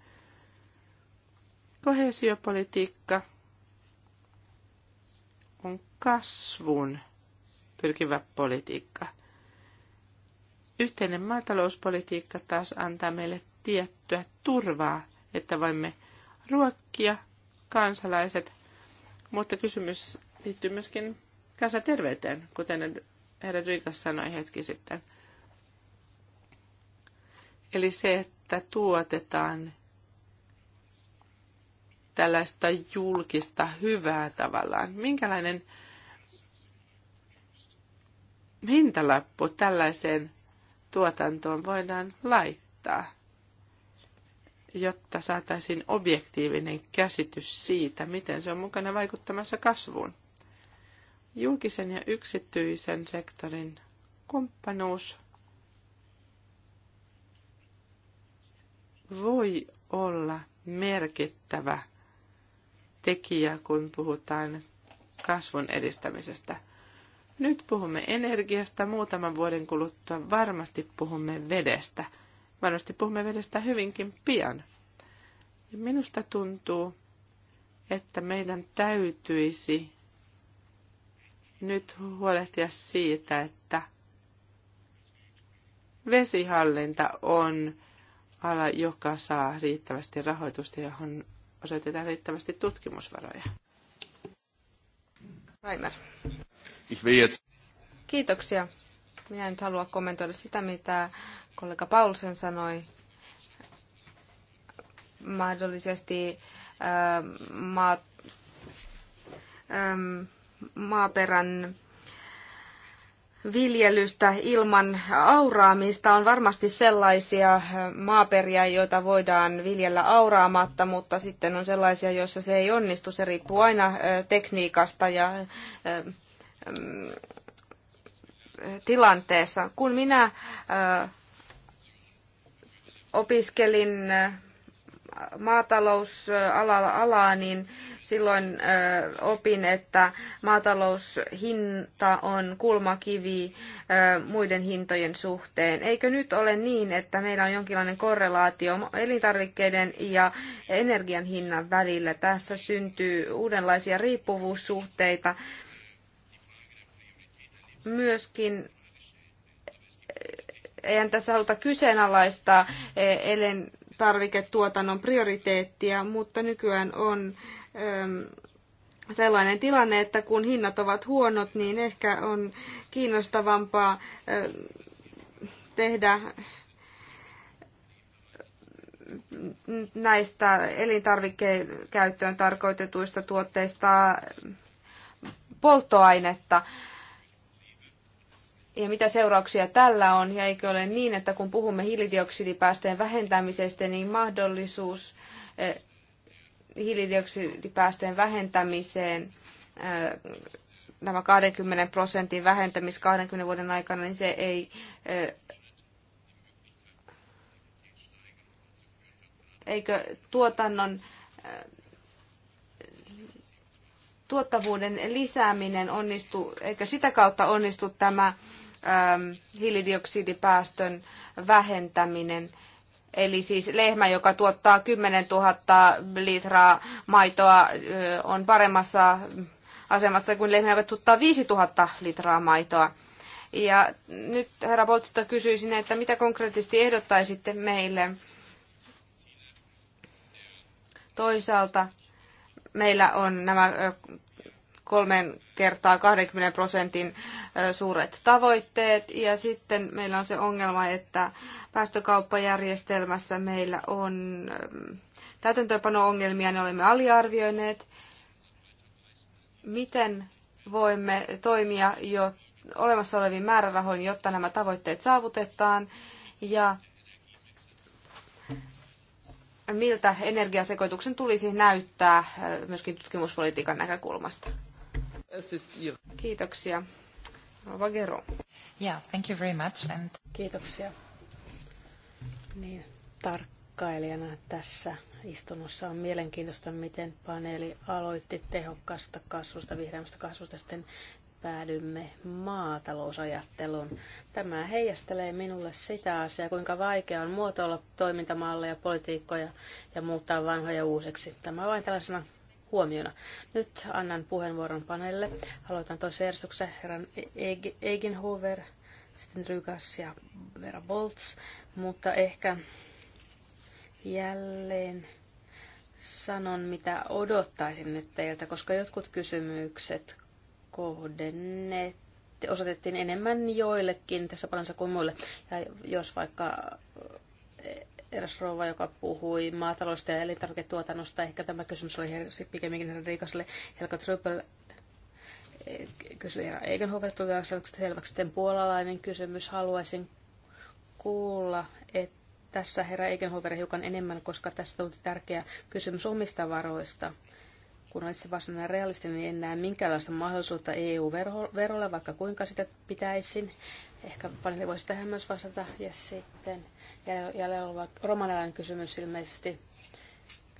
Kohesiopolitiikka on kasvun pyrkivä politiikka. Yhteinen maatalouspolitiikka taas antaa meille tiettyä turvaa, että voimme ruokkia kansalaiset, mutta kysymys liittyy myöskin kansanterveyteen, kuten herra Rikas sanoi hetki sitten – Eli se, että tuotetaan tällaista julkista hyvää tavallaan. Minkälainen hintalappu tällaiseen tuotantoon voidaan laittaa, jotta saataisiin objektiivinen käsitys siitä, miten se on mukana vaikuttamassa kasvuun. Julkisen ja yksityisen sektorin kumppanuus voi olla merkittävä tekijä, kun puhutaan kasvun edistämisestä. Nyt puhumme energiasta, muutaman vuoden kuluttua varmasti puhumme vedestä. Varmasti puhumme vedestä hyvinkin pian. Ja minusta tuntuu, että meidän täytyisi nyt huolehtia siitä, että vesihallinta on ala, joka saa riittävästi rahoitusta, johon osoitetaan riittävästi tutkimusvaroja. Raimer. Kiitoksia. Minä en nyt halua kommentoida sitä, mitä kollega Paulsen sanoi mahdollisesti ää, ähm, maa, ää, ähm, maaperän viljelystä ilman auraamista on varmasti sellaisia äh, maaperiä, joita voidaan viljellä auraamatta, mutta sitten on sellaisia, joissa se ei onnistu. Se riippuu aina äh, tekniikasta ja äh, mm, tilanteessa. Kun minä opiskelin maatalousalaa, niin silloin opin, että maataloushinta on kulmakivi muiden hintojen suhteen. Eikö nyt ole niin, että meillä on jonkinlainen korrelaatio elintarvikkeiden ja energian hinnan välillä? Tässä syntyy uudenlaisia riippuvuussuhteita. Myöskin e, eihän tässä haluta kyseenalaistaa e, elen tarviketuotannon prioriteettia, mutta nykyään on ähm, sellainen tilanne, että kun hinnat ovat huonot, niin ehkä on kiinnostavampaa äh, tehdä äh, näistä elintarvikekäyttöön tarkoitetuista tuotteista polttoainetta ja mitä seurauksia tällä on, ja eikö ole niin, että kun puhumme hiilidioksidipäästöjen vähentämisestä, niin mahdollisuus eh, hiilidioksidipäästöjen vähentämiseen, eh, tämä 20 prosentin vähentämis 20 vuoden aikana, niin se ei eh, eikö tuotannon tuottavuuden lisääminen onnistu, eikö sitä kautta onnistu tämä Ähm, hiilidioksidipäästön vähentäminen. Eli siis lehmä, joka tuottaa 10 000 litraa maitoa, on paremmassa asemassa kuin lehmä, joka tuottaa 5 000 litraa maitoa. Ja nyt herra Boltista kysyisin, että mitä konkreettisesti ehdottaisitte meille? Toisaalta meillä on nämä kolmen kertaa 20 prosentin suuret tavoitteet. Ja sitten meillä on se ongelma, että päästökauppajärjestelmässä meillä on täytäntöönpano-ongelmia, ne olemme aliarvioineet. Miten voimme toimia jo olemassa oleviin määrärahoihin, jotta nämä tavoitteet saavutetaan? Ja miltä energiasekoituksen tulisi näyttää myöskin tutkimuspolitiikan näkökulmasta? Kiitoksia. Vagero. Yeah, thank you very much. And... Kiitoksia. Niin, tarkkailijana tässä istunnossa on mielenkiintoista, miten paneeli aloitti tehokkaasta kasvusta, vihreämmästä kasvusta, sitten päädymme maatalousajatteluun. Tämä heijastelee minulle sitä asiaa, kuinka vaikea on muotoilla toimintamalleja, politiikkoja ja muuttaa vanhoja uusiksi. Tämä vain tällaisena huomiona. Nyt annan puheenvuoron panelle. Aloitan tuossa järjestyksessä herran Eigenhover, sitten Rygas ja Vera Boltz, mutta ehkä jälleen sanon, mitä odottaisin nyt teiltä, koska jotkut kysymykset kohdennet osoitettiin enemmän joillekin tässä palansa kuin muille. Ja jos vaikka eräs rouva, joka puhui maatalousta ja elintarviketuotannosta. Ehkä tämä kysymys oli pikemminkin herra Riikaselle. Helga trüppel eh, kysyi herra Eikenhofer, tuli selväksi sitten puolalainen kysymys. Haluaisin kuulla, että tässä herra Eikenhofer hiukan enemmän, koska tässä tuli tärkeä kysymys omista varoista. Kun olet se varsinainen realistinen, niin en näe minkäänlaista mahdollisuutta EU-verolle, vaikka kuinka sitä pitäisin. Ehkä panili voisi tähän myös vastata. Ja sitten jäljellä oleva romanilainen kysymys ilmeisesti.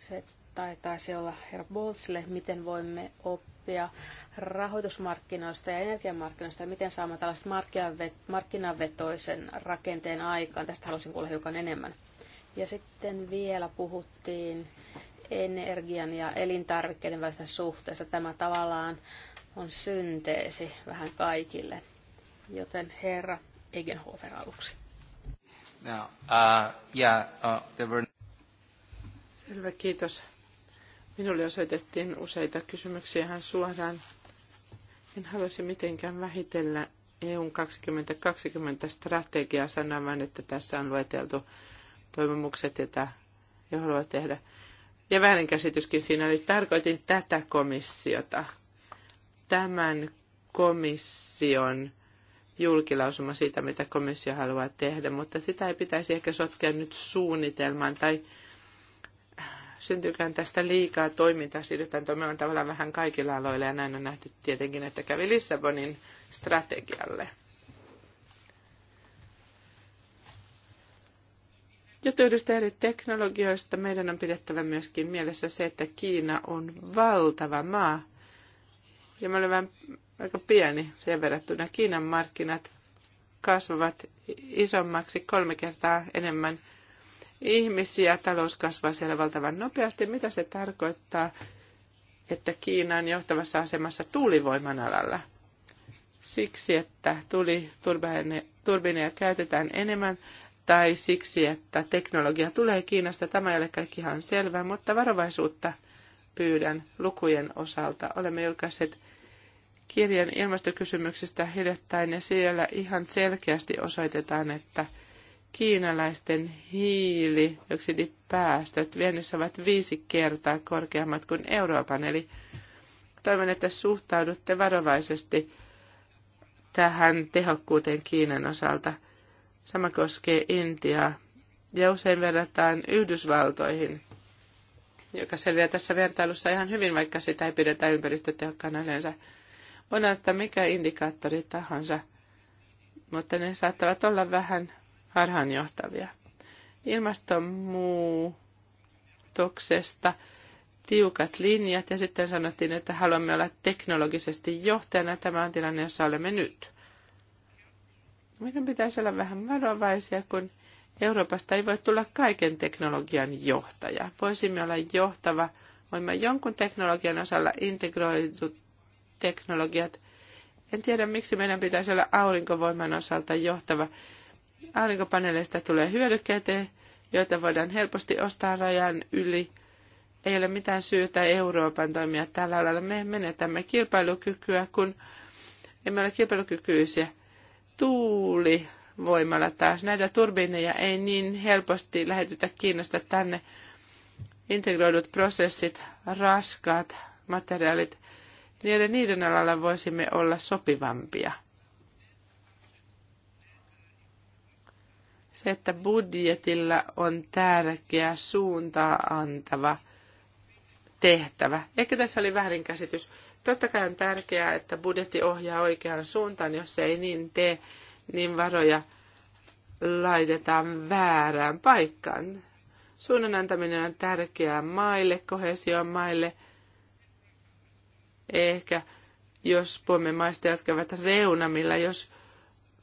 Se taitaisi olla herra Boltsille, miten voimme oppia rahoitusmarkkinoista ja energiamarkkinoista ja miten saamme tällaista markkinavetoisen rakenteen aikaan. Tästä haluaisin kuulla hiukan enemmän. Ja sitten vielä puhuttiin energian ja elintarvikkeiden välisestä suhteesta. Tämä tavallaan on synteesi vähän kaikille. Joten herra Egenhofer aluksi. Now, uh, yeah, uh, there were... Selvä, kiitos. Minulle osoitettiin useita kysymyksiä ihan suoraan. En haluaisi mitenkään vähitellä EUn 2020 strategiaa sanomaan, että tässä on lueteltu toimimukset, joita jo haluaa tehdä. Ja väärinkäsityskin siinä, eli tarkoitin tätä komissiota. Tämän komission julkilausuma siitä, mitä komissio haluaa tehdä, mutta sitä ei pitäisi ehkä sotkea nyt suunnitelmaan tai syntyykään tästä liikaa toimintaa, siirrytään toimimaan tavallaan vähän kaikilla aloilla ja näin on nähty tietenkin, että kävi Lissabonin strategialle. Jutuudesta eri teknologioista meidän on pidettävä myöskin mielessä se, että Kiina on valtava maa. Ja me olemme aika pieni siihen verrattuna. Kiinan markkinat kasvavat isommaksi kolme kertaa enemmän ihmisiä. Talous kasvaa siellä valtavan nopeasti. Mitä se tarkoittaa, että Kiina on johtavassa asemassa tuulivoiman alalla? Siksi, että tuli turbiineja käytetään enemmän tai siksi, että teknologia tulee Kiinasta. Tämä ei ole kaikki ihan selvää, mutta varovaisuutta pyydän lukujen osalta. Olemme julkaisseet kirjan ilmastokysymyksistä hiljattain ja siellä ihan selkeästi osoitetaan, että kiinalaisten hiilioksidipäästöt viennissä ovat viisi kertaa korkeammat kuin Euroopan. Eli toivon, että suhtaudutte varovaisesti tähän tehokkuuteen Kiinan osalta. Sama koskee Intiaa ja usein verrataan Yhdysvaltoihin, joka selviää tässä vertailussa ihan hyvin, vaikka sitä ei pidetä ympäristötehokkaana yleensä. On näyttää mikä indikaattori tahansa, mutta ne saattavat olla vähän harhaanjohtavia. Ilmastonmuutoksesta tiukat linjat ja sitten sanottiin, että haluamme olla teknologisesti johtajana. Tämä on tilanne, jossa olemme nyt. Meidän pitäisi olla vähän varovaisia, kun Euroopasta ei voi tulla kaiken teknologian johtaja. Voisimme olla johtava, voimme jonkun teknologian osalla integroidut teknologiat. En tiedä, miksi meidän pitäisi olla aurinkovoiman osalta johtava. Aurinkopaneeleista tulee hyödykkeitä, joita voidaan helposti ostaa rajan yli. Ei ole mitään syytä Euroopan toimia tällä alalla. Me menetämme kilpailukykyä, kun emme ole kilpailukykyisiä. Tuuli voimalla taas. Näitä turbiineja ei niin helposti lähetetä Kiinasta tänne. Integroidut prosessit, raskaat materiaalit joiden niiden alalla voisimme olla sopivampia. Se, että budjetilla on tärkeä suuntaa antava tehtävä. Ehkä tässä oli väärinkäsitys. Totta kai on tärkeää, että budjetti ohjaa oikeaan suuntaan. Jos se ei niin tee, niin varoja laitetaan väärään paikkaan. Suunnan antaminen on tärkeää maille, kohesion maille – Ehkä jos puhumme maista, jatkavat reunamilla, jos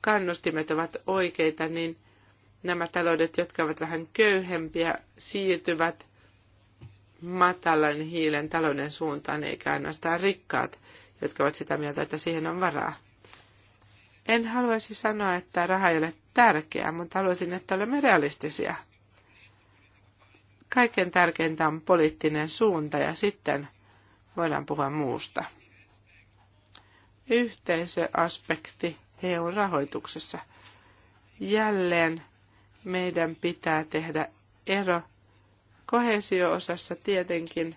kannustimet ovat oikeita, niin nämä taloudet, jotka ovat vähän köyhempiä, siirtyvät matalan hiilen talouden suuntaan, eikä ainoastaan rikkaat, jotka ovat sitä mieltä, että siihen on varaa. En haluaisi sanoa, että raha ei ole tärkeää, mutta haluaisin, että olemme realistisia. Kaiken tärkeintä on poliittinen suunta ja sitten – voidaan puhua muusta. Yhteisöaspekti EU-rahoituksessa. Jälleen meidän pitää tehdä ero. Kohesio-osassa tietenkin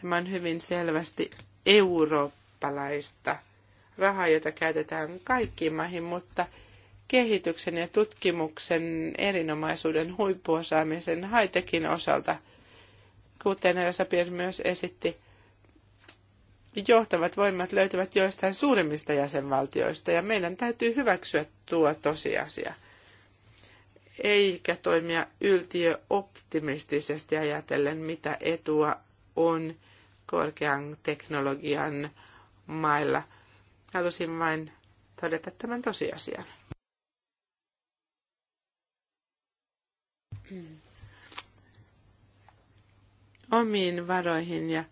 tämä on hyvin selvästi eurooppalaista rahaa, jota käytetään kaikkiin maihin, mutta kehityksen ja tutkimuksen erinomaisuuden huippuosaamisen haitekin osalta, kuten eräs myös esitti, johtavat voimat löytyvät joistain suurimmista jäsenvaltioista ja meidän täytyy hyväksyä tuo tosiasia. Eikä toimia yltiöoptimistisesti ajatellen, mitä etua on korkean teknologian mailla. Halusin vain todeta tämän tosiasian. Hmm. Omiin varoihin ja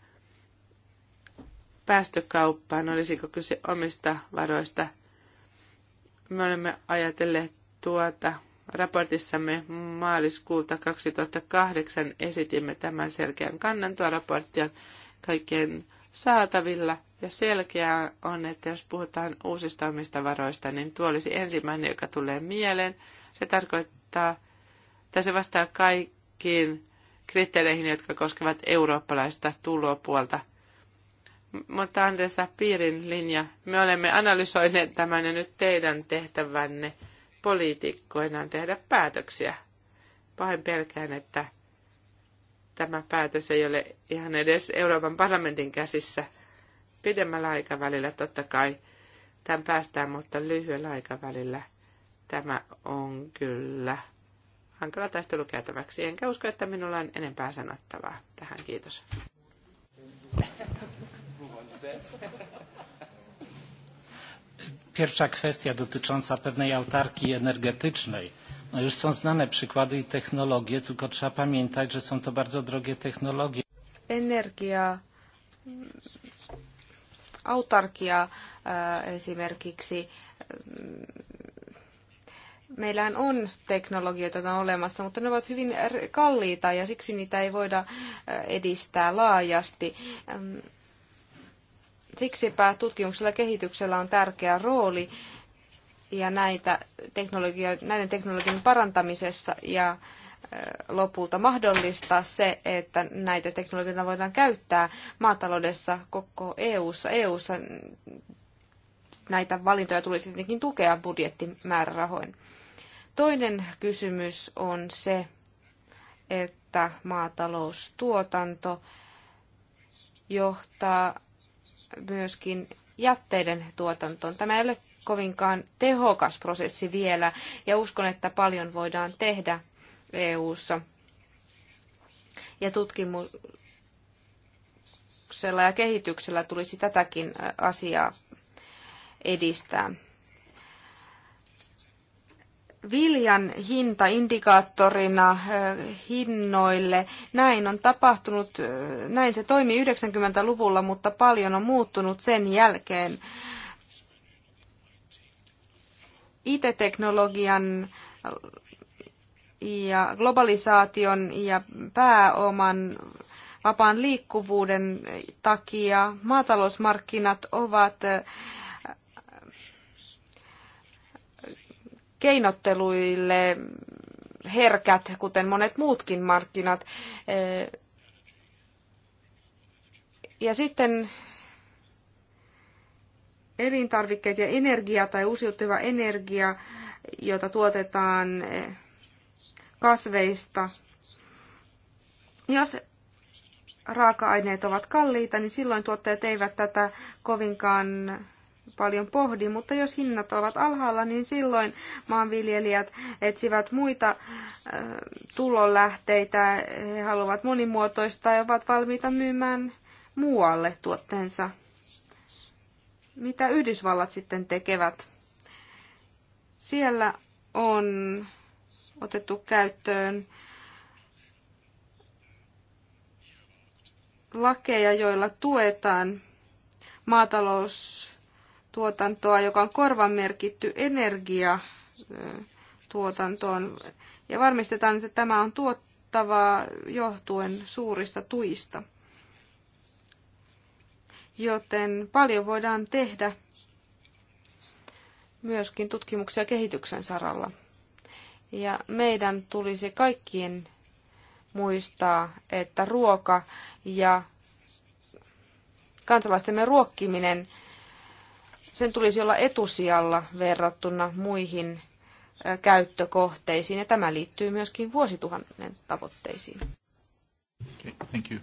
päästökauppaan, olisiko kyse omista varoista. Me olemme ajatelleet tuota raportissamme maaliskuulta 2008 esitimme tämän selkeän kannan. Tuo raportti on kaikkien saatavilla ja selkeää on, että jos puhutaan uusista omista varoista, niin tuo olisi ensimmäinen, joka tulee mieleen. Se tarkoittaa, että se vastaa kaikkiin kriteereihin, jotka koskevat eurooppalaista tulopuolta – mutta Andres Piirin linja, me olemme analysoineet tämän ja nyt teidän tehtävänne poliitikkoina tehdä päätöksiä. Pahin pelkään, että tämä päätös ei ole ihan edes Euroopan parlamentin käsissä. Pidemmällä aikavälillä totta kai tämän päästään, mutta lyhyellä aikavälillä tämä on kyllä hankala taistelu käytäväksi. Enkä usko, että minulla on enempää sanottavaa tähän. Kiitos. Pierwsza kwestia dotycząca pewnej autarki energetycznej. No już są znane przykłady i technologie, tylko trzeba pamiętać, że są to bardzo drogie technologie. Energia, autarkia e, esimerkiksi. Meillä on teknologioita on olemassa, mutta ne ovat hyvin kalliita ja siksi niitä ei voida e, edistää laajasti. Siksipä tutkimuksella ja kehityksellä on tärkeä rooli ja näitä teknologio- näiden teknologian parantamisessa ja lopulta mahdollistaa se, että näitä teknologioita voidaan käyttää maataloudessa koko EU-ssa. EU-ssa näitä valintoja tulisi tietenkin tukea budjettimäärärahoin. Toinen kysymys on se, että maataloustuotanto johtaa myöskin jätteiden tuotantoon. Tämä ei ole kovinkaan tehokas prosessi vielä ja uskon, että paljon voidaan tehdä EU:ssa. Ja tutkimuksella ja kehityksellä tulisi tätäkin asiaa edistää viljan hinta indikaattorina hinnoille. Näin on tapahtunut, näin se toimi 90-luvulla, mutta paljon on muuttunut sen jälkeen. IT-teknologian ja globalisaation ja pääoman vapaan liikkuvuuden takia maatalousmarkkinat ovat keinotteluille herkät, kuten monet muutkin markkinat. Ja sitten elintarvikkeet ja energia tai uusiutuva energia, jota tuotetaan kasveista. Jos raaka-aineet ovat kalliita, niin silloin tuotteet eivät tätä kovinkaan paljon pohdi, mutta jos hinnat ovat alhaalla, niin silloin maanviljelijät etsivät muita tulonlähteitä, he haluavat monimuotoista ja ovat valmiita myymään muualle tuotteensa. Mitä Yhdysvallat sitten tekevät? Siellä on otettu käyttöön lakeja, joilla tuetaan maatalous tuotantoa, joka on korvamerkitty energiatuotantoon. Ja varmistetaan, että tämä on tuottavaa johtuen suurista tuista. Joten paljon voidaan tehdä myöskin tutkimuksia kehityksen saralla. Ja meidän tulisi kaikkien muistaa, että ruoka ja kansalaistemme ruokkiminen sen tulisi olla etusijalla verrattuna muihin käyttökohteisiin, ja tämä liittyy myöskin vuosituhannen tavoitteisiin. Okay, thank you.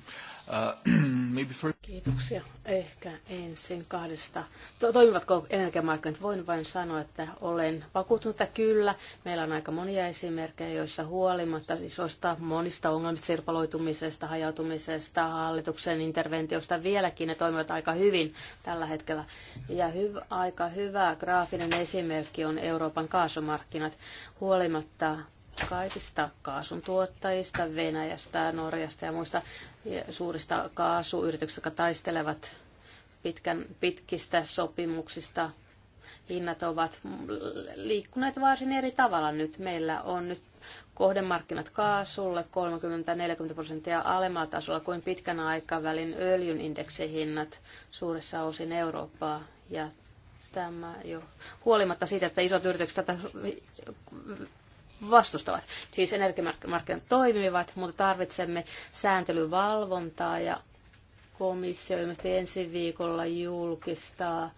Uh, maybe first... Kiitoksia. Ehkä ensin kahdesta. Toimivatko energiamarkkinat? Voin vain sanoa, että olen vakuuttunut, että kyllä. Meillä on aika monia esimerkkejä, joissa huolimatta isoista monista ongelmista, sirpaloitumisesta, hajautumisesta, hallituksen interventiosta, vieläkin ne toimivat aika hyvin tällä hetkellä. Ja aika hyvä graafinen esimerkki on Euroopan kaasumarkkinat. Huolimatta kaikista tuottajista, Venäjästä, Norjasta ja muista suurista kaasuyrityksistä, jotka taistelevat pitkän, pitkistä sopimuksista. Hinnat ovat liikkuneet varsin eri tavalla nyt. Meillä on nyt kohdemarkkinat kaasulle 30-40 prosenttia alemmalla tasolla kuin pitkän aikavälin öljyn indeksihinnat suuressa osin Eurooppaa. Ja tämä jo huolimatta siitä, että isot yritykset tätä vastustavat. Siis energiamarkkinat toimivat, mutta tarvitsemme sääntelyvalvontaa ja komissio ilmeisesti ensi viikolla julkistaa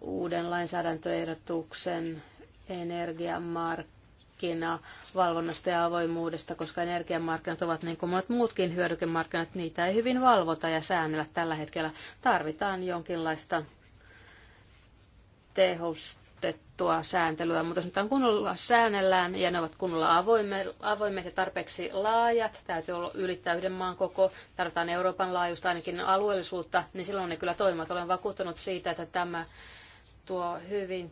uuden lainsäädäntöehdotuksen energiamarkkina valvonnasta ja avoimuudesta, koska energiamarkkinat ovat niin kuin monet muutkin hyödykemarkkinat, niitä ei hyvin valvota ja säännellä tällä hetkellä. Tarvitaan jonkinlaista tehosta rajoitettua sääntelyä, mutta jos on kunnolla säännellään ja ne ovat kunnolla avoimet ja tarpeeksi laajat, täytyy olla ylittää yhden maan koko, tarvitaan Euroopan laajuista ainakin alueellisuutta, niin silloin ne kyllä toimivat. Olen vakuuttunut siitä, että tämä tuo hyvin,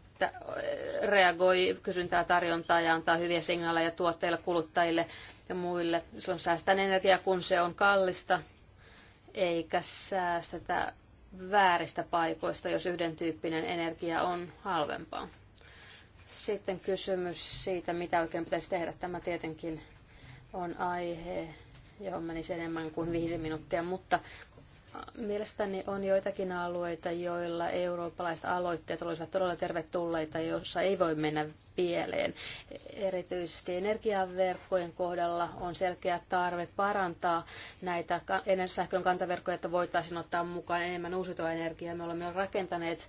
reagoi kysyntää tarjontaa ja antaa hyviä signaaleja tuotteille, kuluttajille ja muille. Silloin säästään energiaa, kun se on kallista, eikä säästetä vääristä paikoista, jos yhden tyyppinen energia on halvempaa. Sitten kysymys siitä, mitä oikein pitäisi tehdä. Tämä tietenkin on aihe, johon menisi enemmän kuin viisi minuuttia, mutta Mielestäni on joitakin alueita, joilla eurooppalaiset aloitteet olisivat todella tervetulleita, joissa ei voi mennä pieleen. Erityisesti energiaverkkojen kohdalla on selkeä tarve parantaa näitä ennen sähkön kantaverkkoja, että voitaisiin ottaa mukaan enemmän uusiutuvaa energiaa. Me olemme jo rakentaneet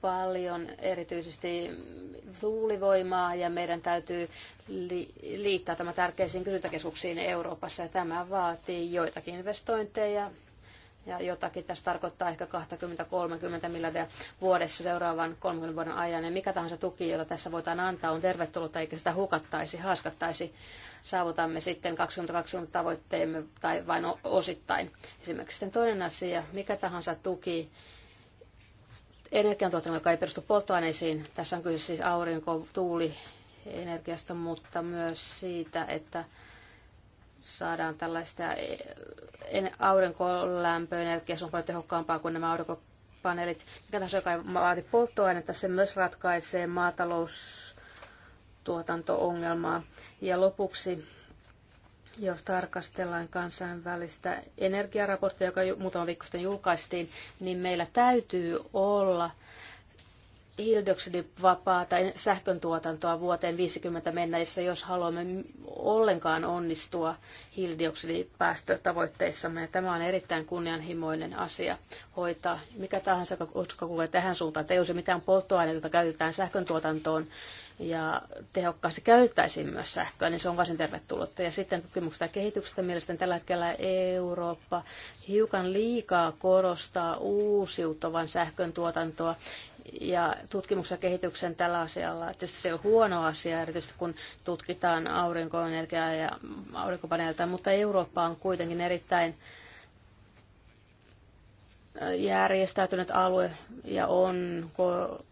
paljon erityisesti tuulivoimaa ja meidän täytyy li- liittää tämä tärkeisiin kysyntäkeskuksiin Euroopassa ja tämä vaatii joitakin investointeja ja jotakin tässä tarkoittaa ehkä 20-30 miljardia vuodessa seuraavan 30 vuoden ajan. Ja mikä tahansa tuki, jota tässä voidaan antaa, on tervetullut eikä sitä hukattaisi, haaskattaisi. Saavutamme sitten 2020 tavoitteemme tai vain osittain. Esimerkiksi sitten toinen asia, mikä tahansa tuki, energiantuotanto, joka ei perustu polttoaineisiin. Tässä on kyse siis aurinko, tuuli, energiasta, mutta myös siitä, että saadaan tällaista eh, aurinkolämpöenergiaa, se on paljon tehokkaampaa kuin nämä aurinkopaneelit. Mikä tahansa, joka ei vaadi polttoainetta, se myös ratkaisee maataloustuotanto-ongelmaa. Ja lopuksi, jos tarkastellaan kansainvälistä energiaraporttia, joka muutama viikko sitten julkaistiin, niin meillä täytyy olla hiilidioksidivapaata sähkön tuotantoa vuoteen 50 mennessä, jos haluamme ollenkaan onnistua hiilidioksidipäästötavoitteissamme. Ja tämä on erittäin kunnianhimoinen asia hoitaa. Mikä tahansa, koska kuva tähän suuntaan, että ei ole mitään polttoaineita, jota käytetään sähkön tuotantoon, ja tehokkaasti käyttäisiin myös sähköä, niin se on varsin tervetullutta. Ja sitten tutkimuksesta ja kehityksestä mielestäni tällä hetkellä Eurooppa hiukan liikaa korostaa uusiutuvan sähkön tuotantoa ja tutkimuksen ja kehityksen tällä asialla. Tietysti se on huono asia, erityisesti kun tutkitaan aurinkoenergiaa ja aurinkopaneelta, mutta Eurooppa on kuitenkin erittäin järjestäytynyt alue ja on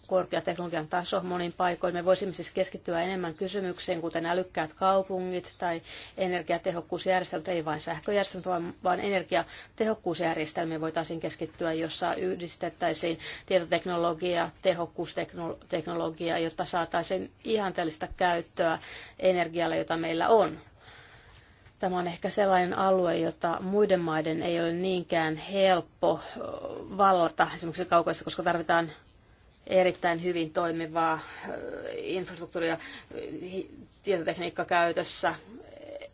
korkea teknologian taso monin paikoin. Me voisimme siis keskittyä enemmän kysymyksiin, kuten älykkäät kaupungit tai energiatehokkuusjärjestelmät, ei vain sähköjärjestelmät, vaan, energiatehokkuusjärjestelmiä voitaisiin keskittyä, jossa yhdistettäisiin tietoteknologia, tehokkuusteknologia, jotta saataisiin ihanteellista käyttöä energialle, jota meillä on Tämä on ehkä sellainen alue, jota muiden maiden ei ole niinkään helppo vallata esimerkiksi kaukoissa, koska tarvitaan erittäin hyvin toimivaa infrastruktuuria, tietotekniikka käytössä,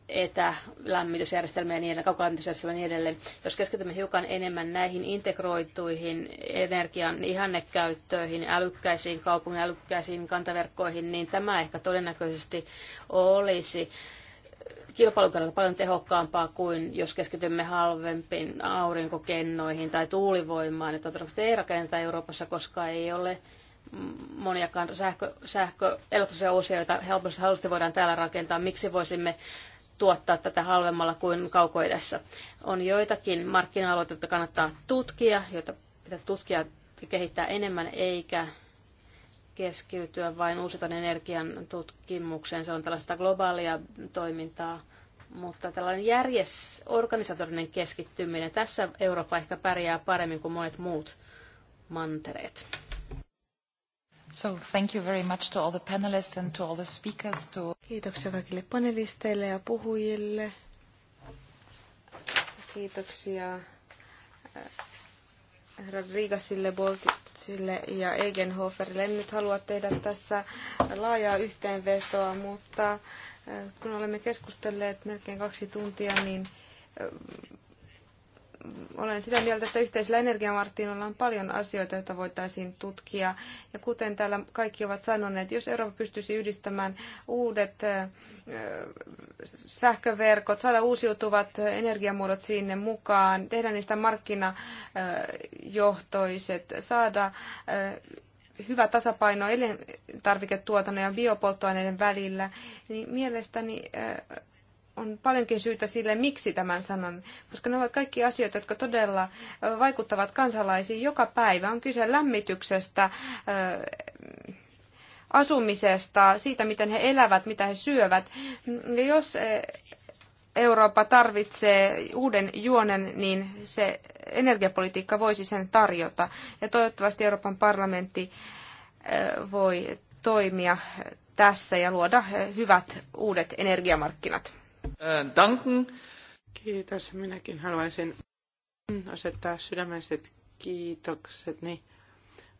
etälämmitysjärjestelmiä ja niin edelleen, ja niin edelleen. Jos keskitymme hiukan enemmän näihin integroituihin energian ihannekäyttöihin, älykkäisiin kaupungin älykkäisiin kantaverkkoihin, niin tämä ehkä todennäköisesti olisi kilpailun kannalta paljon tehokkaampaa kuin jos keskitymme halvempiin aurinkokennoihin tai tuulivoimaan. Että todennäköisesti ei rakenneta Euroopassa, koska ei ole moniakaan sähkö, sähkö elektrisia osia, joita helposti helposti voidaan täällä rakentaa. Miksi voisimme tuottaa tätä halvemmalla kuin kaukoidässä? On joitakin markkina-alueita, joita kannattaa tutkia, joita pitää tutkia ja kehittää enemmän, eikä keskeytyä vain uusiutuvan energian tutkimukseen. Se on tällaista globaalia toimintaa, mutta tällainen järjes, organisatorinen keskittyminen, tässä Eurooppa ehkä pärjää paremmin kuin monet muut mantereet. So thank you very much to all the panelists and to all the speakers. To... Kiitoksia kaikille panelisteille ja puhujille. Kiitoksia Rodrigasille, Boltitsille ja Egenhoferille. En nyt halua tehdä tässä laajaa yhteenvetoa, mutta äh, kun olemme keskustelleet melkein kaksi tuntia, niin äh, olen sitä mieltä, että yhteisillä energiamarkkinoilla on paljon asioita, joita voitaisiin tutkia. Ja kuten täällä kaikki ovat sanoneet, jos Eurooppa pystyisi yhdistämään uudet sähköverkot, saada uusiutuvat energiamuodot sinne mukaan, tehdä niistä markkinajohtoiset, saada hyvä tasapaino elintarviketuotannon ja biopolttoaineiden välillä, niin mielestäni on paljonkin syytä sille, miksi tämän sanon, koska ne ovat kaikki asioita, jotka todella vaikuttavat kansalaisiin joka päivä. On kyse lämmityksestä, asumisesta, siitä, miten he elävät, mitä he syövät. Ja jos Eurooppa tarvitsee uuden juonen, niin se energiapolitiikka voisi sen tarjota. Ja toivottavasti Euroopan parlamentti voi toimia tässä ja luoda hyvät uudet energiamarkkinat. Äh, danken. Kiitos. Minäkin haluaisin asettaa sydämelliset kiitokset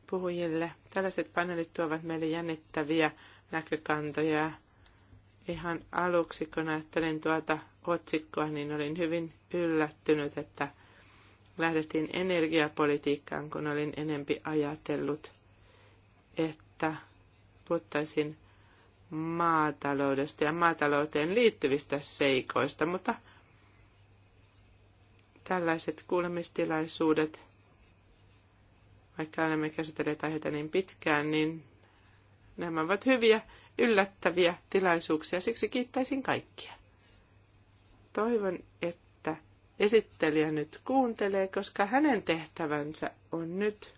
puhujille. Tällaiset paneelit tuovat meille jännittäviä näkökantoja. Ihan aluksi, kun ajattelin tuota otsikkoa, niin olin hyvin yllättynyt, että lähdettiin energiapolitiikkaan, kun olin enempi ajatellut, että puhuttaisiin maataloudesta ja maatalouteen liittyvistä seikoista, mutta tällaiset kuulemistilaisuudet, vaikka olemme käsitelleet aiheita niin pitkään, niin nämä ovat hyviä, yllättäviä tilaisuuksia, siksi kiittäisin kaikkia. Toivon, että esittelijä nyt kuuntelee, koska hänen tehtävänsä on nyt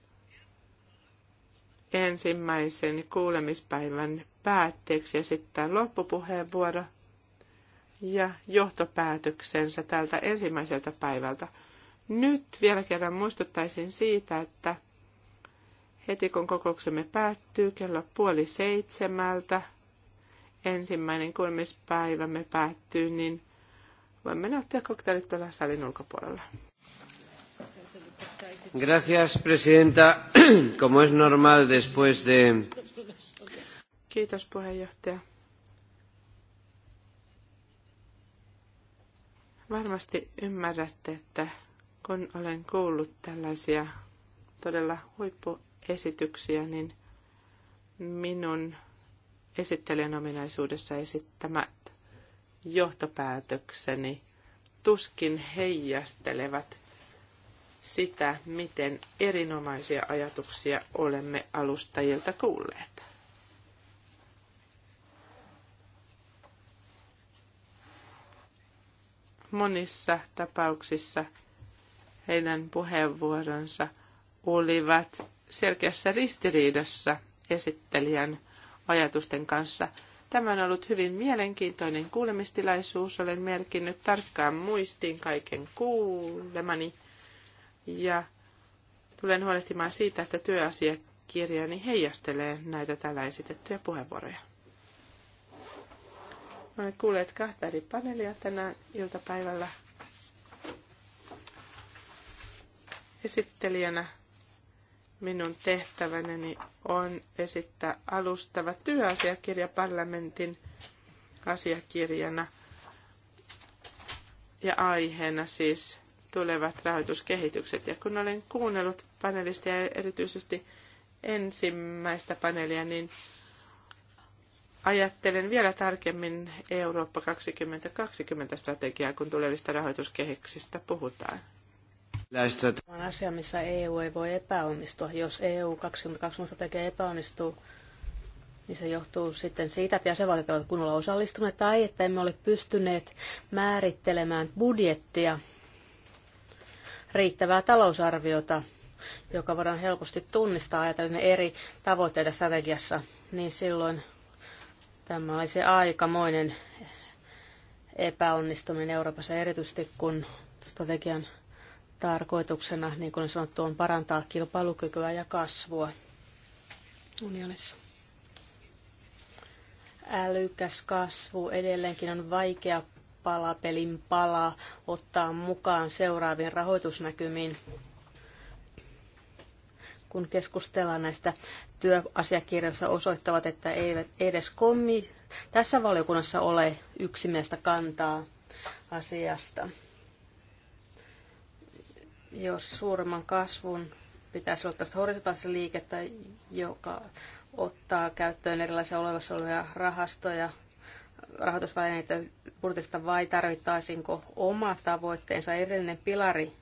ensimmäisen kuulemispäivän päätteeksi esittää loppupuheenvuoro ja johtopäätöksensä tältä ensimmäiseltä päivältä. Nyt vielä kerran muistuttaisin siitä, että heti kun kokouksemme päättyy kello puoli seitsemältä, ensimmäinen kuulemispäivämme päättyy, niin voimme nauttia koktailit tuolla salin ulkopuolella. Gracias, presidenta. Como es normal después de Kiitos puheenjohtaja. Varmasti ymmärrätte, että kun olen kuullut tällaisia todella huippuesityksiä, niin minun esittelijän ominaisuudessa esittämät johtopäätökseni tuskin heijastelevat sitä, miten erinomaisia ajatuksia olemme alustajilta kuulleet. monissa tapauksissa heidän puheenvuoronsa olivat selkeässä ristiriidassa esittelijän ajatusten kanssa. Tämä on ollut hyvin mielenkiintoinen kuulemistilaisuus. Olen merkinnyt tarkkaan muistiin kaiken kuulemani ja tulen huolehtimaan siitä, että työasiakirjani heijastelee näitä tällä esitettyjä puheenvuoroja. Olen kuulleet kahta eri paneelia tänään iltapäivällä. Esittelijänä minun tehtäväneni on esittää alustava työasiakirja parlamentin asiakirjana ja aiheena siis tulevat rahoituskehitykset. Ja kun olen kuunnellut panelistia ja erityisesti ensimmäistä paneelia, niin ajattelen vielä tarkemmin Eurooppa 2020 strategiaa, kun tulevista rahoituskehyksistä puhutaan. On asia, missä EU ei voi epäonnistua. Jos EU 2020 strategia epäonnistuu, niin se johtuu sitten siitä, että jäsenvaltiot ovat kunnolla osallistuneet tai että emme ole pystyneet määrittelemään budjettia riittävää talousarviota, joka voidaan helposti tunnistaa ajatellen eri tavoitteita strategiassa, niin silloin Tämä oli se aikamoinen epäonnistuminen Euroopassa, erityisesti kun strategian tarkoituksena, niin kuin on sanottu, on parantaa kilpailukykyä ja kasvua unionissa. Älykäs kasvu edelleenkin on vaikea palapelin pala ottaa mukaan seuraaviin rahoitusnäkymiin kun keskustellaan näistä työasiakirjoista, osoittavat, että eivät edes kommi tässä valiokunnassa ole yksimielistä kantaa asiasta. Jos suuremman kasvun pitäisi olla tästä horisontaalista liikettä, joka ottaa käyttöön erilaisia olevassa olevia rahastoja, rahoitusvälineitä budjetista vai tarvittaisinko oma tavoitteensa erillinen pilari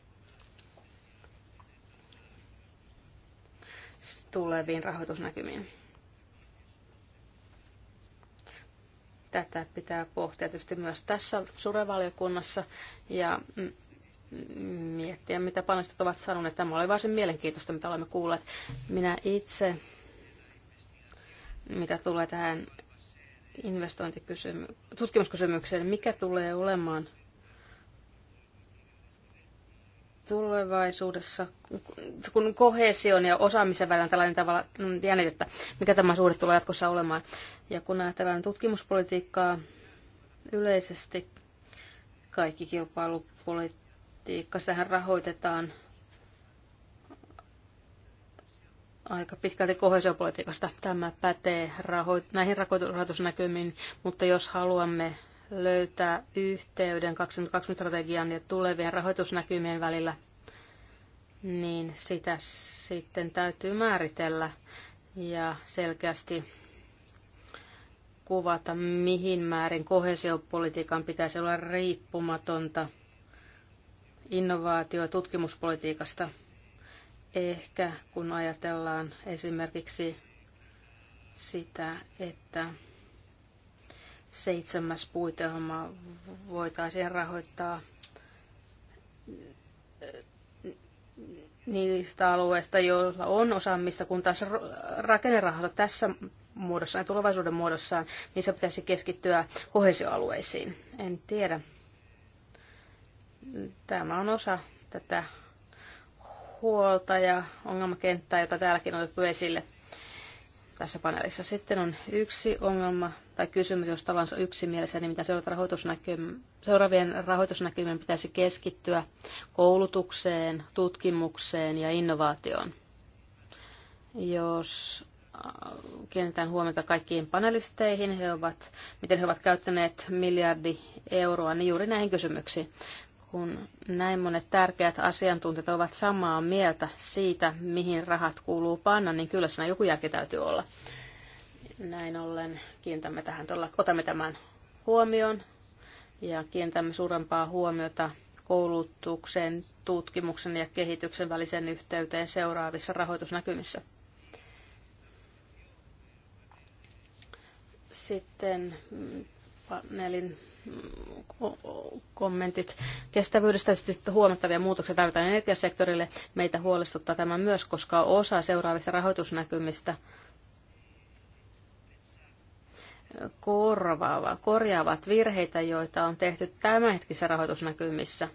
tuleviin rahoitusnäkymiin. Tätä pitää pohtia tietysti myös tässä surevaliokunnassa ja miettiä, mitä panostajat ovat sanoneet. Tämä oli varsin mielenkiintoista, mitä olemme kuulleet. Minä itse, mitä tulee tähän investointikysymykseen, tutkimuskysymykseen, mikä tulee olemaan tulevaisuudessa, kun kohesion ja osaamisen välillä tällainen tavalla jännitettä, mikä tämä suhde tulee jatkossa olemaan. Ja kun ajatellaan tutkimuspolitiikkaa yleisesti, kaikki kilpailupolitiikka, sehän rahoitetaan aika pitkälti kohesiopolitiikasta. Tämä pätee rahoit- näihin rahoitusnäkymiin, mutta jos haluamme löytää yhteyden 2020-strategian ja tulevien rahoitusnäkymien välillä, niin sitä sitten täytyy määritellä ja selkeästi kuvata, mihin määrin kohesiopolitiikan pitäisi olla riippumatonta innovaatio- ja tutkimuspolitiikasta. Ehkä kun ajatellaan esimerkiksi sitä, että seitsemäs puitelma voitaisiin rahoittaa niistä alueista, joilla on osaamista, kun taas rakennerahoita tässä muodossa ja tulevaisuuden muodossaan, niin se pitäisi keskittyä kohesioalueisiin. En tiedä. Tämä on osa tätä huolta ja ongelmakenttää, jota täälläkin on otettu esille tässä paneelissa. Sitten on yksi ongelma, tai kysymys, jos tavansa yksimielisiä, niin mitä seuraavien rahoitusnäkymien pitäisi keskittyä koulutukseen, tutkimukseen ja innovaatioon. Jos äh, kiinnitän huomiota kaikkiin panelisteihin, he ovat, miten he ovat käyttäneet miljardi euroa, niin juuri näihin kysymyksiin. Kun näin monet tärkeät asiantuntijat ovat samaa mieltä siitä, mihin rahat kuuluu panna, niin kyllä siinä joku järki täytyy olla. Näin ollen kiintämme tähän todella, otamme tämän huomioon ja kiintämme suurempaa huomiota koulutuksen, tutkimuksen ja kehityksen välisen yhteyteen seuraavissa rahoitusnäkymissä. Sitten paneelin kommentit. Kestävyydestä sitten huomattavia muutoksia tarvitaan energiasektorille. Meitä huolestuttaa tämä myös, koska osa seuraavista rahoitusnäkymistä – korvaava, korjaavat virheitä, joita on tehty tämänhetkisissä rahoitusnäkymissä,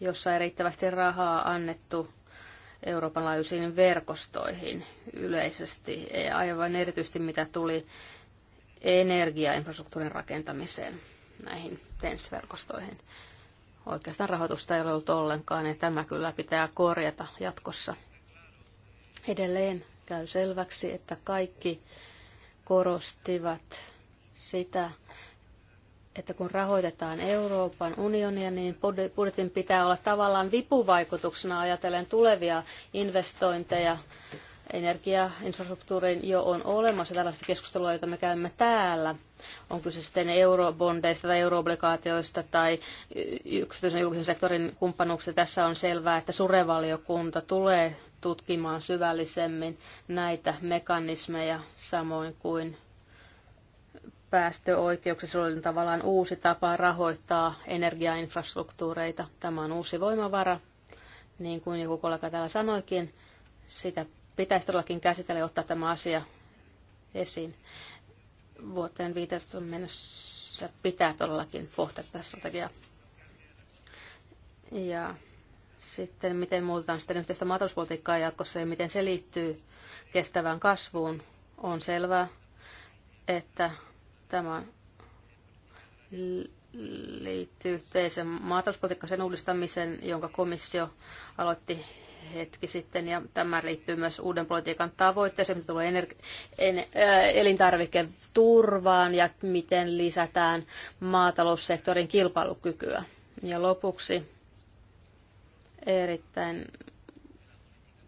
jossa ei riittävästi rahaa annettu Euroopan laajuisiin verkostoihin yleisesti, Ei aivan erityisesti mitä tuli energiainfrastruktuurin rakentamiseen näihin TENS-verkostoihin. Oikeastaan rahoitusta ei ole ollut ollenkaan, ja tämä kyllä pitää korjata jatkossa. Edelleen käy selväksi, että kaikki korostivat sitä, että kun rahoitetaan Euroopan unionia, niin budjetin pitää olla tavallaan vipuvaikutuksena ajatellen tulevia investointeja. Energiainfrastruktuuriin jo on olemassa tällaista keskustelua, jota me käymme täällä. On kyse sitten eurobondeista tai euroobligaatioista tai yksityisen julkisen sektorin kumppanuuksista. Tässä on selvää, että surevaliokunta tulee tutkimaan syvällisemmin näitä mekanismeja, samoin kuin päästöoikeuksissa oli tavallaan uusi tapa rahoittaa energiainfrastruktuureita. Tämä on uusi voimavara, niin kuin joku kollega täällä sanoikin. Sitä pitäisi todellakin käsitellä ja ottaa tämä asia esiin. Vuoteen 15 mennessä pitää todellakin pohtia tässä strategiaa. Ja sitten miten muutetaan sitten yhteistä maatalouspolitiikkaa jatkossa ja miten se liittyy kestävään kasvuun, on selvää, että tämä liittyy yhteisen maatalouspolitiikan sen uudistamisen, jonka komissio aloitti hetki sitten, ja tämä liittyy myös uuden politiikan tavoitteeseen, mitä tulee ener- en- äh, elintarviketurvaan ja miten lisätään maataloussektorin kilpailukykyä. Ja lopuksi erittäin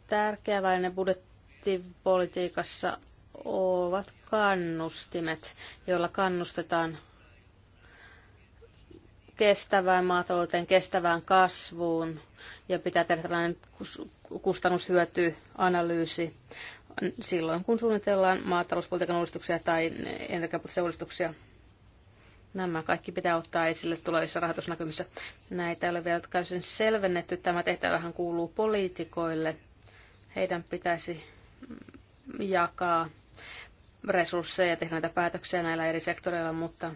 tärkeä väline budjettipolitiikassa ovat kannustimet, joilla kannustetaan kestävään maatalouteen, kestävään kasvuun ja pitää tehdä tällainen kustannushyötyanalyysi silloin, kun suunnitellaan maatalouspolitiikan uudistuksia tai energiapolitiikan uudistuksia. Nämä kaikki pitää ottaa esille tulevissa rahoitusnäkymissä. Näitä ei ole vielä täysin selvennetty. Tämä tehtävähän kuuluu poliitikoille. Heidän pitäisi jakaa resursseja ja tehdä näitä päätöksiä näillä eri sektoreilla, mutta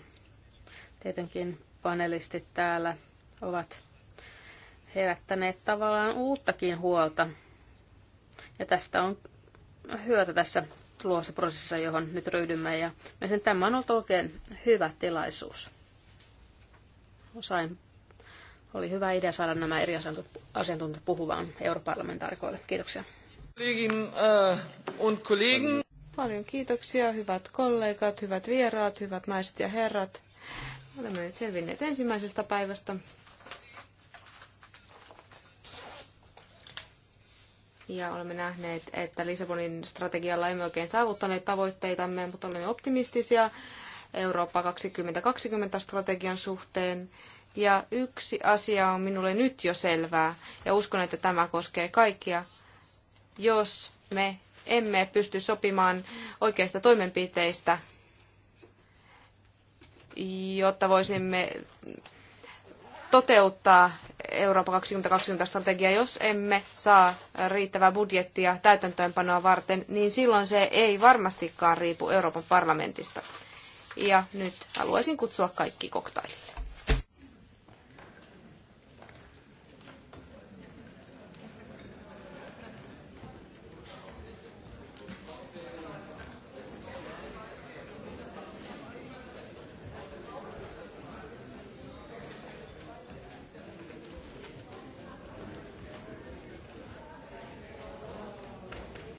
tietenkin panelistit täällä ovat herättäneet tavallaan uuttakin huolta. Ja tästä on hyötä tässä luossa prosessissa, johon nyt ryhdymme. Ja sen tämä on ollut oikein hyvä tilaisuus. Sain, oli hyvä idea saada nämä eri asiantuntijat puhuvaan europarlamentaarikoille. Kiitoksia. Kollegin, äh, und Paljon kiitoksia, hyvät kollegat, hyvät vieraat, hyvät naiset ja herrat. Olemme nyt selvinneet ensimmäisestä päivästä. ja olemme nähneet, että Lisabonin strategialla emme oikein saavuttaneet tavoitteitamme, mutta olemme optimistisia Eurooppa 2020 strategian suhteen. Ja yksi asia on minulle nyt jo selvää, ja uskon, että tämä koskee kaikkia. Jos me emme pysty sopimaan oikeista toimenpiteistä, jotta voisimme toteuttaa Euroopan 2020 strategiaa. Jos emme saa riittävää budjettia täytäntöönpanoa varten, niin silloin se ei varmastikaan riipu Euroopan parlamentista. Ja nyt haluaisin kutsua kaikki koktailille.